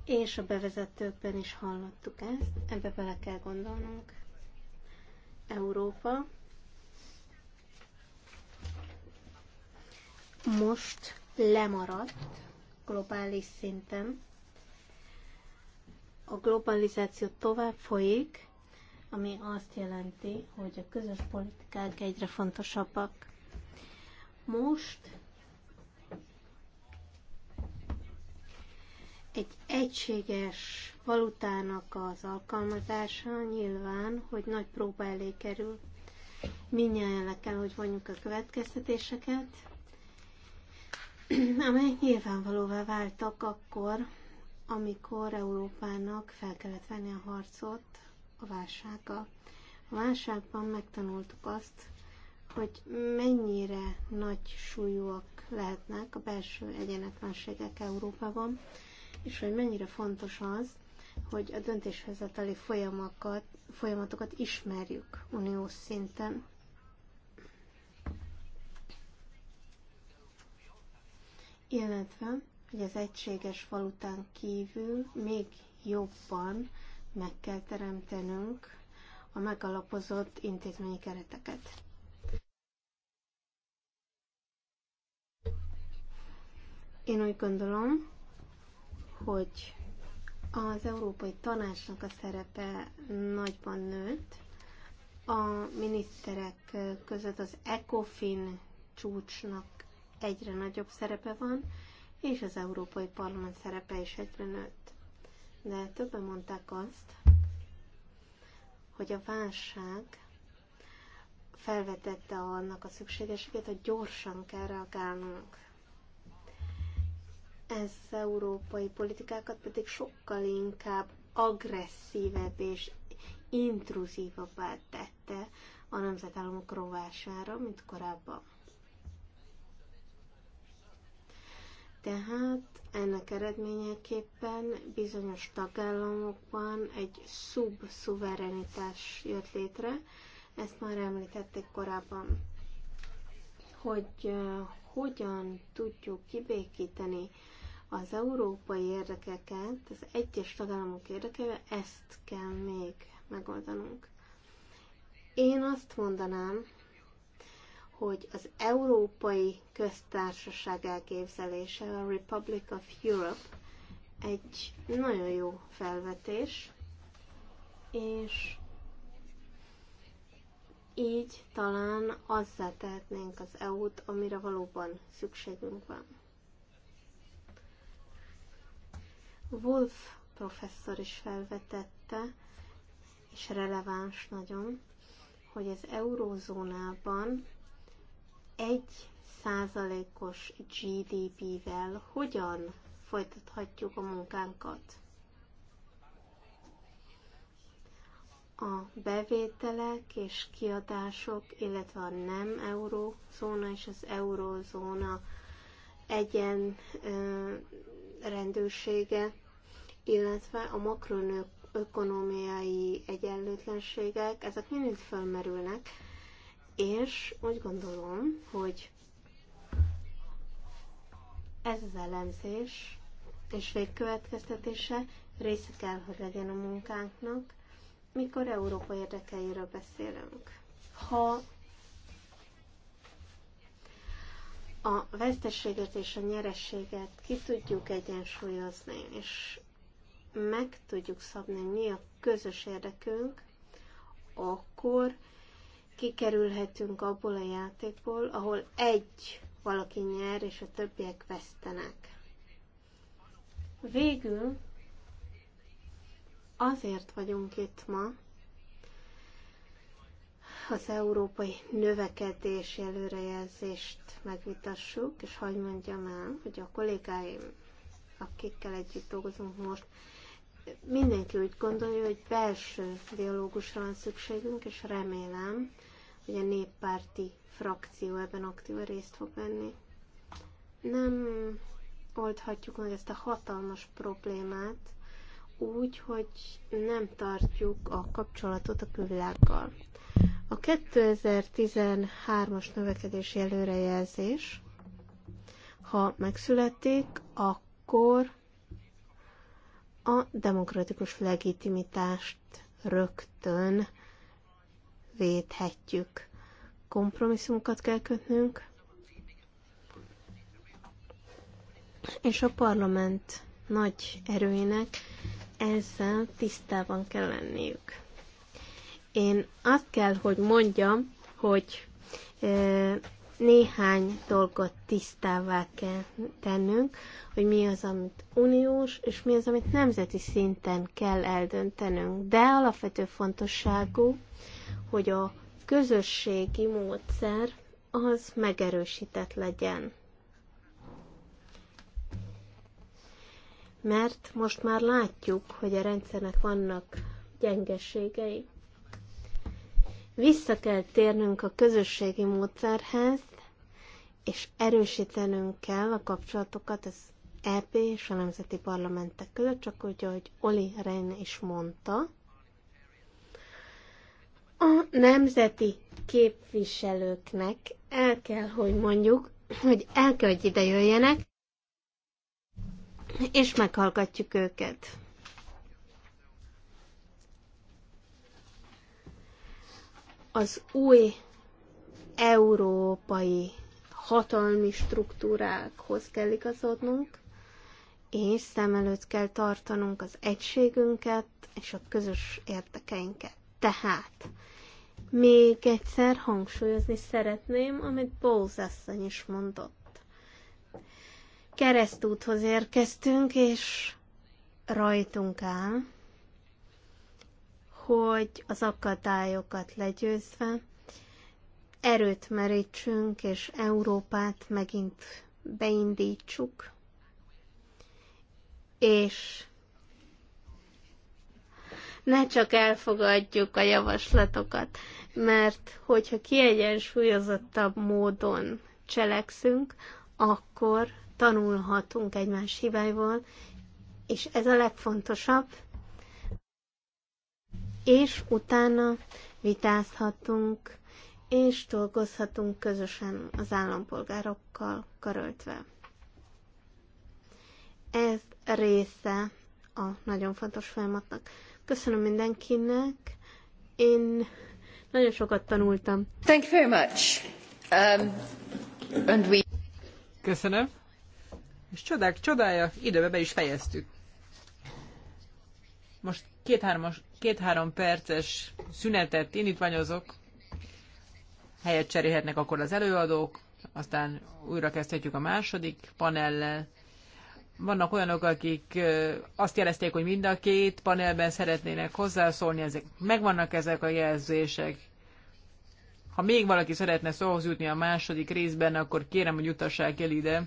és a bevezetőkben is hallottuk ezt, ebbe bele kell gondolnunk. Európa most lemaradt globális szinten. A globalizáció tovább folyik, ami azt jelenti, hogy a közös politikák egyre fontosabbak. Most egy egységes valutának az alkalmazása nyilván, hogy nagy próba elé kerül. Mindjárt le kell, hogy vonjuk a következtetéseket, amelyek nyilvánvalóvá váltak akkor, amikor Európának fel kellett venni a harcot a válsággal. A válságban megtanultuk azt, hogy mennyire nagy súlyúak lehetnek a belső egyenetlenségek Európában, és hogy mennyire fontos az, hogy a döntéshozatali folyamatokat, folyamatokat ismerjük uniós szinten. Illetve, hogy az egységes valután kívül még jobban meg kell teremtenünk a megalapozott intézményi kereteket. Én úgy gondolom, hogy az Európai Tanácsnak a szerepe nagyban nőtt. A miniszterek között az ECOFIN csúcsnak egyre nagyobb szerepe van, és az Európai Parlament szerepe is egyre nőtt. De többen mondták azt, hogy a válság felvetette annak a szükségességét, hogy gyorsan kell reagálnunk ensz európai politikákat pedig sokkal inkább agresszívebb és intruzívabbá tette a nemzetállamok rovására, mint korábban. Tehát ennek eredményeképpen bizonyos tagállamokban egy szubszuverenitás jött létre, ezt már említették korábban, hogy uh, hogyan tudjuk kibékíteni az európai érdekeket, az egyes tagállamok érdekeivel, ezt kell még megoldanunk. Én azt mondanám, hogy az Európai Köztársaság elképzelése, a Republic of Europe egy nagyon jó felvetés, és így talán azzá tehetnénk az EU-t, amire valóban szükségünk van. Wolf professzor is felvetette, és releváns nagyon, hogy az eurózónában egy százalékos GDP-vel hogyan folytathatjuk a munkánkat. A bevételek és kiadások, illetve a nem eurózóna és az eurózóna egyen rendőrsége, illetve a makroökonomiai egyenlőtlenségek, ezek mindig felmerülnek, és úgy gondolom, hogy ez az elemzés és végkövetkeztetése része kell, hogy legyen a munkánknak, mikor Európa érdekeiről beszélünk. Ha a veszteséget és a nyerességet ki tudjuk egyensúlyozni, és meg tudjuk szabni, mi a közös érdekünk, akkor kikerülhetünk abból a játékból, ahol egy valaki nyer, és a többiek vesztenek. Végül azért vagyunk itt ma, az európai növekedési előrejelzést megvitassuk, és hagyd mondjam el, hogy a kollégáim, akikkel együtt dolgozunk most, mindenki úgy gondolja, hogy belső dialógusra van szükségünk, és remélem, hogy a néppárti frakció ebben aktívan részt fog venni. Nem oldhatjuk meg ezt a hatalmas problémát úgy, hogy nem tartjuk a kapcsolatot a külvilággal. A 2013-as növekedési előrejelzés, ha megszületik, akkor a demokratikus legitimitást rögtön védhetjük. Kompromisszumokat kell kötnünk, és a parlament nagy erőinek ezzel tisztában kell lenniük. Én azt kell, hogy mondjam, hogy néhány dolgot tisztává kell tennünk, hogy mi az, amit uniós, és mi az, amit nemzeti szinten kell eldöntenünk. De alapvető fontosságú, hogy a közösségi módszer az megerősített legyen. Mert most már látjuk, hogy a rendszernek vannak gyengeségei. Vissza kell térnünk a közösségi módszerhez, és erősítenünk kell a kapcsolatokat az EP és a nemzeti parlamentek között, csak úgy, ahogy Oli Reine is mondta. A nemzeti képviselőknek el kell, hogy mondjuk, hogy el kell, hogy ide jöjjenek, és meghallgatjuk őket. az új európai hatalmi struktúrákhoz kell igazodnunk, és szem előtt kell tartanunk az egységünket és a közös érdekeinket. Tehát még egyszer hangsúlyozni szeretném, amit Bowles asszony is mondott. Keresztúthoz érkeztünk, és rajtunk áll, hogy az akadályokat legyőzve erőt merítsünk, és Európát megint beindítsuk, és ne csak elfogadjuk a javaslatokat, mert hogyha kiegyensúlyozottabb módon cselekszünk, akkor tanulhatunk egymás hibáiból, és ez a legfontosabb, és utána vitázhatunk, és dolgozhatunk közösen az állampolgárokkal karöltve. Ez része a nagyon fontos folyamatnak. Köszönöm mindenkinek, én nagyon sokat tanultam. Thank you very much. Um, and we... Köszönöm. És csodák csodája, időbe be is fejeztük. Most két-hármas két-három perces szünetet indítványozok, helyet cserélhetnek akkor az előadók, aztán újra kezdhetjük a második panellel. Vannak olyanok, akik azt jelezték, hogy mind a két panelben szeretnének hozzászólni, ezek, megvannak ezek a jelzések. Ha még valaki szeretne szóhoz jutni a második részben, akkor kérem, hogy jutassák el ide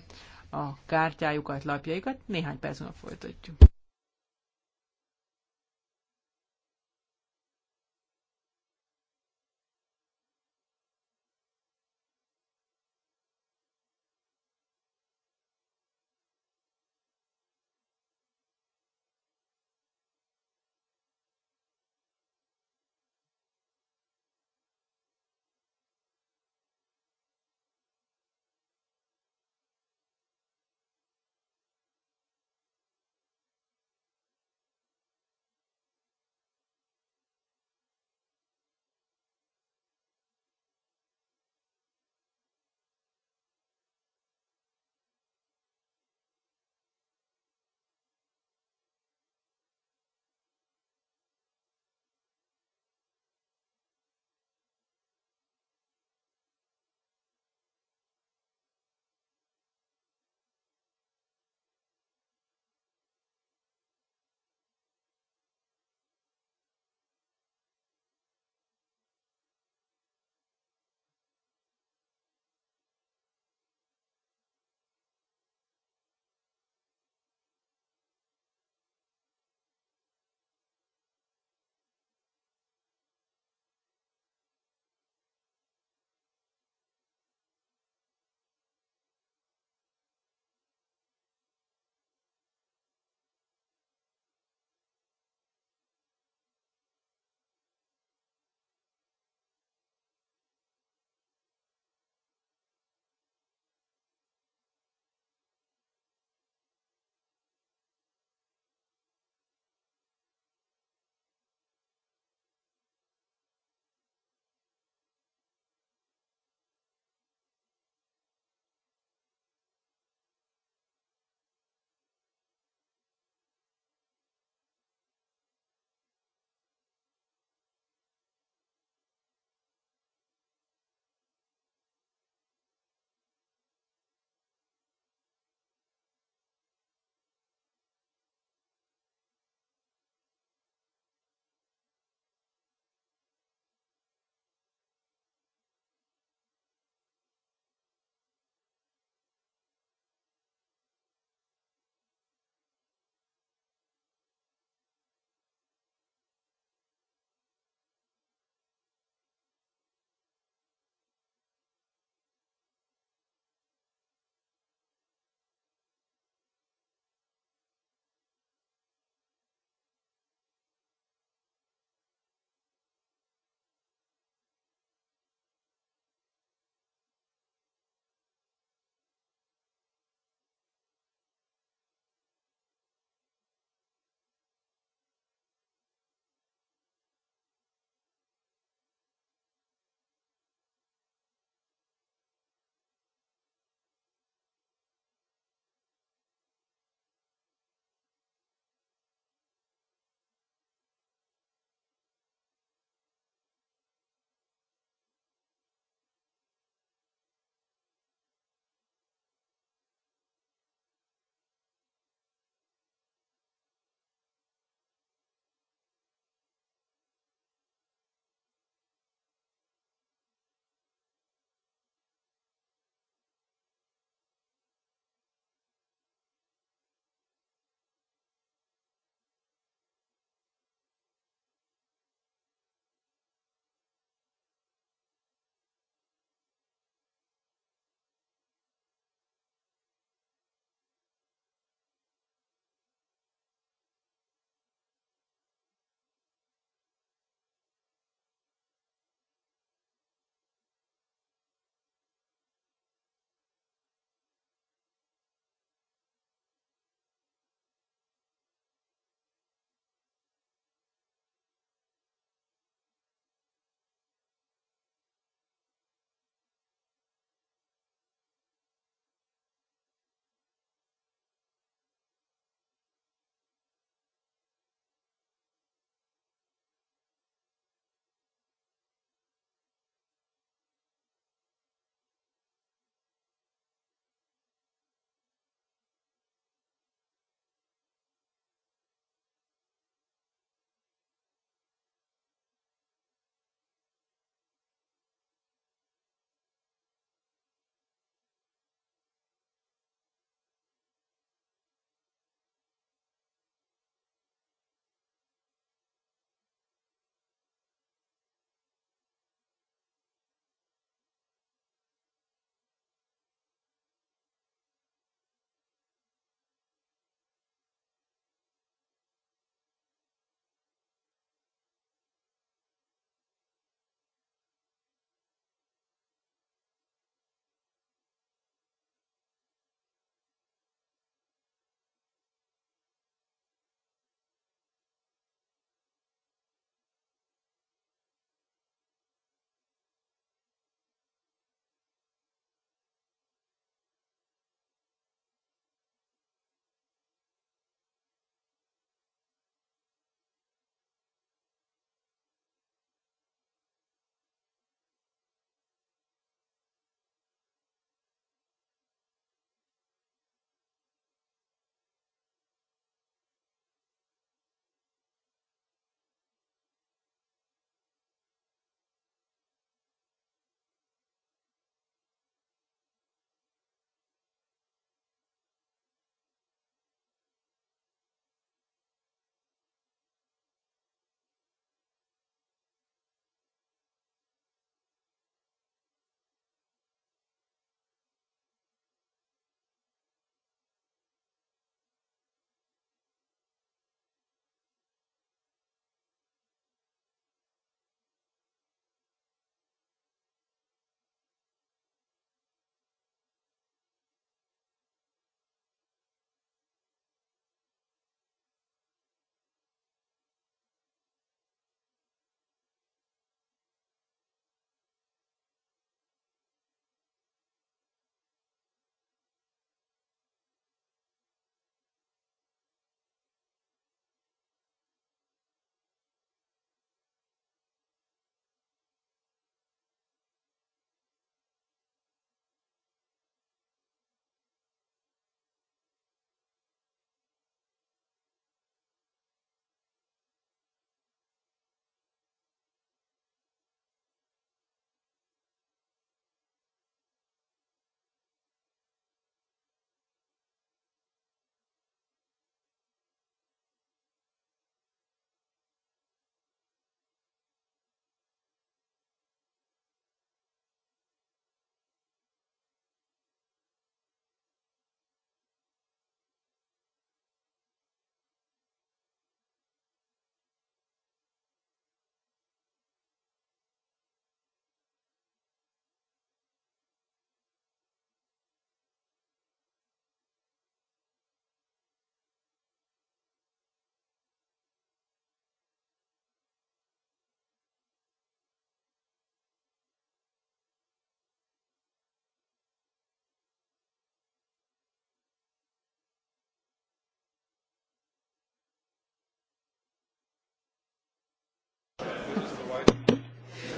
a kártyájukat, lapjaikat. Néhány perc múlva folytatjuk.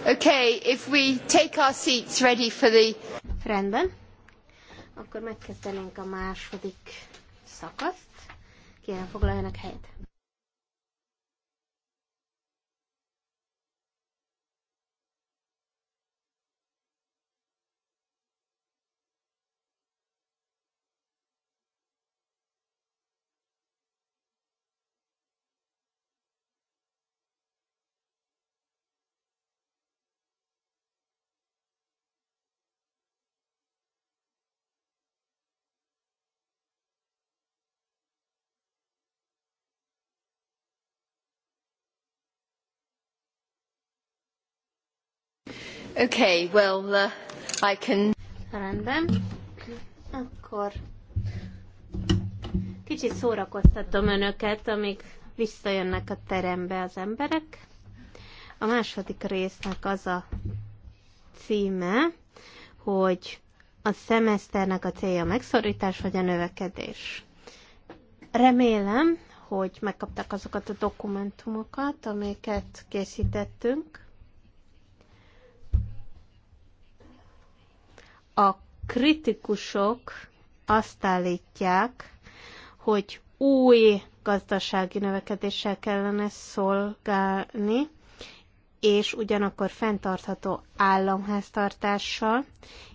Okay, if we take our seats ready for the... Rendben. Akkor megkezdenénk a második szakaszt. Kérem, foglaljanak helyet. Okay, well, uh, I can... Rendben. Akkor kicsit szórakoztatom önöket, amíg visszajönnek a terembe az emberek. A második résznek az a címe, hogy a szemeszternek a célja a megszorítás vagy a növekedés. Remélem, hogy megkaptak azokat a dokumentumokat, amiket készítettünk A kritikusok azt állítják, hogy új gazdasági növekedéssel kellene szolgálni, és ugyanakkor fenntartható államháztartással,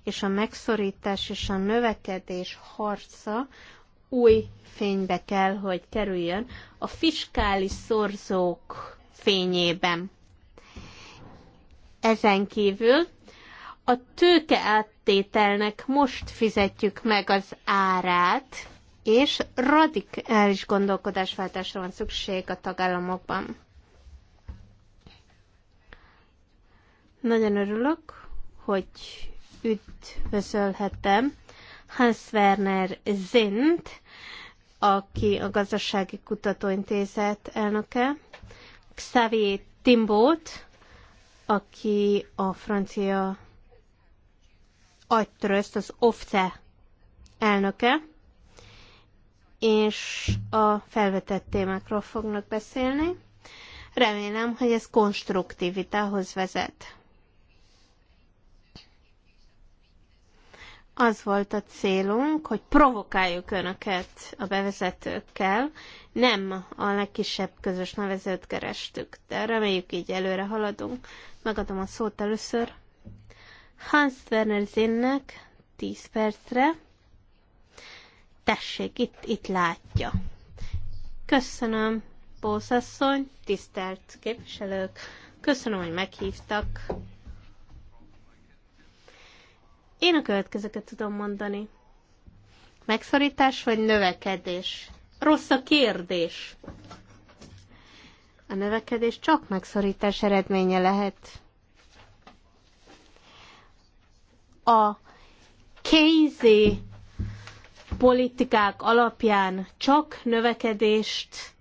és a megszorítás és a növekedés harca új fénybe kell, hogy kerüljön a fiskális szorzók fényében. Ezen kívül a tőke áttételnek most fizetjük meg az árát, és radikális gondolkodásváltásra van szükség a tagállamokban. Nagyon örülök, hogy üdvözölhetem Hans Werner Zint, aki a Gazdasági Kutatóintézet elnöke, Xavier Timbót, aki a francia agytröszt az OFCE elnöke, és a felvetett témákról fognak beszélni. Remélem, hogy ez konstruktív vitához vezet. Az volt a célunk, hogy provokáljuk Önöket a bevezetőkkel, nem a legkisebb közös nevezőt kerestük, de reméljük így előre haladunk. Megadom a szót először Hans Werner Zinnnek 10 percre. Tessék, itt, itt látja. Köszönöm, Bószasszony, tisztelt képviselők, köszönöm, hogy meghívtak. Én a következőket tudom mondani. Megszorítás vagy növekedés? Rossz a kérdés. A növekedés csak megszorítás eredménye lehet. a kézi politikák alapján csak növekedést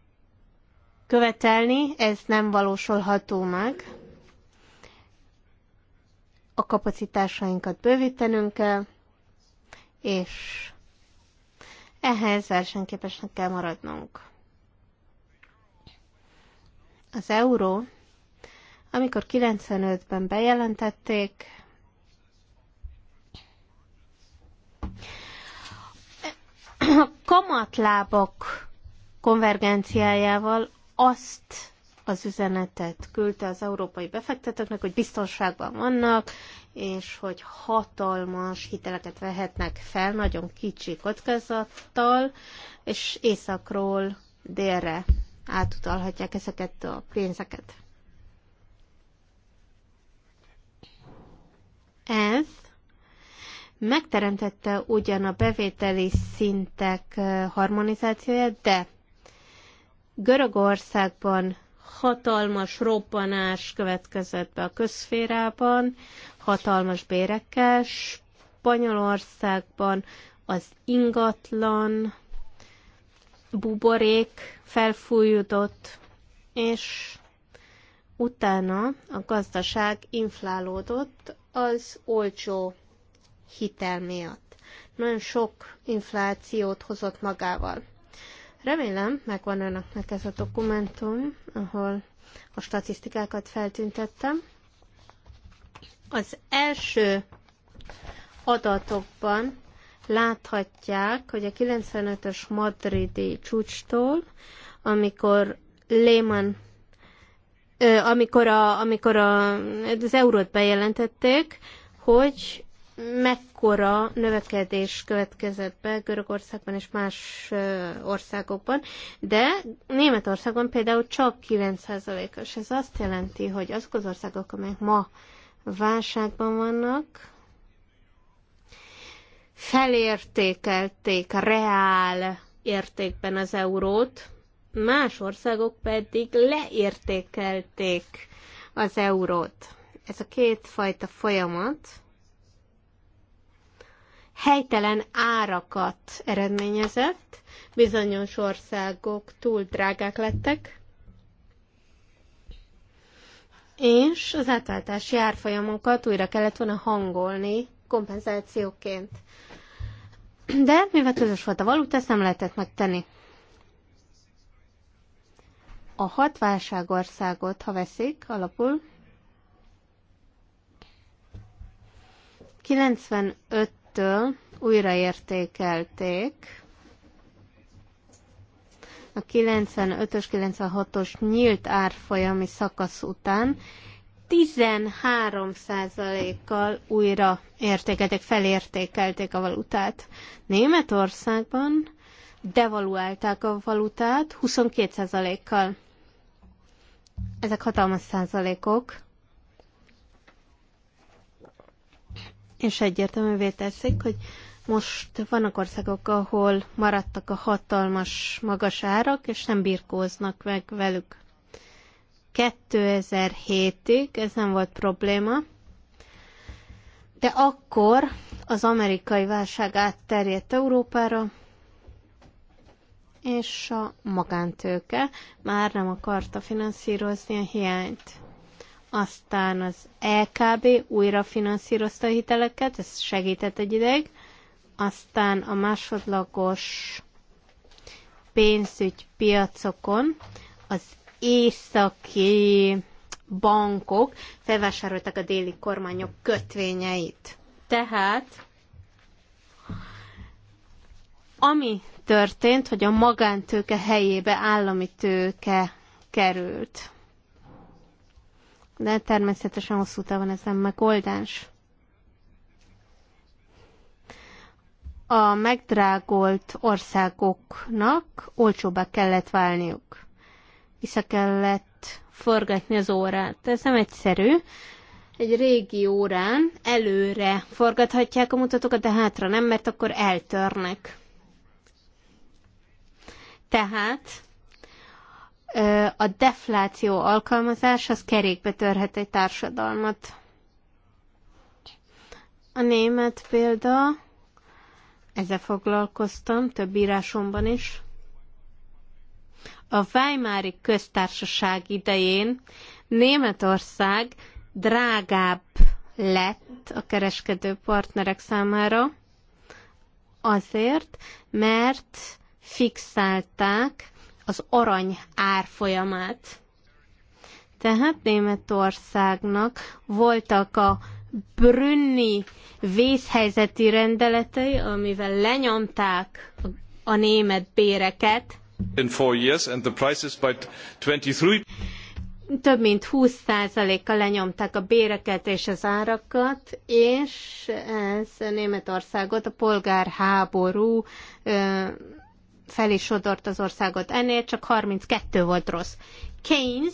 követelni, ez nem valósolható meg. A kapacitásainkat bővítenünk kell, és ehhez versenyképesnek kell maradnunk. Az euró, amikor 95-ben bejelentették, a kamatlábak konvergenciájával azt az üzenetet küldte az európai befektetőknek, hogy biztonságban vannak, és hogy hatalmas hiteleket vehetnek fel nagyon kicsi kockázattal, és északról délre átutalhatják ezeket a pénzeket. Ez megteremtette ugyan a bevételi szintek harmonizációját, de Görögországban hatalmas robbanás következett be a közférában, hatalmas bérekkel, Spanyolországban az ingatlan buborék felfújódott és utána a gazdaság inflálódott az olcsó hitel miatt. Nagyon sok inflációt hozott magával. Remélem, megvan önöknek ez a dokumentum, ahol a statisztikákat feltüntettem. Az első adatokban láthatják, hogy a 95-ös madridi csúcstól, amikor Lehman amikor, a, amikor a, az eurót bejelentették, hogy mekkora növekedés következett be Görögországban és más országokban, de Németországban például csak 9%-os. Ez azt jelenti, hogy azok az országok, amelyek ma válságban vannak, felértékelték reál értékben az eurót, más országok pedig leértékelték az eurót. Ez a két fajta folyamat, helytelen árakat eredményezett, bizonyos országok túl drágák lettek, és az átváltási árfolyamokat újra kellett volna hangolni kompenzációként. De mivel közös volt a valuta, ezt nem lehetett megtenni. A hat válságországot, ha veszik alapul, 95 ettől újraértékelték a 95-ös, 96-os nyílt árfolyami szakasz után 13%-kal újra értékelték, felértékelték a valutát. Németországban devaluálták a valutát 22%-kal. Ezek hatalmas százalékok. És egyértelművé teszik, hogy most vannak országok, ahol maradtak a hatalmas magas árak, és nem birkóznak meg velük. 2007-ig ez nem volt probléma, de akkor az amerikai válság átterjedt Európára, és a magántőke már nem akarta finanszírozni a hiányt aztán az LKB újra finanszírozta a hiteleket, ez segített egy ideig, aztán a másodlagos pénzügy piacokon az északi bankok felvásároltak a déli kormányok kötvényeit. Tehát ami történt, hogy a magántőke helyébe állami tőke került de természetesen hosszú távon ez nem megoldás. A megdrágolt országoknak olcsóbbá kellett válniuk. Vissza kellett forgatni az órát. Ez nem egyszerű. Egy régi órán előre forgathatják a mutatókat, de hátra nem, mert akkor eltörnek. Tehát a defláció alkalmazás az kerékbe törhet egy társadalmat. A német példa, ezzel foglalkoztam több írásomban is. A Weimári köztársaság idején Németország drágább lett a kereskedő partnerek számára, azért, mert fixálták az arany árfolyamát. Tehát Németországnak voltak a Brünni vészhelyzeti rendeletei, amivel lenyomták a német béreket. In four years and the prices by 23 több mint 20 a lenyomták a béreket és az árakat, és ez Németországot a polgárháború fel is sodort az országot. Ennél csak 32 volt rossz. Keynes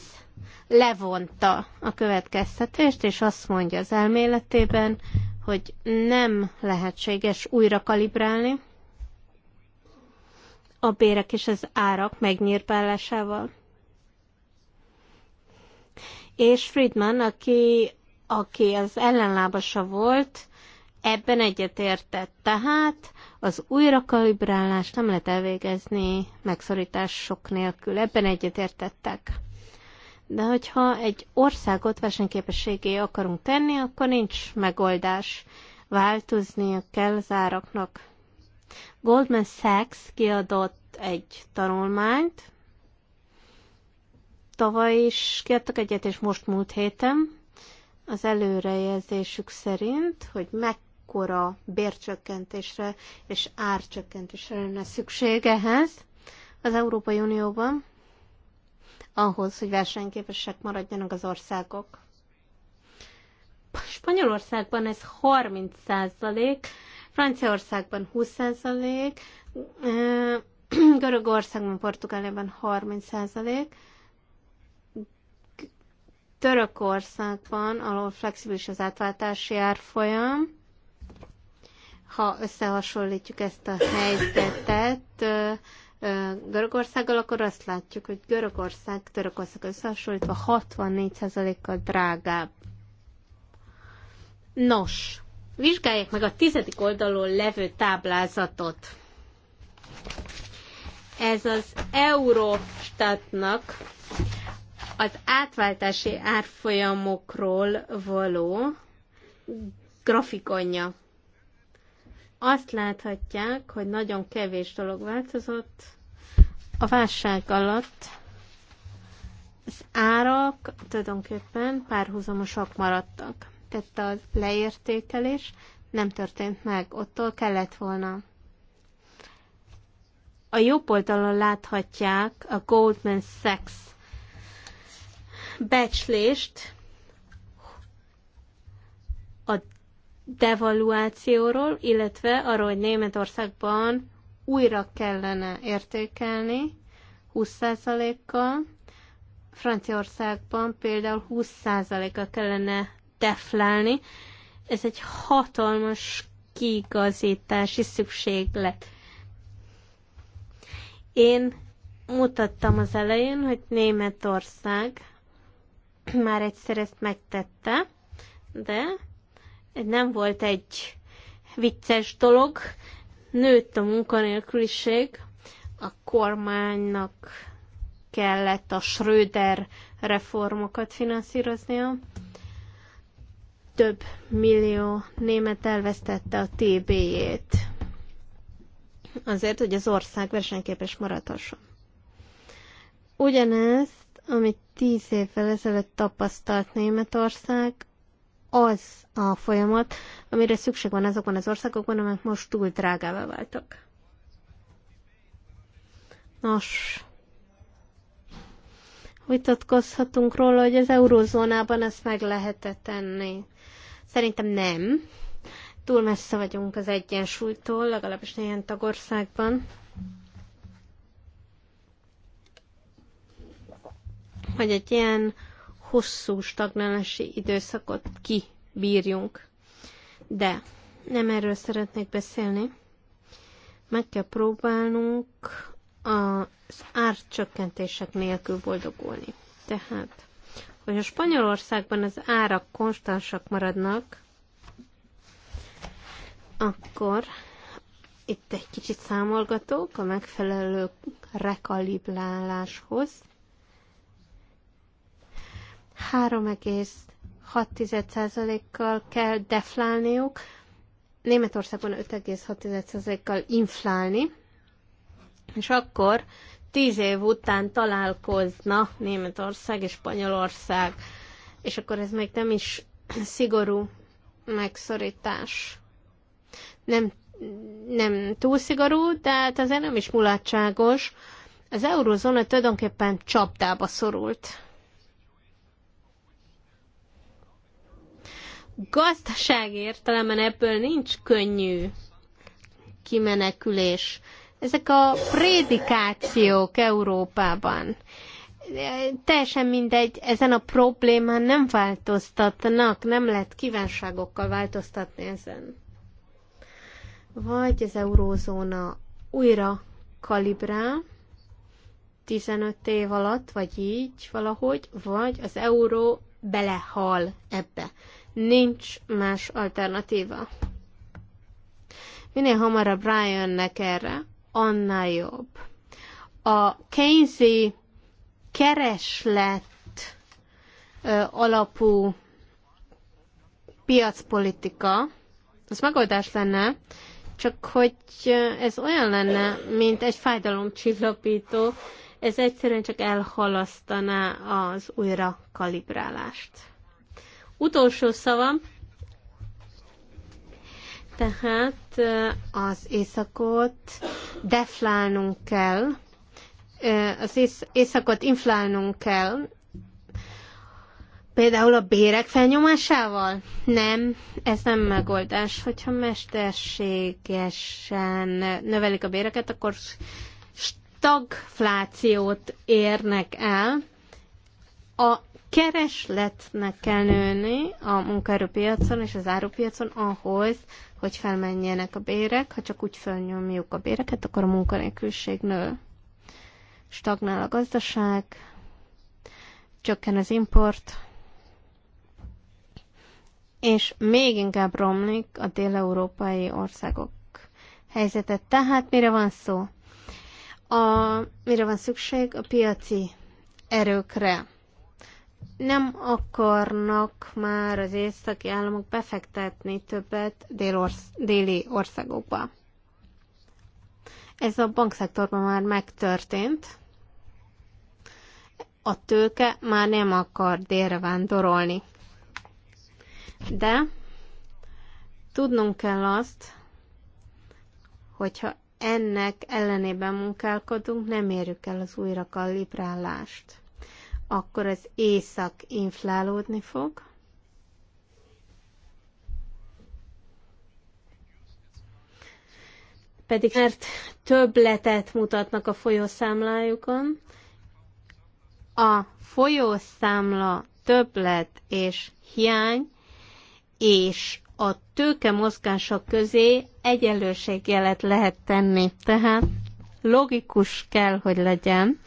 levonta a következtetést, és azt mondja az elméletében, hogy nem lehetséges újra kalibrálni a bérek és az árak megnyírpállásával. És Friedman, aki, aki az ellenlábasa volt, ebben egyetértett. Tehát az újrakalibrálást nem lehet elvégezni megszorítások nélkül, ebben egyetértettek. De hogyha egy országot versenyképességé akarunk tenni, akkor nincs megoldás. változni kell az áraknak. Goldman Sachs kiadott egy tanulmányt, tavaly is kiadtak egyet, és most múlt héten, az előrejelzésük szerint, hogy meg mekkora bércsökkentésre és árcsökkentésre lenne szükség ehhez az Európai Unióban, ahhoz, hogy versenyképesek maradjanak az országok. Spanyolországban ez 30 százalék, Franciaországban 20 százalék, Görögországban, Portugáliában 30 százalék, Törökországban, ahol flexibilis az átváltási árfolyam, ha összehasonlítjuk ezt a helyzetet Görögországgal, akkor azt látjuk, hogy Görögország, Törökország összehasonlítva 64%-kal drágább. Nos, vizsgálják meg a tizedik oldalon levő táblázatot. Ez az Eurostatnak az átváltási árfolyamokról való grafikonja azt láthatják, hogy nagyon kevés dolog változott. A válság alatt az árak tulajdonképpen párhuzamosak maradtak. Tehát a leértékelés nem történt meg, ottól kellett volna. A jobb oldalon láthatják a Goldman Sachs becslést, devaluációról, illetve arról, hogy Németországban újra kellene értékelni 20%-kal, Franciaországban például 20%-kal kellene deflálni. Ez egy hatalmas kiigazítási szükséglet. Én mutattam az elején, hogy Németország már egyszer ezt megtette, de ez nem volt egy vicces dolog, nőtt a munkanélküliség, a kormánynak kellett a Schröder reformokat finanszíroznia. Több millió német elvesztette a TB-jét azért, hogy az ország versenyképes maradhasson. Ugyanezt, amit tíz évvel ezelőtt tapasztalt Németország, az a folyamat, amire szükség van azokon az országokban, amelyek most túl drágává váltak. Nos, vitatkozhatunk róla, hogy az eurózónában ezt meg lehet tenni. Szerintem nem. Túl messze vagyunk az egyensúlytól, legalábbis néhány tagországban. Hogy egy ilyen hosszú stagnálási időszakot kibírjunk. De nem erről szeretnék beszélni. Meg kell próbálnunk az árcsökkentések nélkül boldogulni. Tehát, hogy a Spanyolországban az árak konstansak maradnak, akkor itt egy kicsit számolgatók a megfelelő rekalibráláshoz, 3,6%-kal kell deflálniuk, Németországban 5,6%-kal inflálni, és akkor 10 év után találkozna Németország és Spanyolország, és akkor ez még nem is szigorú megszorítás. Nem, nem túl szigorú, de hát azért nem is mulatságos. Az eurozóna tulajdonképpen csapdába szorult. gazdaság értelemben ebből nincs könnyű kimenekülés. Ezek a prédikációk Európában. Teljesen mindegy, ezen a problémán nem változtatnak, nem lehet kívánságokkal változtatni ezen. Vagy az eurózóna újra kalibrál, 15 év alatt, vagy így valahogy, vagy az euró belehal ebbe. Nincs más alternatíva. Minél hamarabb rájönnek erre, annál jobb. A Keynesi kereslet alapú piacpolitika, az megoldás lenne, csak hogy ez olyan lenne, mint egy fájdalomcsillapító, ez egyszerűen csak elhalasztaná az újra kalibrálást utolsó szavam, tehát az éjszakot deflálnunk kell, az éjszakot inflálnunk kell, Például a bérek felnyomásával? Nem, ez nem megoldás. Hogyha mesterségesen növelik a béreket, akkor stagflációt érnek el. A keresletnek kell nőni a munkaerőpiacon és az árupiacon ahhoz, hogy felmenjenek a bérek. Ha csak úgy felnyomjuk a béreket, akkor a munkanélküliség nő. Stagnál a gazdaság, csökken az import, és még inkább romlik a déleurópai országok helyzete. Tehát mire van szó? A, mire van szükség? A piaci erőkre nem akarnak már az északi államok befektetni többet délorsz- déli országokba. Ez a bankszektorban már megtörtént. A tőke már nem akar délre vándorolni. De tudnunk kell azt, hogyha ennek ellenében munkálkodunk, nem érjük el az újrakalibrálást akkor az éjszak inflálódni fog. Pedig mert többletet mutatnak a folyószámlájukon, a folyószámla többlet és hiány és a tőke mozgása közé egyenlőségjelet lehet tenni. Tehát logikus kell, hogy legyen,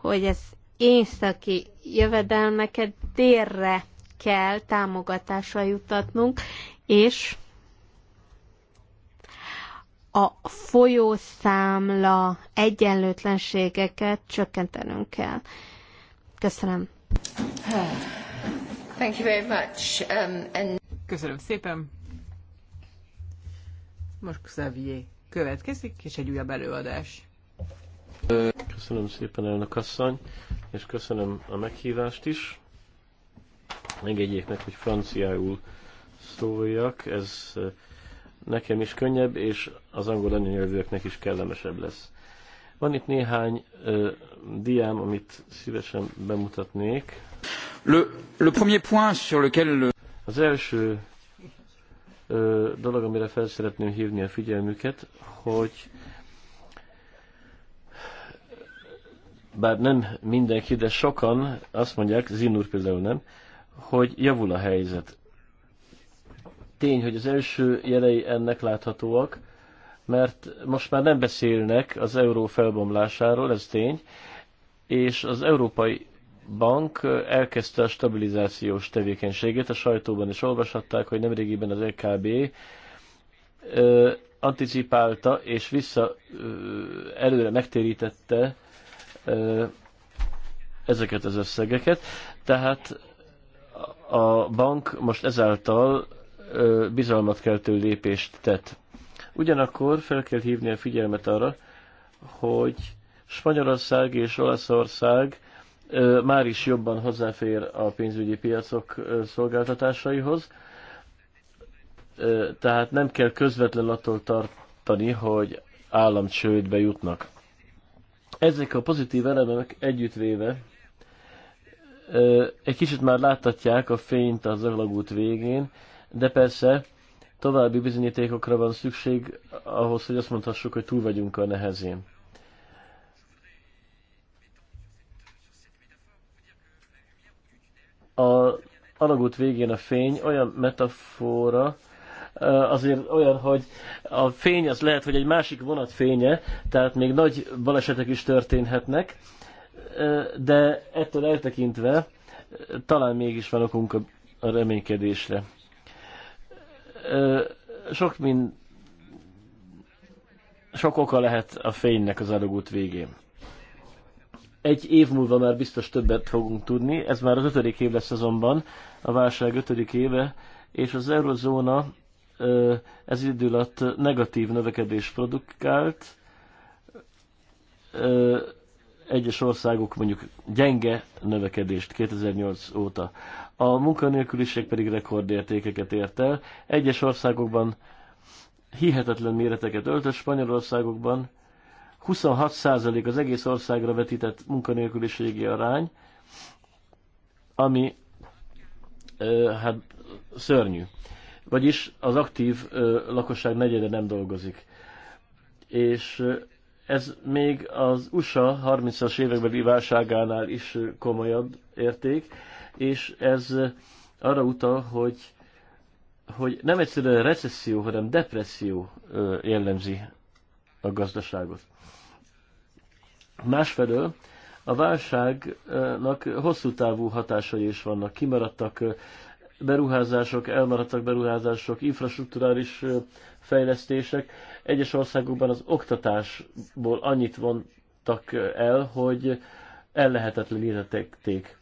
hogy ez északi jövedelmeket délre kell támogatásra jutatnunk, és a folyószámla egyenlőtlenségeket csökkentenünk kell. Köszönöm. Thank you very much. Um, and... Köszönöm szépen. Most Xavier következik, és egy újabb előadás. Köszönöm szépen, elnök asszony, és köszönöm a meghívást is. Engedjék meg, hogy franciául szóljak, ez eh, nekem is könnyebb, és az angol anyanyelvűeknek is kellemesebb lesz. Van itt néhány ö, eh, diám, amit szívesen bemutatnék. Le, le premier point sur lequel le... Az első ö, eh, dolog, amire fel szeretném hívni a figyelmüket, hogy bár nem mindenki, de sokan azt mondják, Zinur például nem, hogy javul a helyzet. Tény, hogy az első jelei ennek láthatóak, mert most már nem beszélnek az euró felbomlásáról, ez tény, és az Európai Bank elkezdte a stabilizációs tevékenységét, a sajtóban is olvashatták, hogy nemrégiben az EKB anticipálta és vissza előre megtérítette ezeket az összegeket. Tehát a bank most ezáltal bizalmat keltő lépést tett. Ugyanakkor fel kell hívni a figyelmet arra, hogy Spanyolország és Olaszország már is jobban hozzáfér a pénzügyi piacok szolgáltatásaihoz, tehát nem kell közvetlen attól tartani, hogy államcsődbe jutnak. Ezek a pozitív elemek együttvéve egy kicsit már láttatják a fényt az öglagút végén, de persze további bizonyítékokra van szükség ahhoz, hogy azt mondhassuk, hogy túl vagyunk a nehezén. A alagút végén a fény olyan metafora, azért olyan, hogy a fény az lehet, hogy egy másik vonat fénye, tehát még nagy balesetek is történhetnek, de ettől eltekintve talán mégis van okunk a reménykedésre. Sok mind sok oka lehet a fénynek az adagút végén. Egy év múlva már biztos többet fogunk tudni, ez már az ötödik év lesz azonban, a válság ötödik éve, és az eurozóna ez idő alatt negatív növekedés produkált. Egyes országok mondjuk gyenge növekedést 2008 óta. A munkanélküliség pedig rekordértékeket ért el. Egyes országokban hihetetlen méreteket öltött, Spanyolországokban 26% az egész országra vetített munkanélküliségi arány, ami hát szörnyű. Vagyis az aktív lakosság negyede nem dolgozik. És ez még az USA 30-as évekbeli válságánál is komolyabb érték, és ez arra utal, hogy, hogy nem egyszerűen recesszió, hanem depresszió jellemzi a gazdaságot. Másfelől a válságnak hosszú távú hatásai is vannak. Kimaradtak beruházások, elmaradtak beruházások, infrastruktúrális fejlesztések. Egyes országokban az oktatásból annyit vontak el, hogy ellehetetlenítették.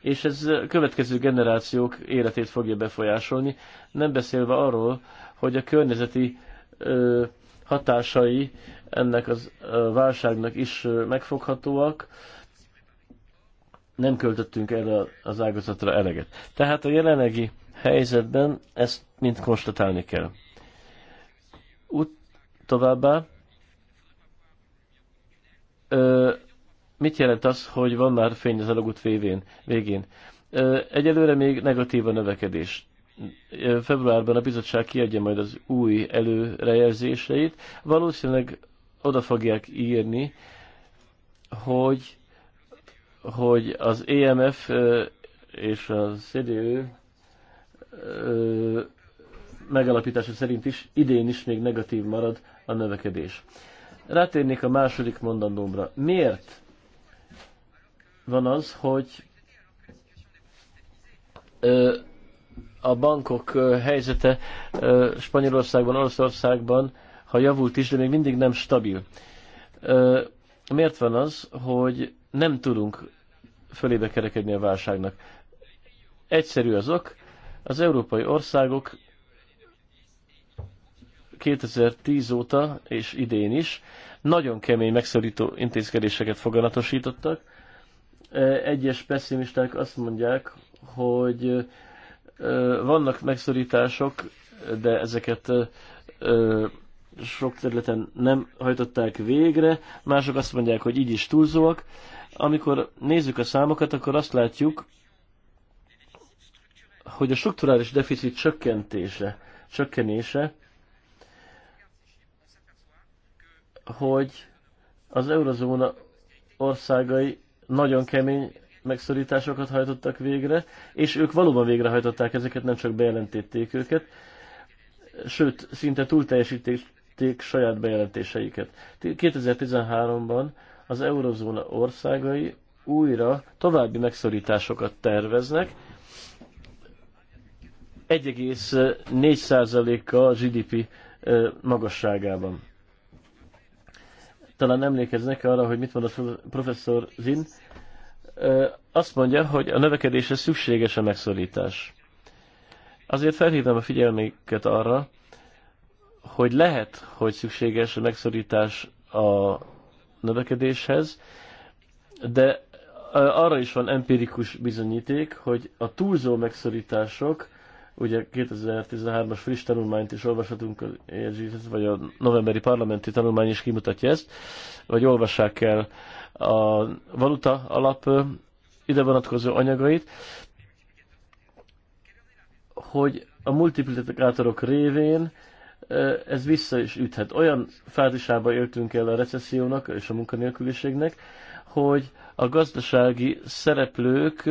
És ez a következő generációk életét fogja befolyásolni, nem beszélve arról, hogy a környezeti ö, hatásai ennek az válságnak is megfoghatóak, nem költöttünk erre az ágazatra eleget. Tehát a jelenlegi helyzetben ezt mind konstatálni kell. Úgy továbbá, ö, mit jelent az, hogy van már fény az alagút végén? végén? Ö, egyelőre még negatív a növekedés. Ö, februárban a bizottság kiadja majd az új előrejelzéseit. Valószínűleg oda fogják írni, hogy hogy az EMF és a CDU megalapítása szerint is idén is még negatív marad a növekedés. Rátérnék a második mondandómra. Miért van az, hogy a bankok helyzete Spanyolországban, Olaszországban, ha javult is, de még mindig nem stabil. Miért van az, hogy nem tudunk fölébe kerekedni a válságnak. Egyszerű az ok, az európai országok 2010 óta és idén is nagyon kemény megszorító intézkedéseket foganatosítottak. E, egyes pessimisták azt mondják, hogy e, vannak megszorítások, de ezeket e, sok területen nem hajtották végre, mások azt mondják, hogy így is túlzóak. Amikor nézzük a számokat, akkor azt látjuk, hogy a strukturális deficit csökkentése, csökkenése, hogy az eurozóna országai nagyon kemény megszorításokat hajtottak végre, és ők valóban végrehajtották ezeket, nem csak bejelentették őket, sőt, szinte túlteljesítették saját bejelentéseiket. 2013-ban az eurozóna országai újra további megszorításokat terveznek, 1,4%-a a GDP magasságában. Talán emlékeznek arra, hogy mit mondott professzor Zinn. Azt mondja, hogy a növekedésre szükséges a megszorítás. Azért felhívnám a figyelméket arra, hogy lehet, hogy szükséges a megszorítás a növekedéshez, de arra is van empirikus bizonyíték, hogy a túlzó megszorítások, ugye 2013-as friss tanulmányt is olvashatunk, vagy a novemberi parlamenti tanulmány is kimutatja ezt, vagy olvassák el a valuta alap ide vonatkozó anyagait, hogy a multiplikátorok révén ez vissza is üthet. Olyan fázisába éltünk el a recessziónak és a munkanélküliségnek, hogy a gazdasági szereplők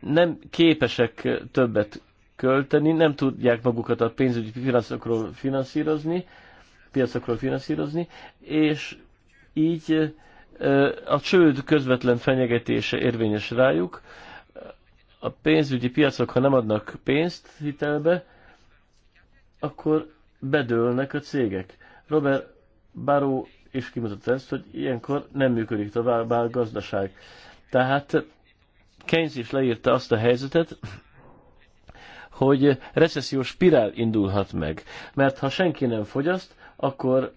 nem képesek többet költeni, nem tudják magukat a pénzügyi piacokról finanszírozni, piacokról finanszírozni, és így a csőd közvetlen fenyegetése érvényes rájuk. A pénzügyi piacok, ha nem adnak pénzt hitelbe, akkor bedőlnek a cégek. Robert Baró is kimutatta ezt, hogy ilyenkor nem működik tovább a gazdaság. Tehát Keynes is leírta azt a helyzetet, hogy recessziós spirál indulhat meg. Mert ha senki nem fogyaszt, akkor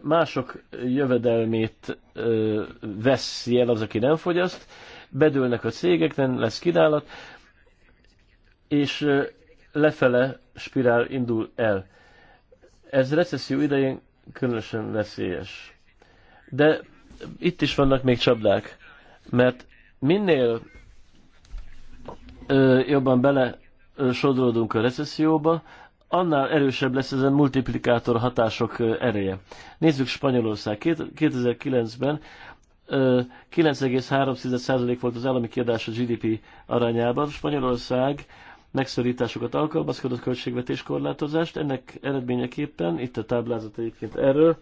mások jövedelmét veszi el az, aki nem fogyaszt, bedőlnek a cégek, nem lesz kidálat, és lefele spirál indul el. Ez recesszió idején különösen veszélyes. De itt is vannak még csapdák, mert minél ö, jobban bele ö, sodródunk a recesszióba, annál erősebb lesz ezen multiplikátor hatások ö, ereje. Nézzük Spanyolország. 2009-ben 9,3% volt az állami kiadás a GDP arányában. Spanyolország megszorításokat alkalmazkodott költségvetés korlátozást. Ennek eredményeképpen, itt a táblázat egyébként erről,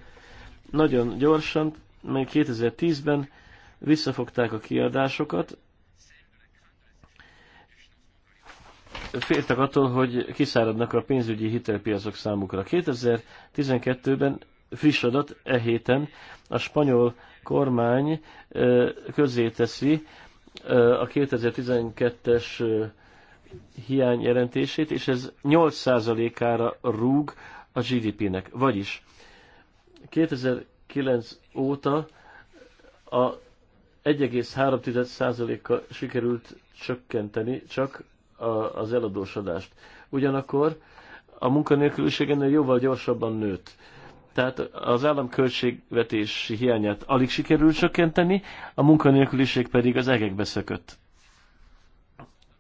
nagyon gyorsan, még 2010-ben visszafogták a kiadásokat, féltek attól, hogy kiszáradnak a pénzügyi hitelpiacok számukra. 2012-ben friss adat e héten a spanyol kormány közzéteszi a 2012-es hiány jelentését, és ez 8%-ára rúg a GDP-nek. Vagyis 2009 óta a 1,3%-kal sikerült csökkenteni csak a, az eladósodást. Ugyanakkor a munkanélküliség ennél jóval gyorsabban nőtt. Tehát az államköltségvetési hiányát alig sikerült csökkenteni, a munkanélküliség pedig az egekbe szökött.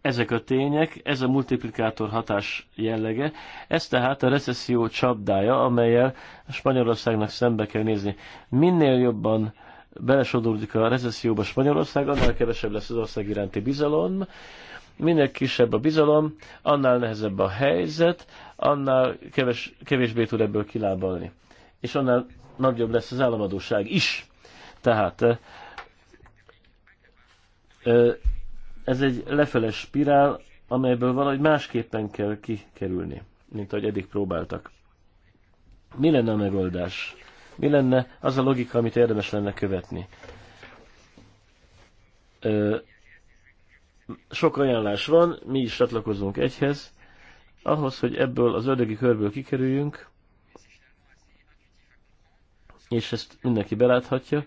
Ezek a tények, ez a multiplikátor hatás jellege, ez tehát a recesszió csapdája, amelyel Spanyolországnak szembe kell nézni. Minél jobban belesodódik a recesszióba Spanyolország, annál kevesebb lesz az ország iránti bizalom, minél kisebb a bizalom, annál nehezebb a helyzet, annál keves, kevésbé tud ebből kilábalni. És annál nagyobb lesz az államadóság is. Tehát ez egy lefeles spirál, amelyből valahogy másképpen kell kikerülni, mint ahogy eddig próbáltak. Mi lenne a megoldás? Mi lenne az a logika, amit érdemes lenne követni? Ö, sok ajánlás van, mi is csatlakozunk egyhez. Ahhoz, hogy ebből az ördögi körből kikerüljünk, és ezt mindenki beláthatja,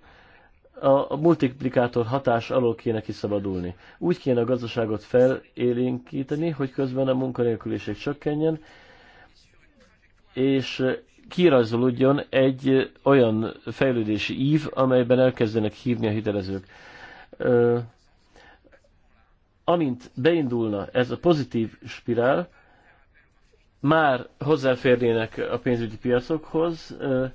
a, a multiplikátor hatás alól kéne kiszabadulni. Úgy kéne a gazdaságot felélénkíteni, hogy közben a munkanélküliség csökkenjen, és kirajzolódjon egy olyan fejlődési ív, amelyben elkezdenek hívni a hitelezők. Ö, amint beindulna ez a pozitív spirál, már hozzáférnének a pénzügyi piacokhoz, ö,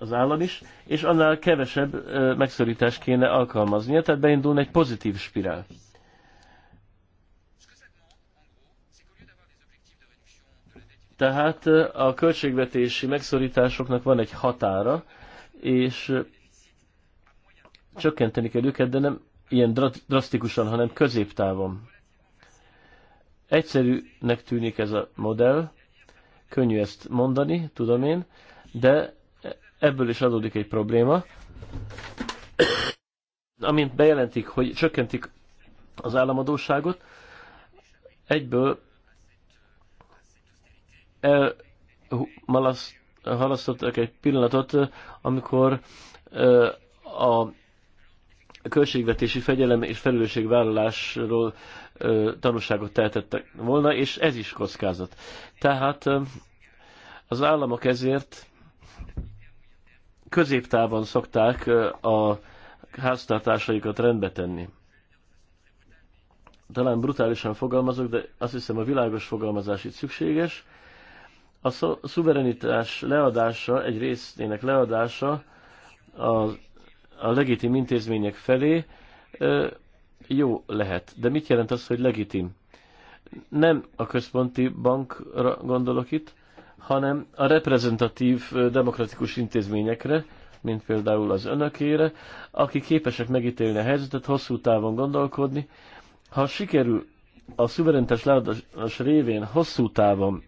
az állam is, és annál kevesebb megszorítást kéne alkalmaznia, tehát beindul egy pozitív spirál. Tehát a költségvetési megszorításoknak van egy határa, és csökkenteni kell őket, de nem ilyen drasztikusan, hanem középtávon. Egyszerűnek tűnik ez a modell, könnyű ezt mondani, tudom én, de ebből is adódik egy probléma, amint bejelentik, hogy csökkentik az államadóságot, egyből elhalasztottak egy pillanatot, amikor a költségvetési fegyelem és felelősségvállalásról tanúságot tehetettek volna, és ez is kockázat. Tehát az államok ezért középtávon szokták a háztartásaikat rendbe tenni. Talán brutálisan fogalmazok, de azt hiszem a világos fogalmazás itt szükséges. A szuverenitás leadása, egy részének leadása a, a legitim intézmények felé jó lehet. De mit jelent az, hogy legitim? Nem a központi bankra gondolok itt, hanem a reprezentatív demokratikus intézményekre, mint például az önökére, aki képesek megítélni a helyzetet, hosszú távon gondolkodni. Ha sikerül a szuverenitás leadás révén hosszú távon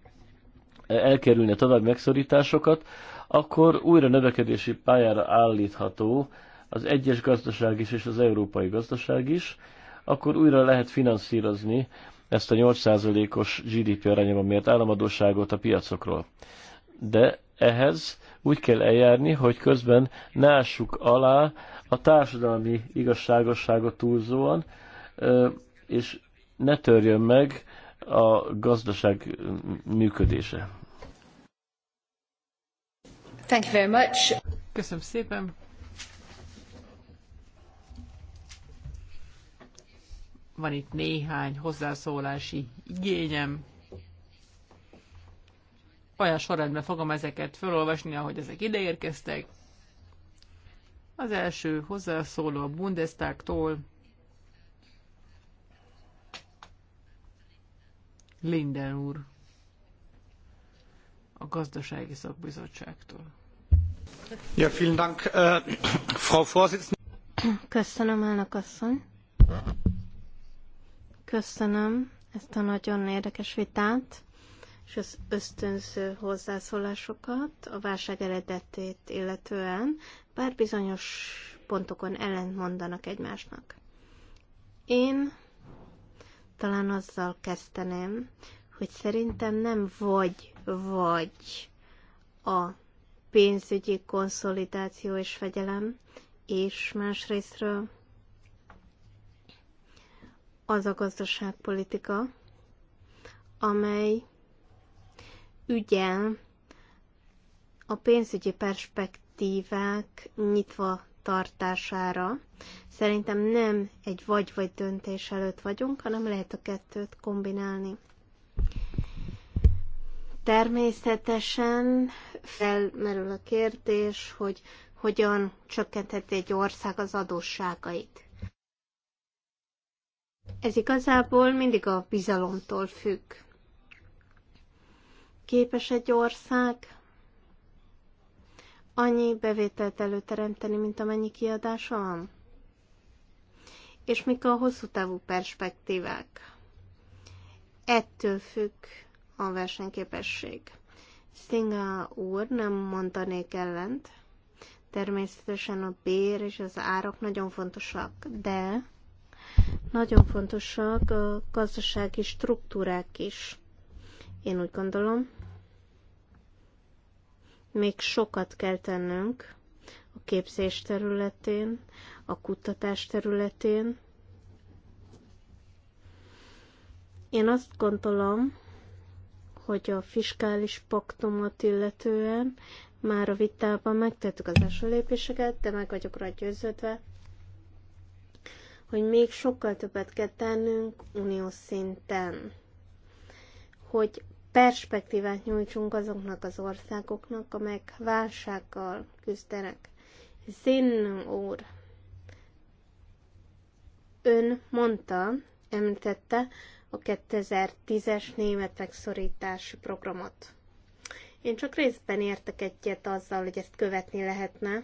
e, elkerülni a további megszorításokat, akkor újra növekedési pályára állítható az egyes gazdaság is és az európai gazdaság is, akkor újra lehet finanszírozni ezt a 8%-os GDP arányában mért államadóságot a piacokról. De ehhez úgy kell eljárni, hogy közben ne ássuk alá a társadalmi igazságosságot túlzóan, és ne törjön meg a gazdaság működése. Thank you very much. Köszönöm szépen. Van itt néhány hozzászólási igényem. Olyan sorrendben fogom ezeket felolvasni, ahogy ezek ideérkeztek. Az első hozzászóló a Bundestagtól, Linden úr a gazdasági szakbizottságtól. Ja, vielen Dank, äh, Frau Vorsitzende. Köszönöm, elnök asszony. Köszönöm ezt a nagyon érdekes vitát, és az ösztönző hozzászólásokat a válság eredetét illetően, bár bizonyos pontokon ellent mondanak egymásnak. Én talán azzal kezdeném, hogy szerintem nem vagy, vagy a pénzügyi konszolidáció és fegyelem, és másrésztről az a gazdaságpolitika, amely ügyel a pénzügyi perspektívák nyitva tartására. Szerintem nem egy vagy-vagy döntés előtt vagyunk, hanem lehet a kettőt kombinálni. Természetesen felmerül a kérdés, hogy hogyan csökkentheti egy ország az adósságait. Ez igazából mindig a bizalomtól függ. Képes egy ország annyi bevételt előteremteni, mint amennyi kiadása van? És mik a hosszú távú perspektívák? Ettől függ a versenyképesség. Szinga úr, nem mondanék ellent. Természetesen a bér és az árak nagyon fontosak, de nagyon fontosak a gazdasági struktúrák is. Én úgy gondolom, még sokat kell tennünk a képzés területén, a kutatás területén. Én azt gondolom, hogy a fiskális paktumot illetően már a vitában megtettük az első lépéseket, de meg vagyok rá győződve, hogy még sokkal többet kell tennünk uniós szinten, hogy perspektívát nyújtsunk azoknak az országoknak, amelyek válsággal küzdenek. Zinn úr, ön mondta, említette a 2010-es német megszorítási programot. Én csak részben értek egyet azzal, hogy ezt követni lehetne,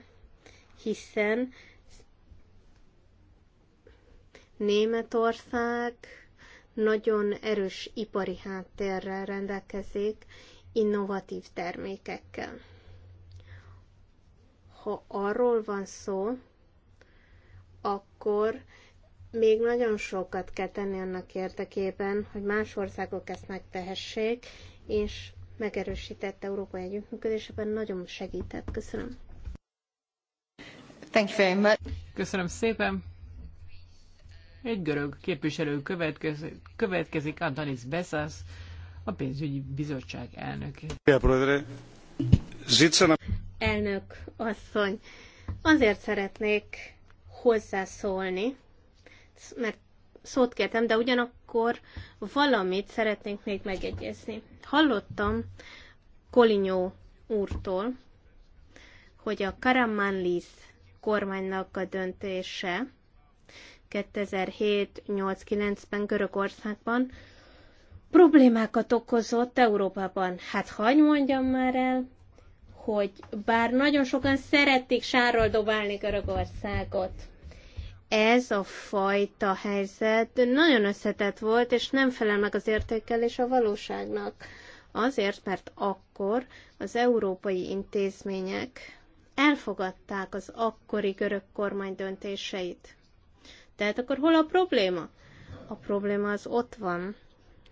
hiszen Németország nagyon erős ipari háttérrel rendelkezik, innovatív termékekkel. Ha arról van szó, akkor még nagyon sokat kell tenni annak érdekében, hogy más országok ezt megtehessék, és megerősített európai együttműködésében nagyon segített. Köszönöm. Thank you very much. Köszönöm szépen. Egy görög képviselő következik, következik Antanis Beszász, a pénzügyi bizottság elnöke. Elnök asszony, azért szeretnék hozzászólni, mert szót kértem, de ugyanakkor valamit szeretnénk még megegyezni. Hallottam Kolinyó úrtól, hogy a Karamanlis kormánynak a döntése 2007 89 ben Görögországban problémákat okozott Európában. Hát hagyd mondjam már el, hogy bár nagyon sokan szerették sárral dobálni Görögországot, ez a fajta helyzet nagyon összetett volt, és nem felel meg az értékelés a valóságnak. Azért, mert akkor az európai intézmények elfogadták az akkori görög kormány döntéseit. Tehát akkor hol a probléma? A probléma az ott van,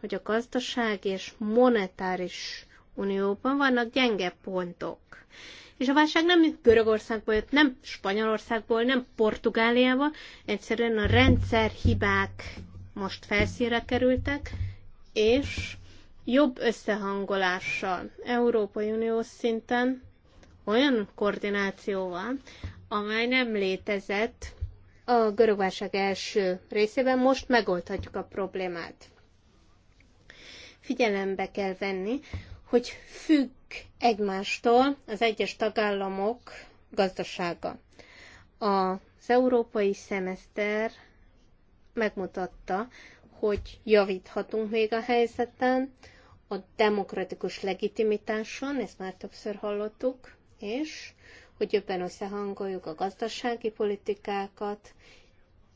hogy a gazdaság és monetáris unióban vannak gyenge pontok. És a válság nem Görögországból jött, nem Spanyolországból, nem Portugáliába, egyszerűen a rendszer hibák most felszínre kerültek, és jobb összehangolással, Európai Unió szinten, olyan koordinációval, amely nem létezett a görögválság első részében most megoldhatjuk a problémát. Figyelembe kell venni, hogy függ egymástól az egyes tagállamok gazdasága. Az európai szemeszter megmutatta, hogy javíthatunk még a helyzeten, a demokratikus legitimitáson, ezt már többször hallottuk, és hogy jobban összehangoljuk a gazdasági politikákat,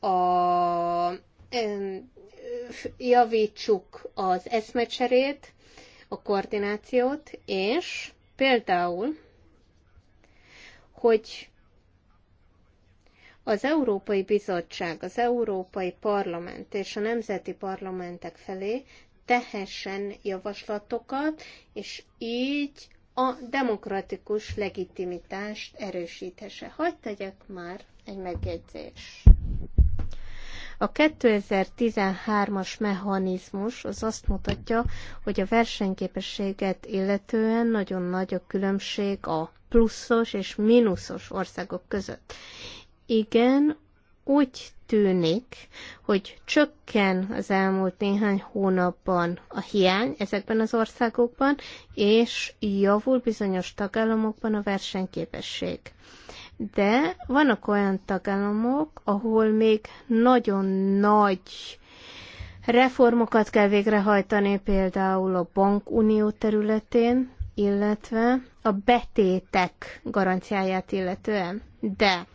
a, javítsuk az eszmecserét, a koordinációt, és például, hogy az Európai Bizottság, az Európai Parlament és a nemzeti parlamentek felé tehessen javaslatokat, és így a demokratikus legitimitást erősíthesse. Hagy tegyek már egy megjegyzés. A 2013-as mechanizmus az azt mutatja, hogy a versenyképességet illetően nagyon nagy a különbség a pluszos és mínuszos országok között. Igen, úgy tűnik, hogy csökken az elmúlt néhány hónapban a hiány ezekben az országokban, és javul bizonyos tagállamokban a versenyképesség. De vannak olyan tagállamok, ahol még nagyon nagy reformokat kell végrehajtani, például a bankunió területén, illetve a betétek garanciáját illetően. De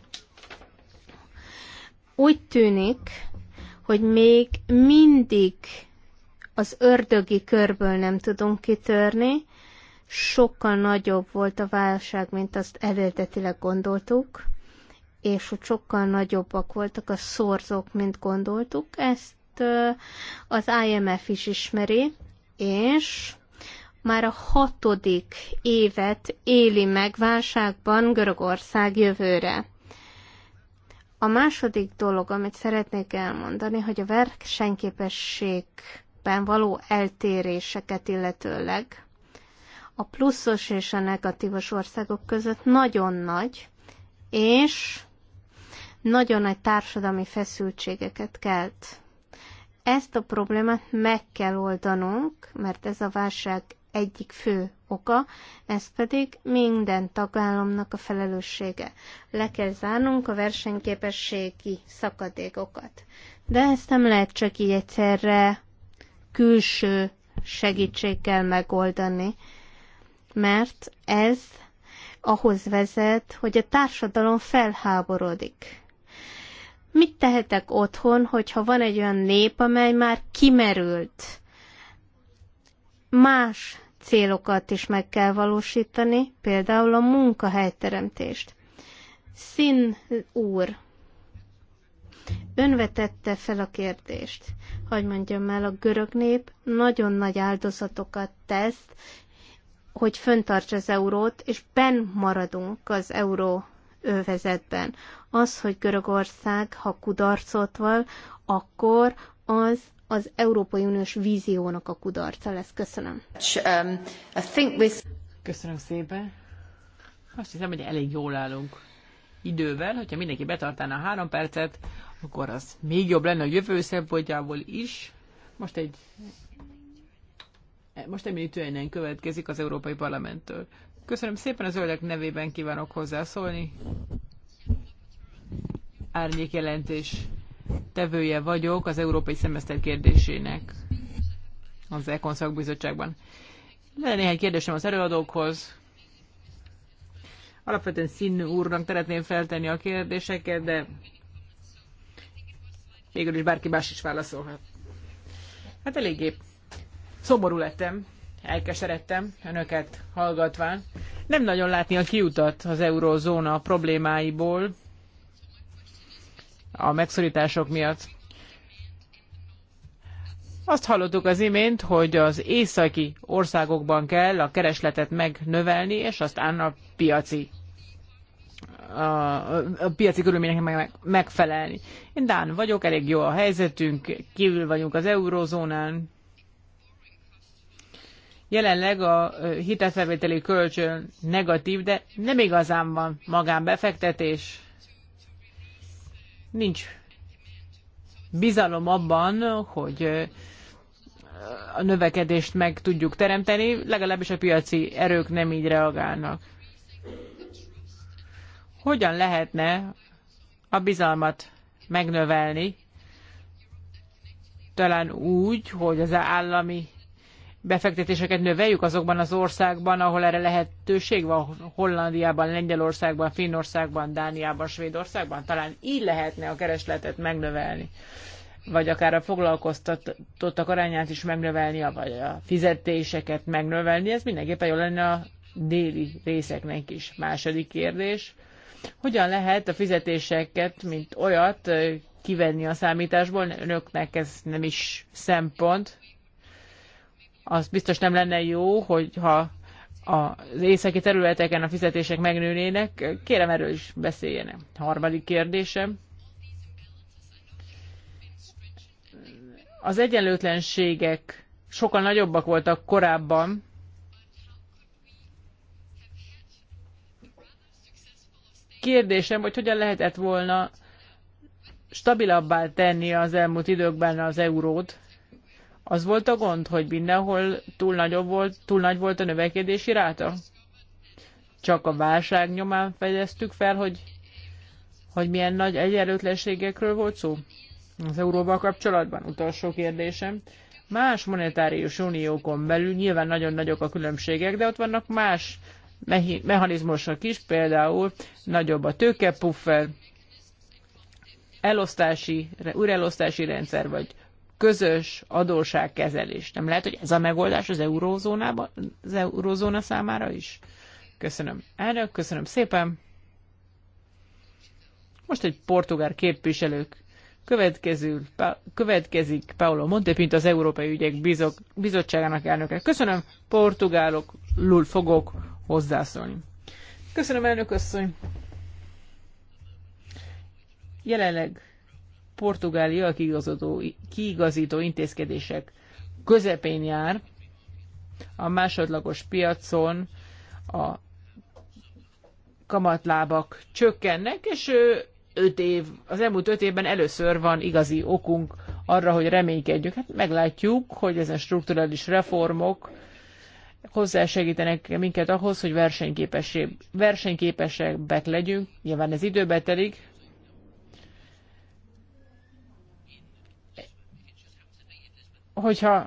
úgy tűnik, hogy még mindig az ördögi körből nem tudunk kitörni, sokkal nagyobb volt a válság, mint azt eredetileg gondoltuk, és hogy sokkal nagyobbak voltak a szorzók, mint gondoltuk. Ezt az IMF is ismeri, és már a hatodik évet éli meg válságban Görögország jövőre. A második dolog, amit szeretnék elmondani, hogy a versenyképességben való eltéréseket illetőleg a pluszos és a negatívos országok között nagyon nagy, és nagyon nagy társadalmi feszültségeket kelt. Ezt a problémát meg kell oldanunk, mert ez a válság egyik fő oka, ez pedig minden tagállamnak a felelőssége. Le kell zárnunk a versenyképességi szakadékokat. De ezt nem lehet csak így egyszerre külső segítséggel megoldani, mert ez ahhoz vezet, hogy a társadalom felháborodik. Mit tehetek otthon, hogyha van egy olyan nép, amely már kimerült? más célokat is meg kell valósítani, például a munkahelyteremtést. Szín úr, önvetette fel a kérdést. Hogy mondjam el, a görög nép nagyon nagy áldozatokat tesz, hogy föntartsa az eurót, és benn maradunk az euró övezetben. Az, hogy Görögország, ha kudarcot val, akkor az az Európai Uniós víziónak a kudarca lesz. Köszönöm. Um, Köszönöm szépen. Azt hiszem, hogy elég jól állunk idővel, hogyha mindenki betartaná a három percet, akkor az még jobb lenne a jövő szempontjából is. Most egy most említően Tüjnen következik az Európai Parlamenttől. Köszönöm szépen, az öldek nevében kívánok hozzászólni. Árnyék jelentés tevője vagyok az európai szemeszter kérdésének az Ekon szakbizottságban. Lenne néhány kérdésem az előadókhoz. Alapvetően színű úrnak szeretném feltenni a kérdéseket, de végül is bárki más is válaszolhat. Hát eléggé szomorú lettem, elkeseredtem önöket hallgatván. Nem nagyon látni a kiutat az eurózóna problémáiból, a megszorítások miatt. Azt hallottuk az imént, hogy az északi országokban kell a keresletet megnövelni, és aztán a piaci a, a piaci körülményeknek megfelelni. Én Dán vagyok, elég jó a helyzetünk, kívül vagyunk az eurozónán. Jelenleg a hitelfelvételi kölcsön negatív, de nem igazán van magánbefektetés nincs bizalom abban, hogy a növekedést meg tudjuk teremteni, legalábbis a piaci erők nem így reagálnak. Hogyan lehetne a bizalmat megnövelni? Talán úgy, hogy az állami befektetéseket növeljük azokban az országban, ahol erre lehetőség van, Hollandiában, Lengyelországban, Finnországban, Dániában, Svédországban. Talán így lehetne a keresletet megnövelni vagy akár a foglalkoztatottak arányát is megnövelni, vagy a fizetéseket megnövelni, ez mindenképpen jó lenne a déli részeknek is. Második kérdés, hogyan lehet a fizetéseket, mint olyat kivenni a számításból? Önöknek ez nem is szempont az biztos nem lenne jó, hogyha az északi területeken a fizetések megnőnének. Kérem, erről is beszéljenek. Harmadik kérdésem. Az egyenlőtlenségek sokkal nagyobbak voltak korábban, kérdésem, hogy hogyan lehetett volna stabilabbá tenni az elmúlt időkben az eurót, az volt a gond, hogy mindenhol túl, nagyobb volt, túl nagy volt a növekedési ráta? Csak a válság nyomán fedeztük fel, hogy, hogy milyen nagy egyenlőtlenségekről volt szó? Az euróval kapcsolatban utolsó kérdésem. Más monetárius uniókon belül nyilván nagyon nagyok a különbségek, de ott vannak más mechanizmusok is, például nagyobb a tőkepuffer, elosztási, újraelosztási rendszer, vagy közös adóságkezelés. Nem lehet, hogy ez a megoldás az eurózónában, az eurózóna számára is? Köszönöm. Erre köszönöm szépen. Most egy portugál képviselők pa, következik Paulo Montepint az Európai Ügyek Bizok, Bizottságának elnöke. Köszönöm, portugálok, lul fogok hozzászólni. Köszönöm, elnök asszony. Jelenleg Portugália kiigazító, kiigazító intézkedések közepén jár, a másodlagos piacon a kamatlábak csökkennek, és öt év, az elmúlt öt évben először van igazi okunk arra, hogy reménykedjük. Hát meglátjuk, hogy ezen strukturális reformok hozzásegítenek minket ahhoz, hogy versenyképesek legyünk. Nyilván ez időbe telik, hogyha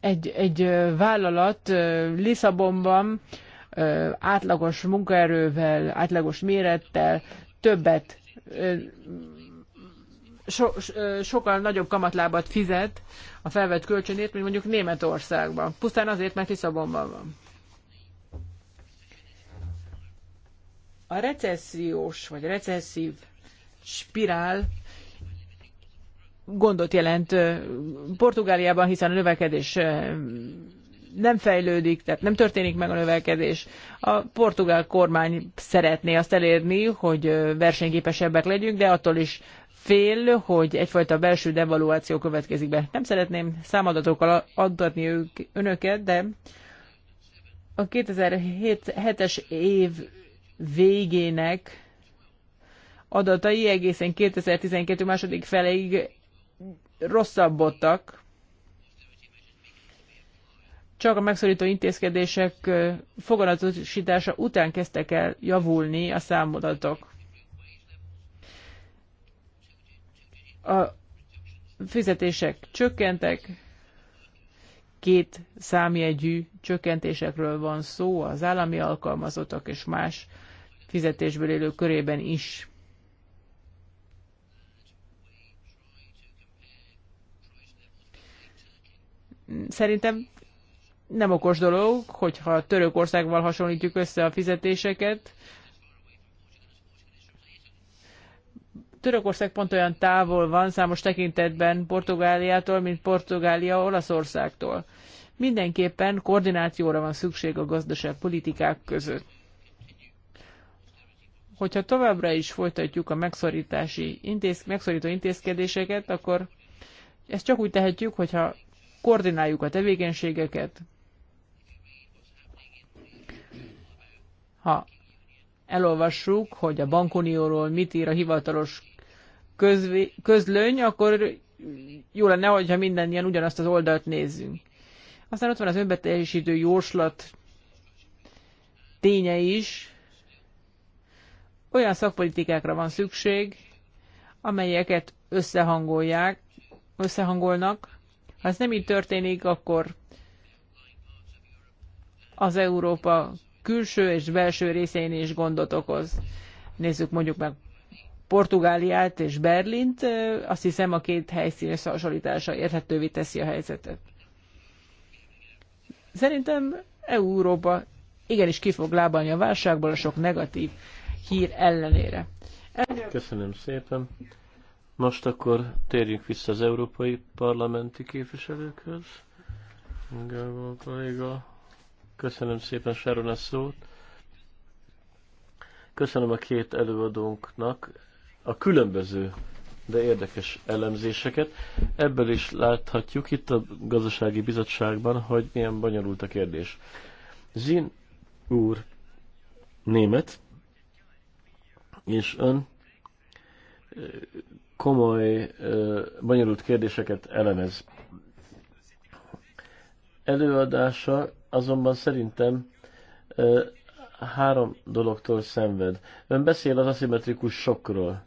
egy, egy vállalat Lisszabonban átlagos munkaerővel, átlagos mérettel többet, so, sokkal nagyobb kamatlábat fizet a felvett kölcsönét, mint mondjuk Németországban. Pusztán azért, mert Lisszabonban van. A recessziós vagy recesszív spirál gondot jelent Portugáliában, hiszen a növekedés nem fejlődik, tehát nem történik meg a növekedés. A portugál kormány szeretné azt elérni, hogy versenyképesebbek legyünk, de attól is fél, hogy egyfajta belső devaluáció következik be. Nem szeretném számadatokkal adatni ők, önöket, de a 2007-es év végének adatai egészen 2012 második feléig rosszabbodtak. Csak a megszorító intézkedések foganatosítása után kezdtek el javulni a számodatok. A fizetések csökkentek, két számjegyű csökkentésekről van szó az állami alkalmazottak és más fizetésből élő körében is. Szerintem nem okos dolog, hogyha Törökországval hasonlítjuk össze a fizetéseket. Törökország pont olyan távol van számos tekintetben Portugáliától, mint Portugália Olaszországtól. Mindenképpen koordinációra van szükség a gazdaság politikák között. Hogyha továbbra is folytatjuk a megszorítási intéz, megszorító intézkedéseket, akkor ezt csak úgy tehetjük, hogyha koordináljuk a tevékenységeket. Ha elolvassuk, hogy a bankunióról mit ír a hivatalos közvé, közlöny, akkor jó lenne, hogyha minden ilyen ugyanazt az oldalt nézzünk. Aztán ott van az önbeteljesítő jóslat ténye is. Olyan szakpolitikákra van szükség, amelyeket összehangolják, összehangolnak, ha ez nem így történik, akkor az Európa külső és belső részein is gondot okoz. Nézzük mondjuk meg Portugáliát és Berlint, azt hiszem a két helyszín összehasonlítása érthetővé teszi a helyzetet. Szerintem Európa igenis ki fog lábalni a válságból a sok negatív hír ellenére. Köszönöm szépen. Most akkor térjünk vissza az európai parlamenti képviselőkhöz. Gábor kolléga, köszönöm szépen Sharon a szót. Köszönöm a két előadónknak a különböző, de érdekes elemzéseket. Ebből is láthatjuk itt a gazdasági bizottságban, hogy milyen bonyolult a kérdés. Zin úr német, és ön komoly, bonyolult kérdéseket elemez. Előadása azonban szerintem három dologtól szenved. Ön beszél az aszimmetrikus sokról.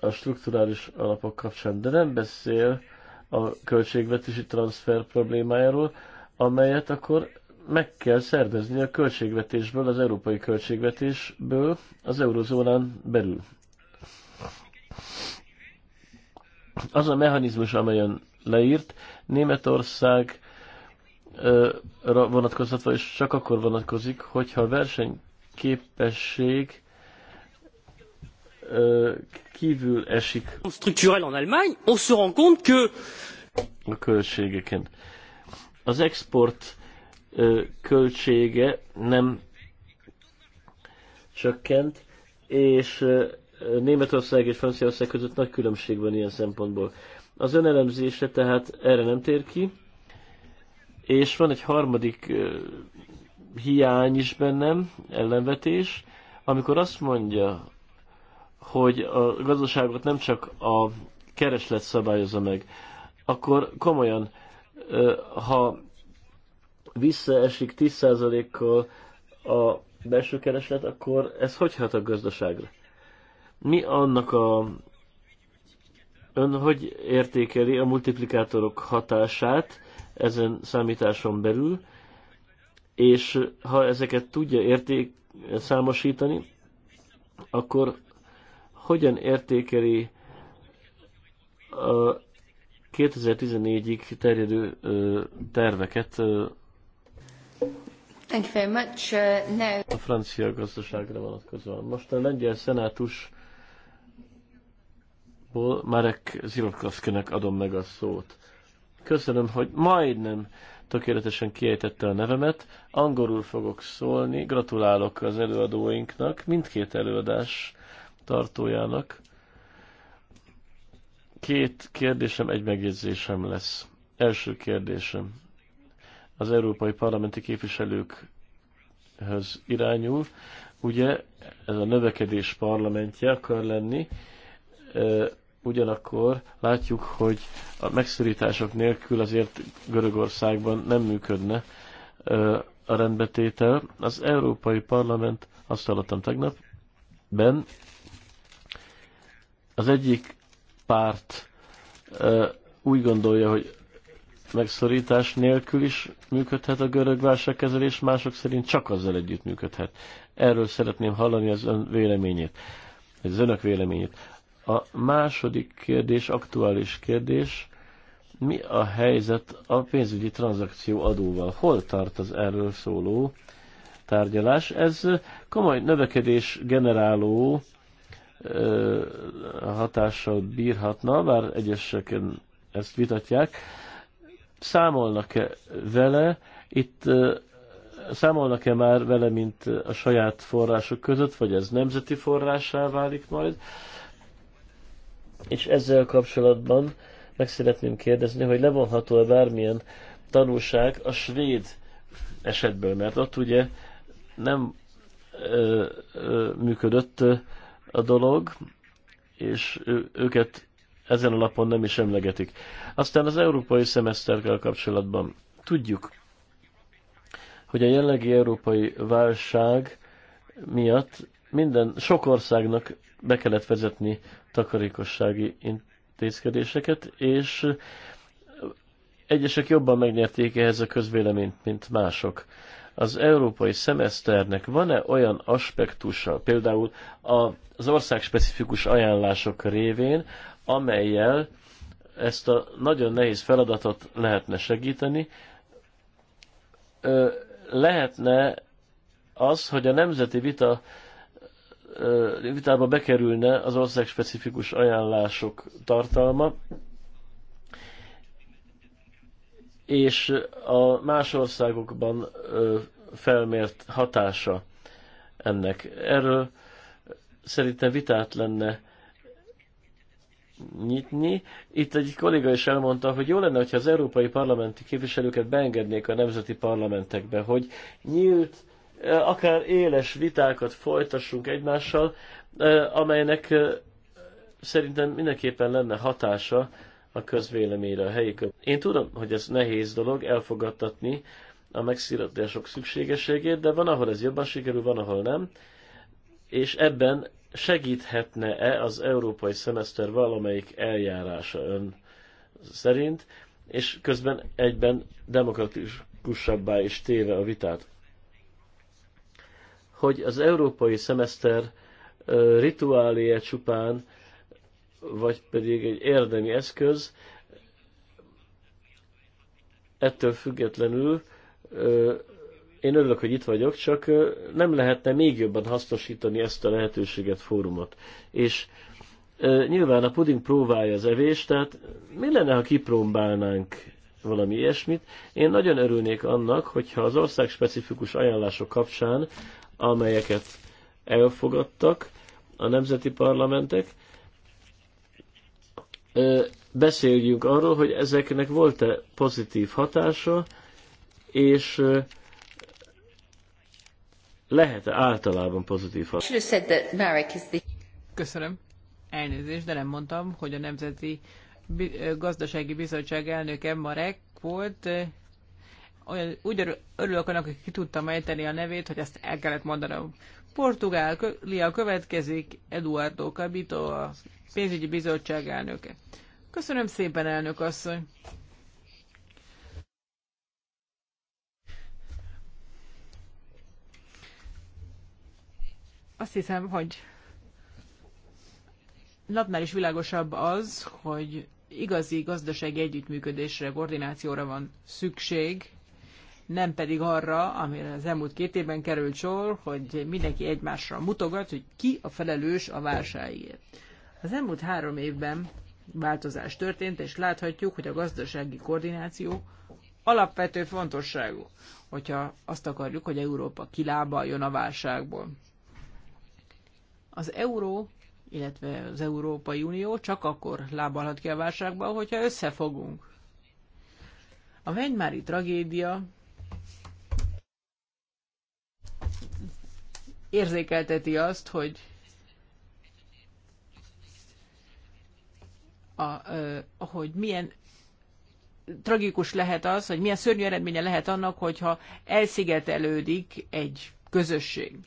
A strukturális alapok kapcsán, de nem beszél a költségvetési transfer problémájáról, amelyet akkor meg kell szervezni a költségvetésből, az európai költségvetésből az eurozónán belül. Az a mechanizmus, amelyen leírt, Németország vonatkozhatva, és csak akkor vonatkozik, hogyha a versenyképesség kívül esik. Structurel en Allemagne, on se rend compte que a költségeken. Az export költsége nem csökkent, és Németország és Franciaország között nagy különbség van ilyen szempontból. Az önelemzése tehát erre nem tér ki, és van egy harmadik hiány is bennem, ellenvetés, amikor azt mondja, hogy a gazdaságot nem csak a kereslet szabályozza meg, akkor komolyan, ha visszaesik 10%-kal a belső kereslet, akkor ez hogy hat a gazdaságra? Mi annak a... Ön hogy értékeli a multiplikátorok hatását ezen számításon belül, és ha ezeket tudja érték számosítani, akkor hogyan értékeli a 2014-ig terjedő terveket Uh, a francia gazdaságra vonatkozóan. Most a lengyel szenátusból Marek Zilovkovszkinek adom meg a szót. Köszönöm, hogy majdnem tökéletesen kiejtette a nevemet. Angolul fogok szólni. Gratulálok az előadóinknak, mindkét előadás tartójának. Két kérdésem, egy megjegyzésem lesz. Első kérdésem az európai parlamenti képviselőkhöz irányul. Ugye ez a növekedés parlamentje akar lenni, ugyanakkor látjuk, hogy a megszorítások nélkül azért Görögországban nem működne a rendbetétel. Az Európai Parlament, azt hallottam tegnap, ben az egyik párt úgy gondolja, hogy megszorítás nélkül is működhet a görög válságkezelés, mások szerint csak azzal együtt működhet. Erről szeretném hallani az ön véleményét, az önök véleményét. A második kérdés, aktuális kérdés, mi a helyzet a pénzügyi tranzakció adóval? Hol tart az erről szóló tárgyalás? Ez komoly növekedés generáló hatással bírhatna, bár egyeseken ezt vitatják számolnak-e vele, itt számolnak-e már vele, mint a saját források között, vagy ez nemzeti forrásá válik majd? És ezzel kapcsolatban meg szeretném kérdezni, hogy levonható-e bármilyen tanulság a svéd esetből, mert ott ugye nem ö, ö, működött a dolog, és ő, őket ezen a lapon nem is emlegetik. Aztán az európai szemeszterkel kapcsolatban tudjuk, hogy a jelenlegi európai válság miatt minden sok országnak be kellett vezetni takarékossági intézkedéseket, és egyesek jobban megnyerték ehhez a közvéleményt, mint mások. Az európai szemeszternek van-e olyan aspektusa, például az országspecifikus ajánlások révén, amelyel ezt a nagyon nehéz feladatot lehetne segíteni. Lehetne az, hogy a nemzeti vita vitába bekerülne az ország specifikus ajánlások tartalma, és a más országokban felmért hatása ennek. Erről szerintem vitát lenne nyitni. Itt egy kolléga is elmondta, hogy jó lenne, hogyha az európai parlamenti képviselőket beengednék a nemzeti parlamentekbe, hogy nyílt, eh, akár éles vitákat folytassunk egymással, eh, amelynek eh, szerintem mindenképpen lenne hatása a közvéleményre, a helyi köz. Én tudom, hogy ez nehéz dolog elfogadtatni a megszíratások szükségességét, de van, ahol ez jobban sikerül, van, ahol nem, és ebben segíthetne-e az európai szemeszter valamelyik eljárása ön szerint, és közben egyben demokratikusabbá is téve a vitát. Hogy az európai szemeszter rituáléje csupán, vagy pedig egy érdemi eszköz, ettől függetlenül én örülök, hogy itt vagyok, csak nem lehetne még jobban hasznosítani ezt a lehetőséget, fórumot. És nyilván a puding próbálja az evést, tehát mi lenne, ha kipróbálnánk valami ilyesmit. Én nagyon örülnék annak, hogyha az ország specifikus ajánlások kapcsán, amelyeket elfogadtak a nemzeti parlamentek, beszéljünk arról, hogy ezeknek volt-e pozitív hatása, és lehet általában pozitív hat. Köszönöm. Elnézést, de nem mondtam, hogy a Nemzeti Gazdasági Bizottság elnöke Marek volt. Olyan, úgy örülök annak, hogy ki tudtam ejteni a nevét, hogy ezt el kellett mondanom. Portugál, Lia következik, Eduardo Cabito, a pénzügyi bizottság elnöke. Köszönöm szépen, elnök asszony! Azt hiszem, hogy napnál is világosabb az, hogy igazi gazdasági együttműködésre, koordinációra van szükség, nem pedig arra, amire az elmúlt két évben került sor, hogy mindenki egymásra mutogat, hogy ki a felelős a válságért. Az elmúlt három évben változás történt, és láthatjuk, hogy a gazdasági koordináció alapvető fontosságú, hogyha azt akarjuk, hogy Európa kilábaljon a válságból. Az euró, illetve az Európai Unió csak akkor lábalhat ki a válságba, hogyha összefogunk. A Vegymári tragédia érzékelteti azt, hogy a, ö, hogy milyen tragikus lehet az, hogy milyen szörnyű eredménye lehet annak, hogyha elszigetelődik egy közösség.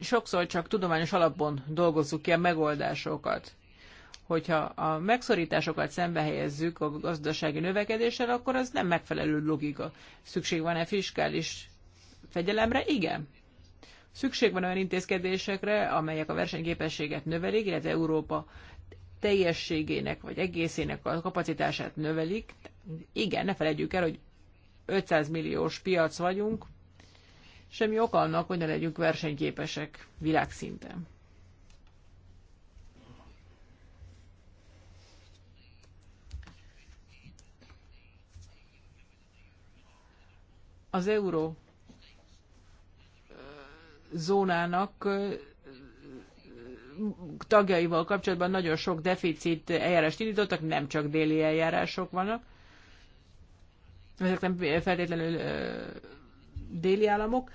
sokszor csak tudományos alapon dolgozzuk ki a megoldásokat. Hogyha a megszorításokat szembe helyezzük a gazdasági növekedéssel, akkor az nem megfelelő logika. Szükség van-e fiskális fegyelemre? Igen. Szükség van olyan intézkedésekre, amelyek a versenyképességet növelik, illetve Európa teljességének vagy egészének a kapacitását növelik. Igen, ne felejtjük el, hogy 500 milliós piac vagyunk, semmi ok annak, hogy ne legyünk versenyképesek világszinten. Az euró zónának tagjaival kapcsolatban nagyon sok deficit eljárást indítottak, nem csak déli eljárások vannak. Ezek nem feltétlenül déli államok,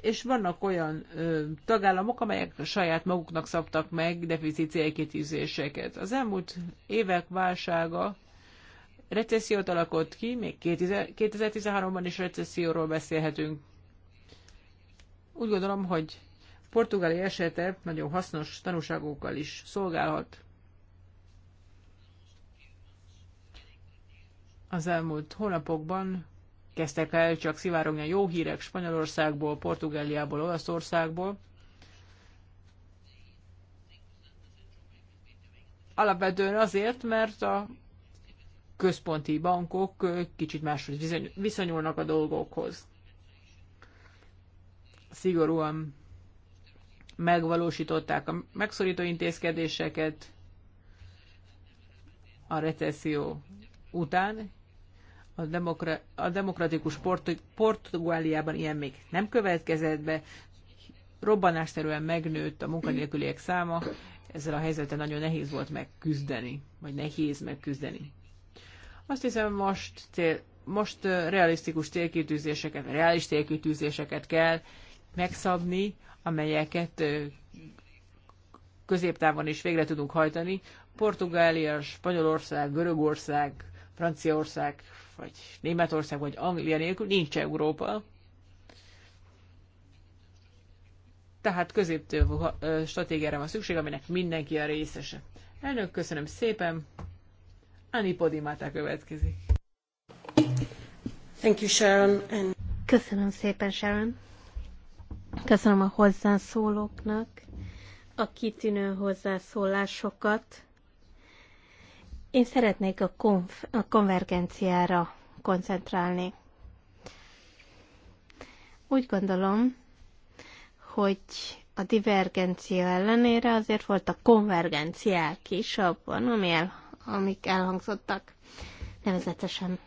és vannak olyan ö, tagállamok, amelyek saját maguknak szabtak meg deficit célkitűzéseket. Az elmúlt évek válsága recessziót alakott ki, még 2013-ban is recesszióról beszélhetünk. Úgy gondolom, hogy portugáli esete nagyon hasznos tanúságokkal is szolgálhat. Az elmúlt hónapokban kezdtek el csak szivárogni a jó hírek Spanyolországból, Portugáliából, Olaszországból. Alapvetően azért, mert a központi bankok kicsit máshogy viszonyulnak a dolgokhoz. Szigorúan megvalósították a megszorító intézkedéseket a recesszió után, a, demokra- a demokratikus Port- Portugáliában ilyen még nem következett be, robbanásszerűen megnőtt a munkanélküliek száma, ezzel a helyzeten nagyon nehéz volt megküzdeni, vagy nehéz megküzdeni. Azt hiszem most, cél, most realisztikus célkitűzéseket, reális célkitűzéseket kell megszabni, amelyeket középtávon is végre tudunk hajtani. Portugália, Spanyolország, Görögország, Franciaország vagy Németország, vagy Anglia nélkül nincs Európa. Tehát középtő stratégiára van szükség, aminek mindenki a részese. Elnök, köszönöm szépen. Ani Podimáta következik. Thank you, Sharon. And... Köszönöm szépen, Sharon. Köszönöm a hozzászólóknak a kitűnő hozzászólásokat én szeretnék a, konf, a konvergenciára koncentrálni. Úgy gondolom, hogy a divergencia ellenére azért a konvergenciák is abban, ami el, amik elhangzottak nevezetesen.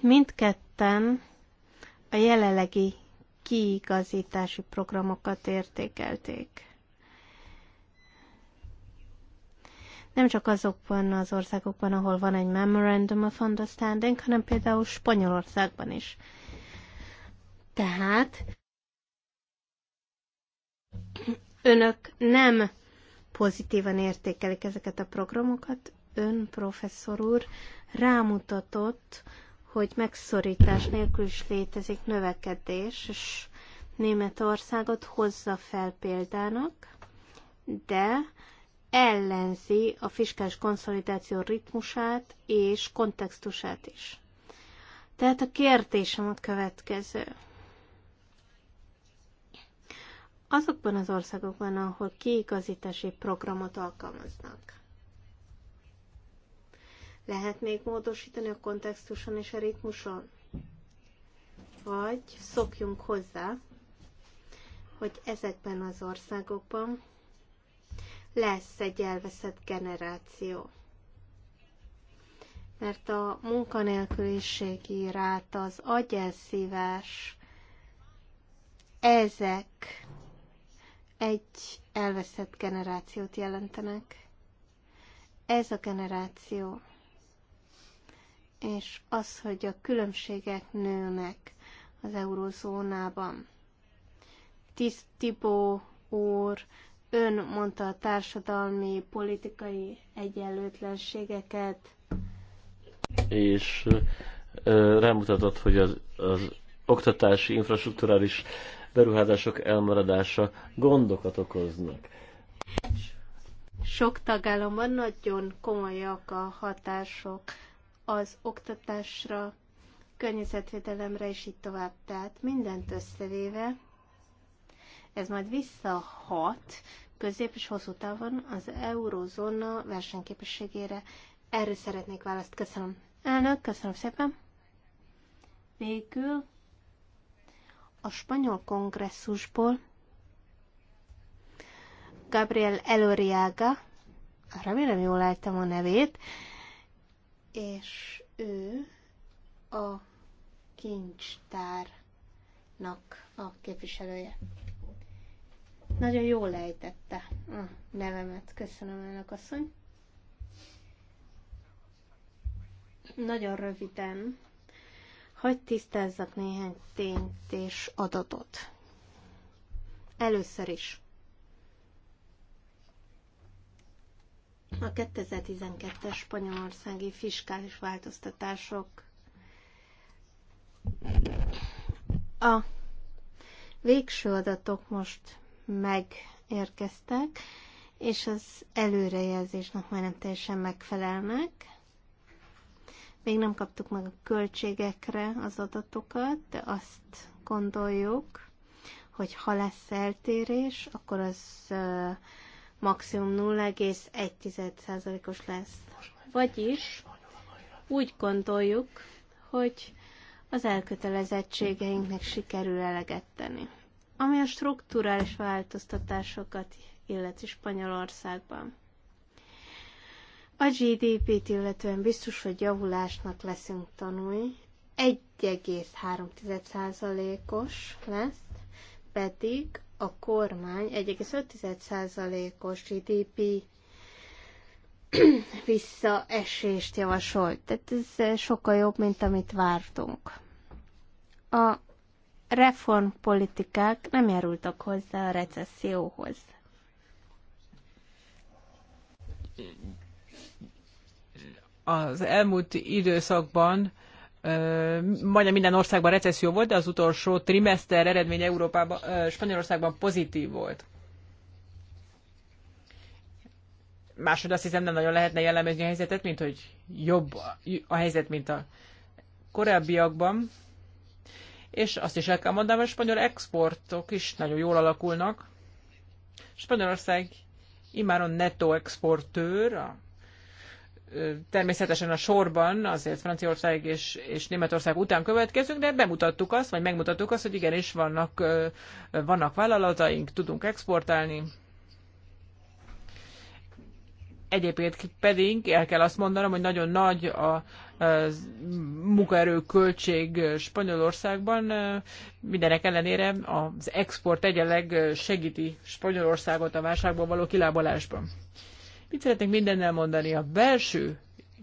Mindketten a jelenlegi kiigazítási programokat értékelték. nem csak azokban az országokban, ahol van egy Memorandum of Understanding, hanem például Spanyolországban is. Tehát önök nem pozitívan értékelik ezeket a programokat. Ön, professzor úr, rámutatott, hogy megszorítás nélkül is létezik növekedés, és Németországot hozza fel példának, de ellenzi a fiskális konszolidáció ritmusát és kontextusát is. Tehát a kérdésem a következő. Azokban az országokban, ahol kiigazítási programot alkalmaznak, lehet még módosítani a kontextuson és a ritmuson? Vagy szokjunk hozzá, hogy ezekben az országokban lesz egy elveszett generáció. Mert a munkanélküliségi ráta, az agyelszívás, ezek egy elveszett generációt jelentenek. Ez a generáció. És az, hogy a különbségek nőnek az eurozónában. Tiszt Tibó úr Ön mondta a társadalmi, politikai egyenlőtlenségeket. És rámutatott, hogy az, az oktatási, infrastruktúrális beruházások elmaradása gondokat okoznak. Sok tagállamban nagyon komolyak a hatások az oktatásra, környezetvédelemre és így tovább. Tehát mindent összevéve ez majd visszahat közép és hosszú távon az eurozóna versenyképességére. Erről szeretnék választ. Köszönöm. Elnök, köszönöm szépen. Végül a spanyol kongresszusból Gabriel Eloriaga, remélem jól láttam a nevét, és ő a kincstárnak a képviselője. Nagyon jól lejtette a nevemet. Köszönöm, elnök asszony. Nagyon röviden, hogy tisztázzak néhány tényt és adatot. Először is. A 2012-es spanyolországi fiskális változtatások a végső adatok most megérkeztek, és az előrejelzésnek majdnem teljesen megfelelnek. Még nem kaptuk meg a költségekre az adatokat, de azt gondoljuk, hogy ha lesz eltérés, akkor az uh, maximum 0,1%-os lesz. Vagyis úgy gondoljuk, hogy az elkötelezettségeinknek sikerül eleget tenni ami a strukturális változtatásokat illeti Spanyolországban. A GDP-t illetően biztos, hogy javulásnak leszünk tanulni. 1,3%-os lesz, pedig a kormány 1,5%-os GDP visszaesést javasolt. Tehát ez sokkal jobb, mint amit vártunk. A reformpolitikák nem járultak hozzá a recesszióhoz. Az elmúlt időszakban majdnem minden országban recesszió volt, de az utolsó trimester eredmény Európában, Spanyolországban pozitív volt. Máshogy azt hiszem nem nagyon lehetne jellemezni a helyzetet, mint hogy jobb a helyzet, mint a korábbiakban és azt is el kell mondanom, hogy a spanyol exportok is nagyon jól alakulnak. Spanyolország imáron netto exportőr, a, természetesen a sorban, azért Franciaország és, és Németország után következünk, de bemutattuk azt, vagy megmutattuk azt, hogy igenis vannak, vannak vállalataink, tudunk exportálni. Egyébként pedig el kell azt mondanom, hogy nagyon nagy a munkaerő költség Spanyolországban. Mindenek ellenére az export egyenleg segíti Spanyolországot a válságból való kilábalásban. Mit szeretnék mindennel mondani? A belső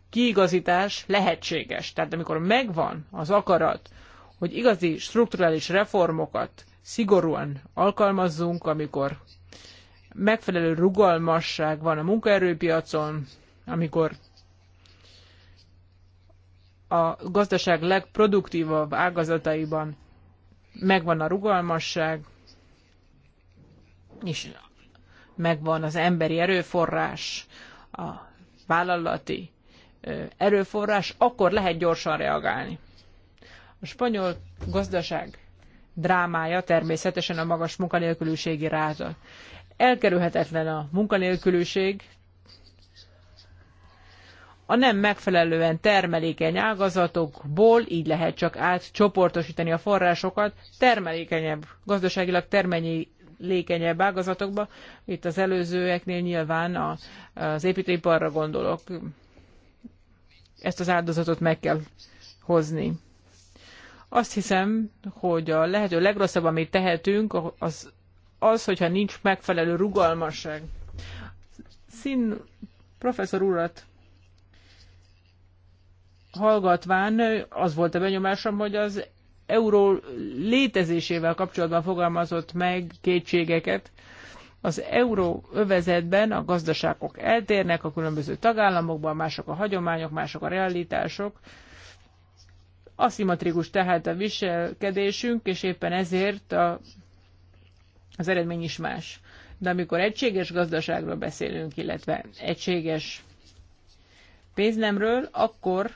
kiigazítás lehetséges. Tehát amikor megvan az akarat, hogy igazi strukturális reformokat szigorúan alkalmazzunk, amikor megfelelő rugalmasság van a munkaerőpiacon, amikor a gazdaság legproduktívabb ágazataiban megvan a rugalmasság, és megvan az emberi erőforrás, a vállalati erőforrás, akkor lehet gyorsan reagálni. A spanyol gazdaság drámája természetesen a magas munkanélküliségi ráta. Elkerülhetetlen a munkanélkülőség, a nem megfelelően termelékeny ágazatokból így lehet csak átcsoportosítani a forrásokat termelékenyebb, gazdaságilag termelékenyebb ágazatokba. Itt az előzőeknél nyilván a, az építőiparra gondolok. Ezt az áldozatot meg kell hozni. Azt hiszem, hogy a lehető legrosszabb, amit tehetünk, az az, hogyha nincs megfelelő rugalmasság. Szín professzor urat hallgatván az volt a benyomásom, hogy az euró létezésével kapcsolatban fogalmazott meg kétségeket. Az euró övezetben a gazdaságok eltérnek a különböző tagállamokban, mások a hagyományok, mások a realitások. Aszimmetrikus tehát a viselkedésünk, és éppen ezért a az eredmény is más. De amikor egységes gazdaságról beszélünk, illetve egységes pénznemről, akkor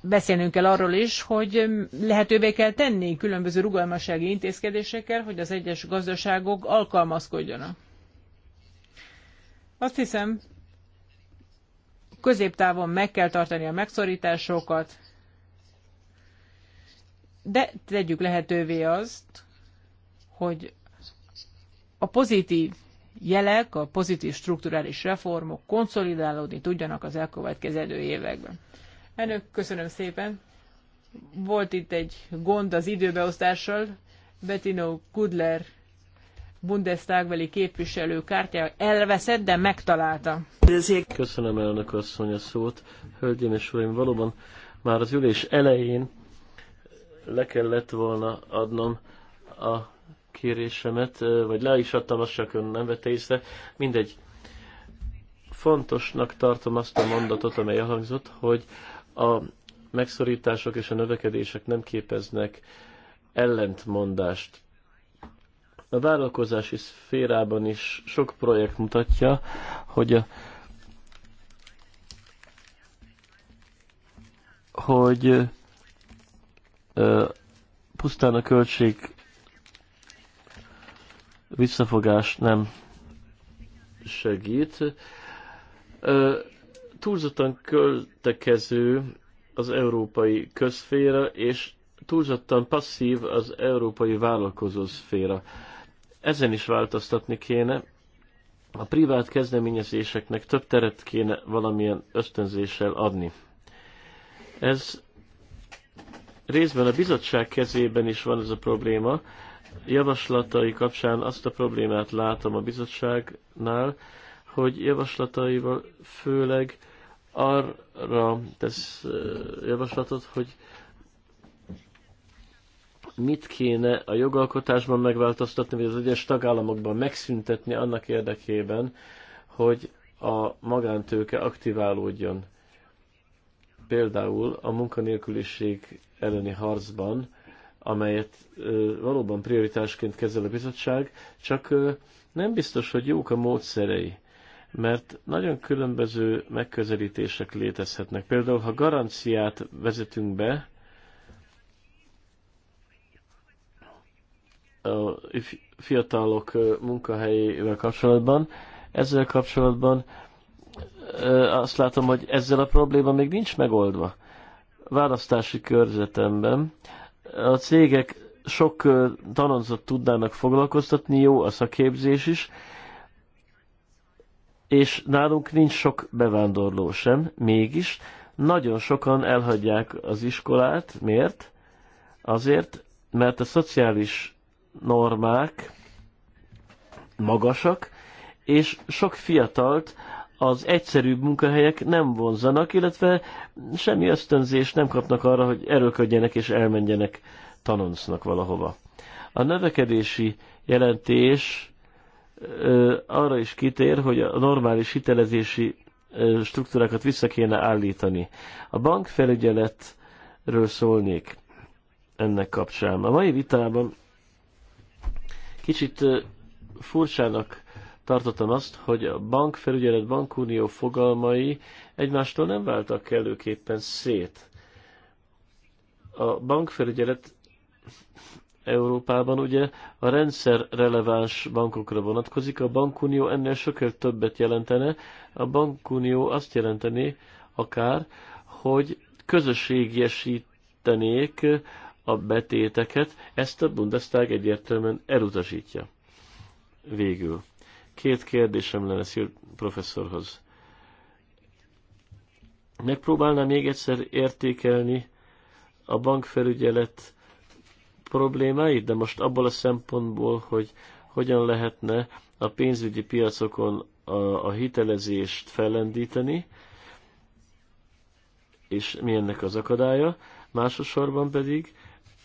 beszélnünk kell arról is, hogy lehetővé kell tenni különböző rugalmassági intézkedésekkel, hogy az egyes gazdaságok alkalmazkodjanak. Azt hiszem, középtávon meg kell tartani a megszorításokat, de tegyük lehetővé azt, hogy a pozitív jelek, a pozitív strukturális reformok konszolidálódni tudjanak az elkövetkező években. Önök, köszönöm szépen. Volt itt egy gond az időbeosztással. Bettino Kudler Bundestagbeli képviselő kártya elveszett, de megtalálta. Köszönöm elnök asszony a szót. Hölgyeim és uraim, valóban már az ülés elején le kellett volna adnom a kérésemet, vagy le is adtam, azt csak ön nem vette észre. Mindegy. Fontosnak tartom azt a mondatot, amely elhangzott, hogy a megszorítások és a növekedések nem képeznek ellentmondást. A vállalkozási szférában is sok projekt mutatja, hogy a, hogy ö, pusztán a költség visszafogás nem segít. Túlzottan költekező az európai közféra, és túlzottan passzív az európai vállalkozó szféra. Ezen is változtatni kéne. A privát kezdeményezéseknek több teret kéne valamilyen ösztönzéssel adni. Ez részben a bizottság kezében is van ez a probléma, javaslatai kapcsán azt a problémát látom a bizottságnál, hogy javaslataival főleg arra tesz javaslatot, hogy mit kéne a jogalkotásban megváltoztatni, vagy az egyes tagállamokban megszüntetni annak érdekében, hogy a magántőke aktiválódjon. Például a munkanélküliség elleni harcban amelyet valóban prioritásként kezel a bizottság, csak nem biztos, hogy jók a módszerei, mert nagyon különböző megközelítések létezhetnek. Például, ha garanciát vezetünk be, a fiatalok munkahelyével kapcsolatban. Ezzel kapcsolatban azt látom, hogy ezzel a probléma még nincs megoldva. Választási körzetemben a cégek sok tanonzat tudnának foglalkoztatni, jó a szakképzés is, és nálunk nincs sok bevándorló sem, mégis nagyon sokan elhagyják az iskolát. Miért? Azért, mert a szociális normák magasak, és sok fiatalt az egyszerűbb munkahelyek nem vonzanak, illetve semmi ösztönzés nem kapnak arra, hogy erőködjenek és elmenjenek tanoncnak valahova. A növekedési jelentés ö, arra is kitér, hogy a normális hitelezési ö, struktúrákat vissza kéne állítani. A bankfelügyeletről szólnék ennek kapcsán. A mai vitában kicsit furcsának tartottam azt, hogy a bankfelügyelet, bankunió fogalmai egymástól nem váltak kellőképpen szét. A bankfelügyelet Európában ugye a rendszer releváns bankokra vonatkozik, a bankunió ennél sokkal többet jelentene. A bankunió azt jelenteni akár, hogy közösségiesítenék a betéteket, ezt a Bundestag egyértelműen elutasítja. Végül. Két kérdésem lenne Szil professzorhoz. Megpróbálná még egyszer értékelni a bankfelügyelet problémáit, de most abból a szempontból, hogy hogyan lehetne a pénzügyi piacokon a, a hitelezést fellendíteni, és mi ennek az akadálya. Másosorban pedig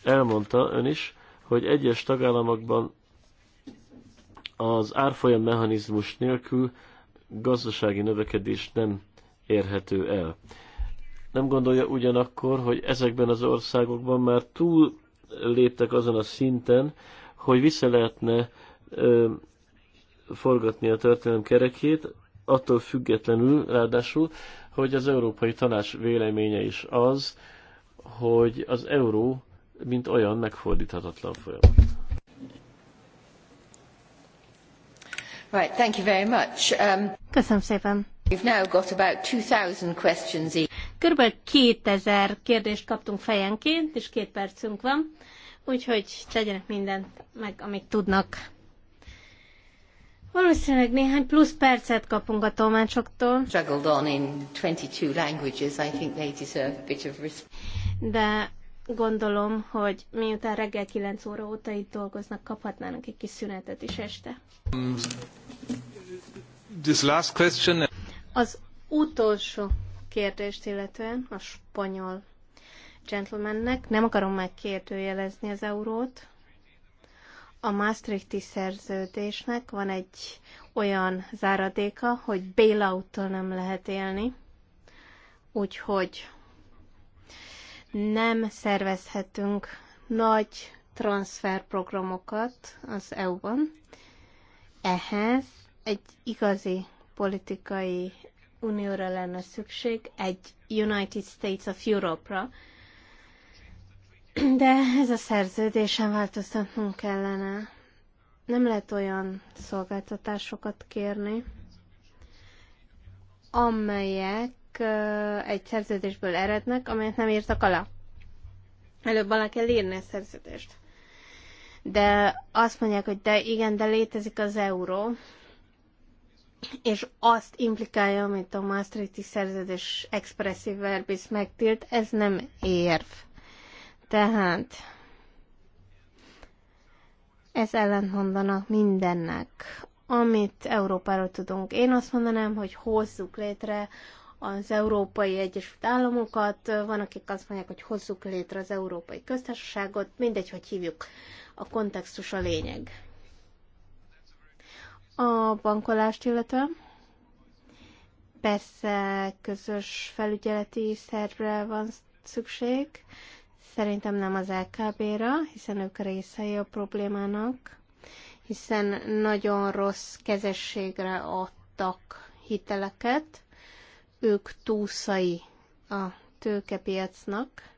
elmondta ön is, hogy egyes tagállamokban az árfolyam mechanizmus nélkül gazdasági növekedés nem érhető el. Nem gondolja ugyanakkor, hogy ezekben az országokban már túl léptek azon a szinten, hogy vissza lehetne ö, forgatni a történelem kerekét, attól függetlenül ráadásul, hogy az Európai Tanács véleménye is az, hogy az euró mint olyan megfordíthatatlan folyamat. Um, Köszönöm szépen. Körülbelül 2000 kérdést kaptunk fejenként, és két percünk van, úgyhogy tegyenek mindent meg, amit tudnak. Valószínűleg néhány plusz percet kapunk a tolmácsoktól. De gondolom, hogy miután reggel 9 óra óta itt dolgoznak, kaphatnának egy kis szünetet is este. Um, this last question... Az utolsó kérdést illetően a spanyol gentlemannek nem akarom megkérdőjelezni az eurót. A Maastrichti szerződésnek van egy olyan záradéka, hogy bailout nem lehet élni, úgyhogy nem szervezhetünk nagy transferprogramokat az EU-ban, ehhez egy igazi politikai unióra lenne szükség, egy United States of Europe-ra, de ez a szerződésen változtatnunk kellene. Nem lehet olyan szolgáltatásokat kérni, amelyek egy szerződésből erednek, amelyet nem írtak alá. Előbb alá kell írni a szerződést de azt mondják, hogy de igen, de létezik az euró, és azt implikálja, amit a Maastrichti szerződés expresszív verbis megtilt, ez nem érv. Tehát ez ellentmondana mindennek, amit Európáról tudunk. Én azt mondanám, hogy hozzuk létre az Európai Egyesült Államokat, van, akik azt mondják, hogy hozzuk létre az Európai Köztársaságot, mindegy, hogy hívjuk. A kontextus a lényeg. A bankolást illetve persze közös felügyeleti szervre van szükség. Szerintem nem az LKB-ra, hiszen ők részei a problémának, hiszen nagyon rossz kezességre adtak hiteleket. Ők túszai a tőkepiacnak,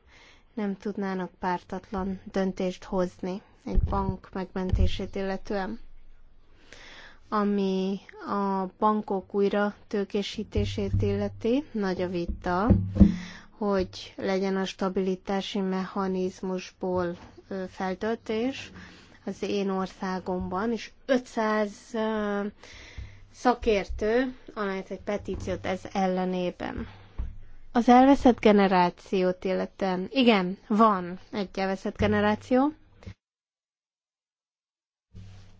nem tudnának pártatlan döntést hozni egy bank megmentését illetően, ami a bankok újra tőkésítését illeti, nagy a vita, hogy legyen a stabilitási mechanizmusból feltöltés az én országomban, és 500 szakértő aláírt egy petíciót ez ellenében. Az elveszett generációt illetően, igen, van egy elveszett generáció,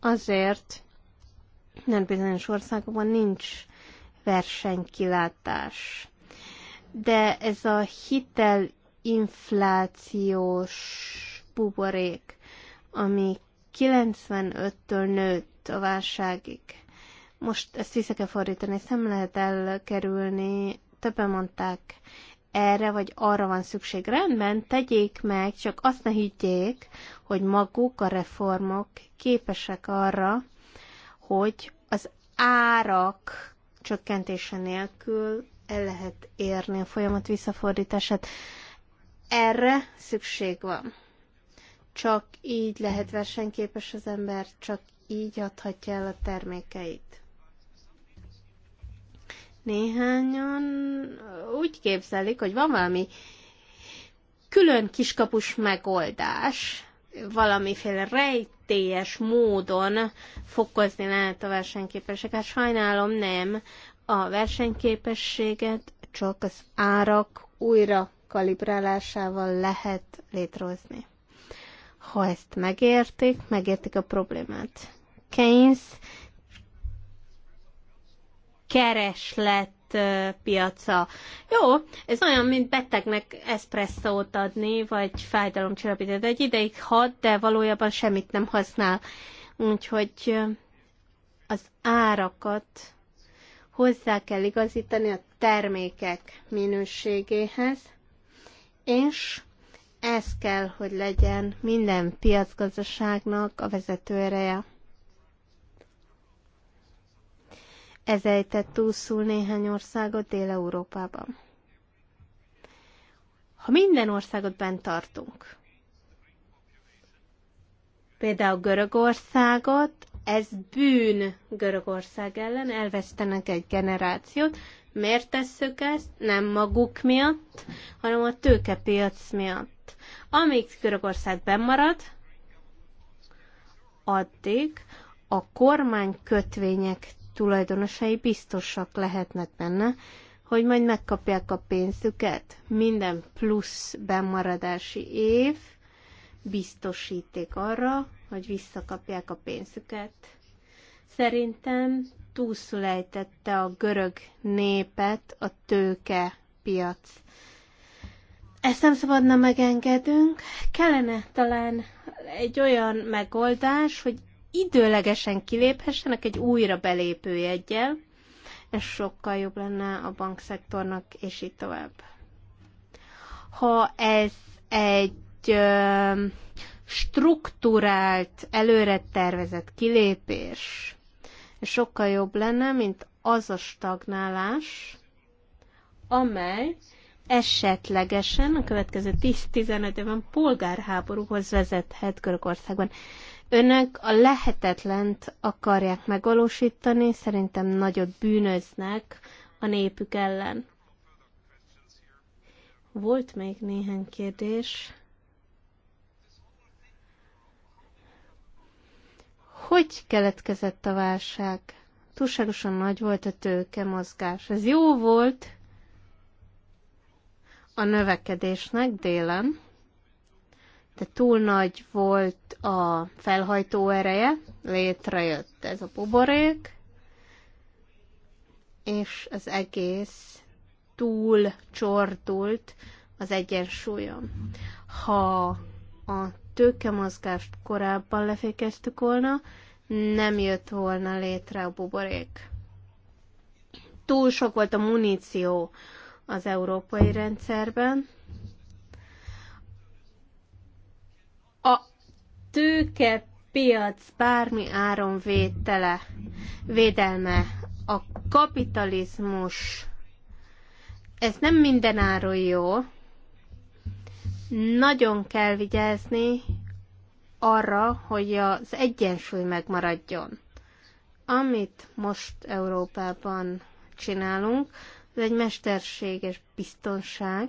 azért nem bizonyos országokban nincs versenykilátás. De ez a hitelinflációs buborék, ami 95-től nőtt a válságig. Most ezt vissza kell fordítani, ezt nem lehet elkerülni. Többen mondták, erre vagy arra van szükség. Rendben, tegyék meg, csak azt ne higgyék, hogy maguk a reformok képesek arra, hogy az árak csökkentése nélkül el lehet érni a folyamat visszafordítását. Erre szükség van. Csak így lehet versenyképes az ember, csak így adhatja el a termékeit. Néhányan úgy képzelik, hogy van valami külön kiskapus megoldás, valamiféle rejtélyes módon fokozni lehet a versenyképességet. Hát sajnálom nem, a versenyképességet csak az árak újra kalibrálásával lehet létrehozni. Ha ezt megértik, megértik a problémát. Keynes kereslet piaca. Jó, ez olyan, mint betegnek eszpresszót adni, vagy De Egy ideig hat, de valójában semmit nem használ. Úgyhogy az árakat hozzá kell igazítani a termékek minőségéhez, és ez kell, hogy legyen minden piacgazdaságnak a vezető ereje. Ez ejtett túlszul néhány országot Dél-Európában. Ha minden országot bent tartunk, például Görögországot, ez bűn Görögország ellen, elvesztenek egy generációt. Miért tesszük ezt? Nem maguk miatt, hanem a tőkepiac miatt. Amíg Görögország bemarad, addig a kormány kötvények tulajdonosai biztosak lehetnek benne, hogy majd megkapják a pénzüket. Minden plusz bemaradási év biztosíték arra, hogy visszakapják a pénzüket. Szerintem túlszulejtette a görög népet a tőke piac. Ezt nem szabadna megengedünk. Kellene talán egy olyan megoldás, hogy időlegesen kiléphessenek egy újra belépő jegyel, ez sokkal jobb lenne a bankszektornak, és így tovább. Ha ez egy ö, strukturált, előre tervezett kilépés, sokkal jobb lenne, mint az a stagnálás, amely esetlegesen a következő 10-15 évben polgárháborúhoz vezethet Görögországban. Önök a lehetetlent akarják megvalósítani, szerintem nagyot bűnöznek a népük ellen. Volt még néhány kérdés. Hogy keletkezett a válság? Túlságosan nagy volt a tőke mozgás. Ez jó volt a növekedésnek délen de túl nagy volt a felhajtó ereje, létrejött ez a buborék, és az egész túl csordult az egyensúlyom. Ha a tőkemozgást korábban lefékeztük volna, nem jött volna létre a buborék. Túl sok volt a muníció az európai rendszerben, piac, bármi áron vétele, védelme, a kapitalizmus, ez nem mindenáron jó, nagyon kell vigyázni arra, hogy az egyensúly megmaradjon. Amit most Európában csinálunk, ez egy mesterséges biztonság,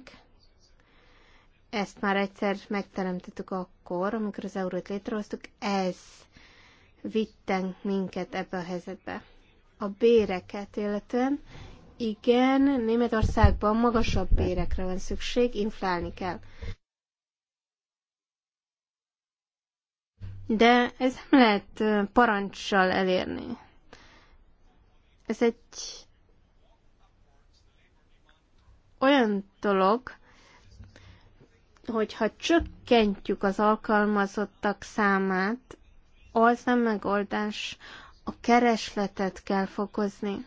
ezt már egyszer megteremtettük akkor, amikor az eurót létrehoztuk, ez vitten minket ebbe a helyzetbe. A béreket illetően, igen, Németországban magasabb bérekre van szükség, inflálni kell. De ez nem lehet parancssal elérni. Ez egy olyan dolog, hogyha csökkentjük az alkalmazottak számát, az nem megoldás, a keresletet kell fokozni.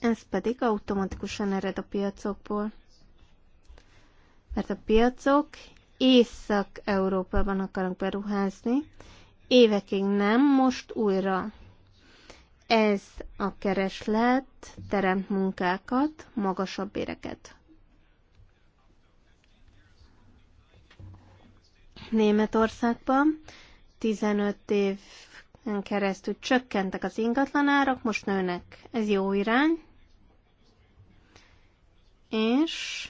Ez pedig automatikusan ered a piacokból. Mert a piacok Észak-Európában akarnak beruházni, évekig nem, most újra. Ez a kereslet teremt munkákat, magasabb éreket. Németországban 15 év keresztül csökkentek az ingatlanárak, most nőnek. Ez jó irány. És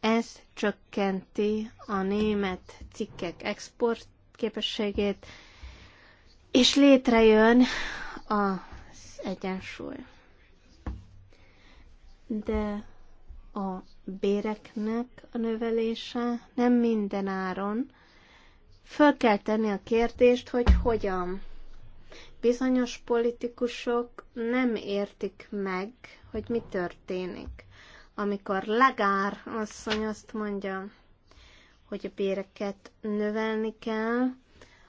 ez csökkenti a német cikkek export képességét, és létrejön az egyensúly. De a béreknek a növelése, nem minden áron. Föl kell tenni a kérdést, hogy hogyan. Bizonyos politikusok nem értik meg, hogy mi történik. Amikor legár asszony azt mondja, hogy a béreket növelni kell,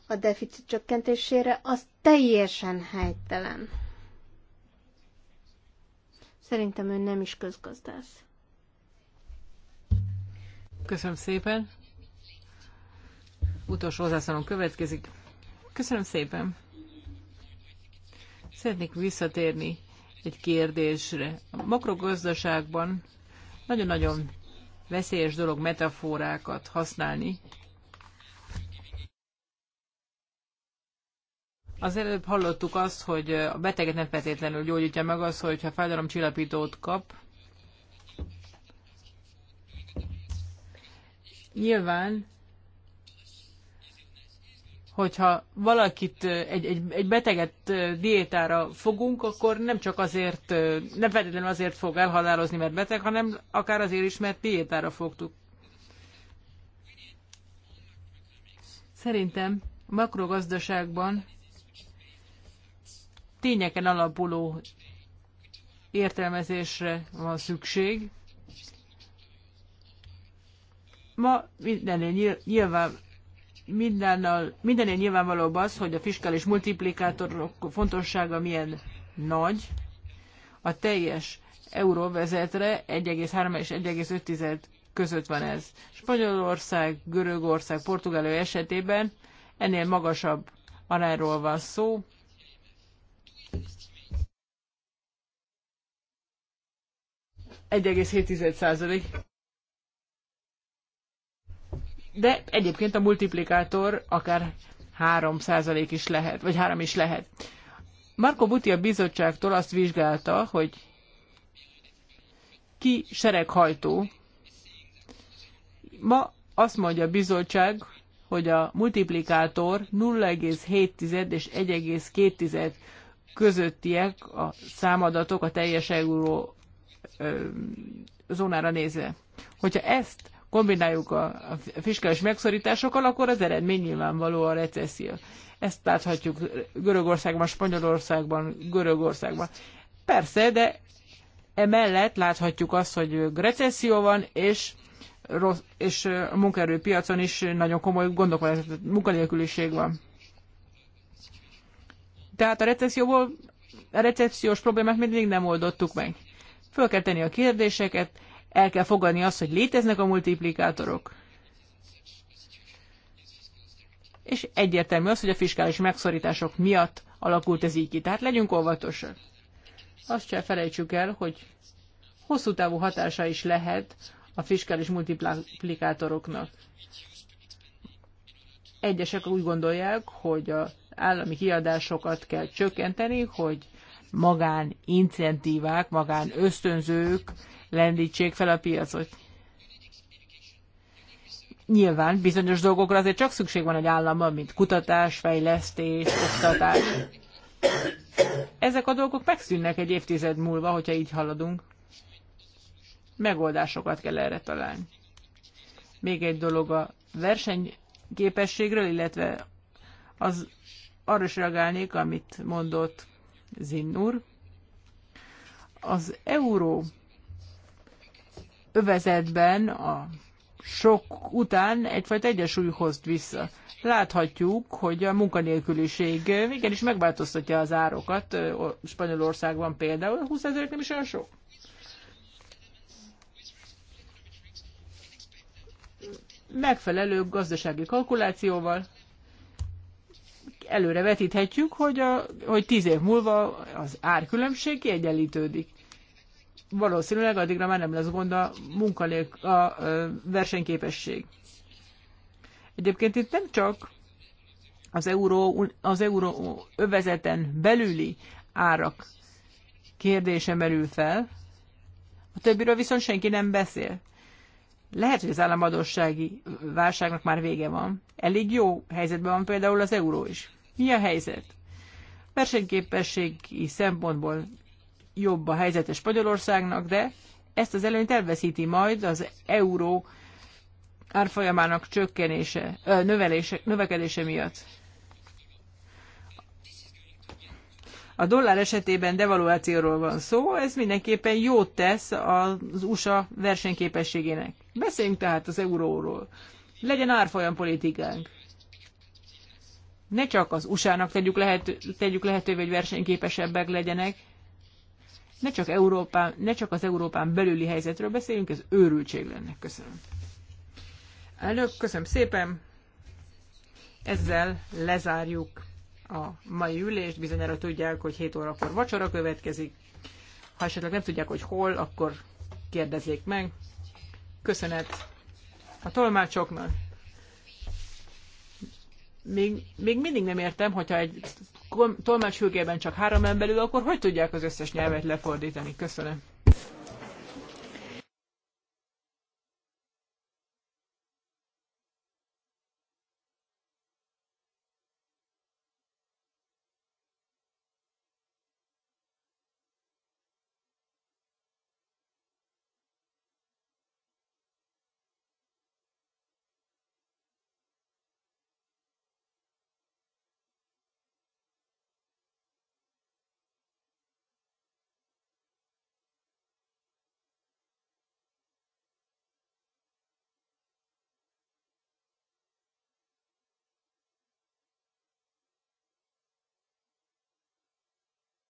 a deficit csökkentésére, az teljesen helytelen. Szerintem ő nem is közgazdász. Köszönöm szépen. Utolsó hozzászólom következik. Köszönöm szépen. Szeretnék visszatérni egy kérdésre. A makrogazdaságban nagyon-nagyon veszélyes dolog metaforákat használni. Az előbb hallottuk azt, hogy a beteget nem feltétlenül gyógyítja meg az, hogyha fájdalomcsillapítót kap, nyilván, hogyha valakit, egy, egy, egy beteget diétára fogunk, akkor nem csak azért, nem feltétlenül azért fog elhalálozni, mert beteg, hanem akár azért is, mert diétára fogtuk. Szerintem a makrogazdaságban tényeken alapuló értelmezésre van szükség, Ma mindennél nyilván mindennel, mindennél nyilvánvalóbb az, hogy a fiskális multiplikátorok fontossága milyen nagy. A teljes euróvezetre 1,3 és 1,5 között van ez. Spanyolország, Görögország, Portugália esetében ennél magasabb arányról van szó. hét de egyébként a multiplikátor akár 3% is lehet, vagy 3 is lehet. Marco Buti a bizottságtól azt vizsgálta, hogy ki sereghajtó. Ma azt mondja a bizottság, hogy a multiplikátor 0,7 és 1,2 közöttiek a számadatok a teljes euró ö, zónára nézve. Hogyha ezt kombináljuk a fiskális megszorításokkal, akkor az eredmény nyilvánvaló a recesszió. Ezt láthatjuk Görögországban, Spanyolországban, Görögországban. Persze, de emellett láthatjuk azt, hogy recesszió van, és rossz, és a munkaerőpiacon is nagyon komoly gondok van, munkanélküliség van. Tehát a recesszióból a recessziós problémát még nem oldottuk meg. Föl kell tenni a kérdéseket, el kell fogadni azt, hogy léteznek a multiplikátorok, és egyértelmű az, hogy a fiskális megszorítások miatt alakult ez így ki. Tehát legyünk óvatosak. Azt se felejtsük el, hogy hosszú távú hatása is lehet a fiskális multiplikátoroknak. Egyesek úgy gondolják, hogy a állami kiadásokat kell csökkenteni, hogy magán incentívák, magán ösztönzők lendítsék fel a piacot. Nyilván bizonyos dolgokra azért csak szükség van egy államban, mint kutatás, fejlesztés, oktatás. Ezek a dolgok megszűnnek egy évtized múlva, hogyha így haladunk. Megoldásokat kell erre találni. Még egy dolog a versenyképességről, illetve az arra is reagálnék, amit mondott Zinnur, Az euró övezetben a sok után egyfajta egyensúly hozt vissza. Láthatjuk, hogy a munkanélküliség igenis megváltoztatja az árokat. Spanyolországban például 20 ezer nem is olyan sok. Megfelelő gazdasági kalkulációval előre vetíthetjük, hogy, a, hogy tíz év múlva az árkülönbség kiegyenlítődik valószínűleg addigra már nem lesz gond a munkanék, a versenyképesség. Egyébként itt nem csak az euró, az euró övezeten belüli árak kérdése merül fel, a többiről viszont senki nem beszél. Lehet, hogy az államadósági válságnak már vége van. Elég jó helyzetben van például az euró is. Mi a helyzet? Versenyképességi szempontból jobb a helyzete Spanyolországnak, de ezt az előnyt elveszíti majd az euró árfolyamának csökkenése, növelése, növekedése miatt. A dollár esetében devaluációról van szó, ez mindenképpen jót tesz az USA versenyképességének. Beszéljünk tehát az euróról. Legyen árfolyam politikánk. Ne csak az USA-nak tegyük, lehető, tegyük lehetővé, hogy versenyképesebbek legyenek, ne csak, Európán, ne csak az Európán belüli helyzetről beszéljünk, ez őrültség lenne. Köszönöm. Elnök, köszönöm szépen. Ezzel lezárjuk a mai ülést. Bizonyára tudják, hogy 7 órakor vacsora következik. Ha esetleg nem tudják, hogy hol, akkor kérdezzék meg. Köszönet a tolmácsoknak még, még mindig nem értem, hogyha egy tolmácsfülkében csak három ember ül, akkor hogy tudják az összes nyelvet lefordítani? Köszönöm.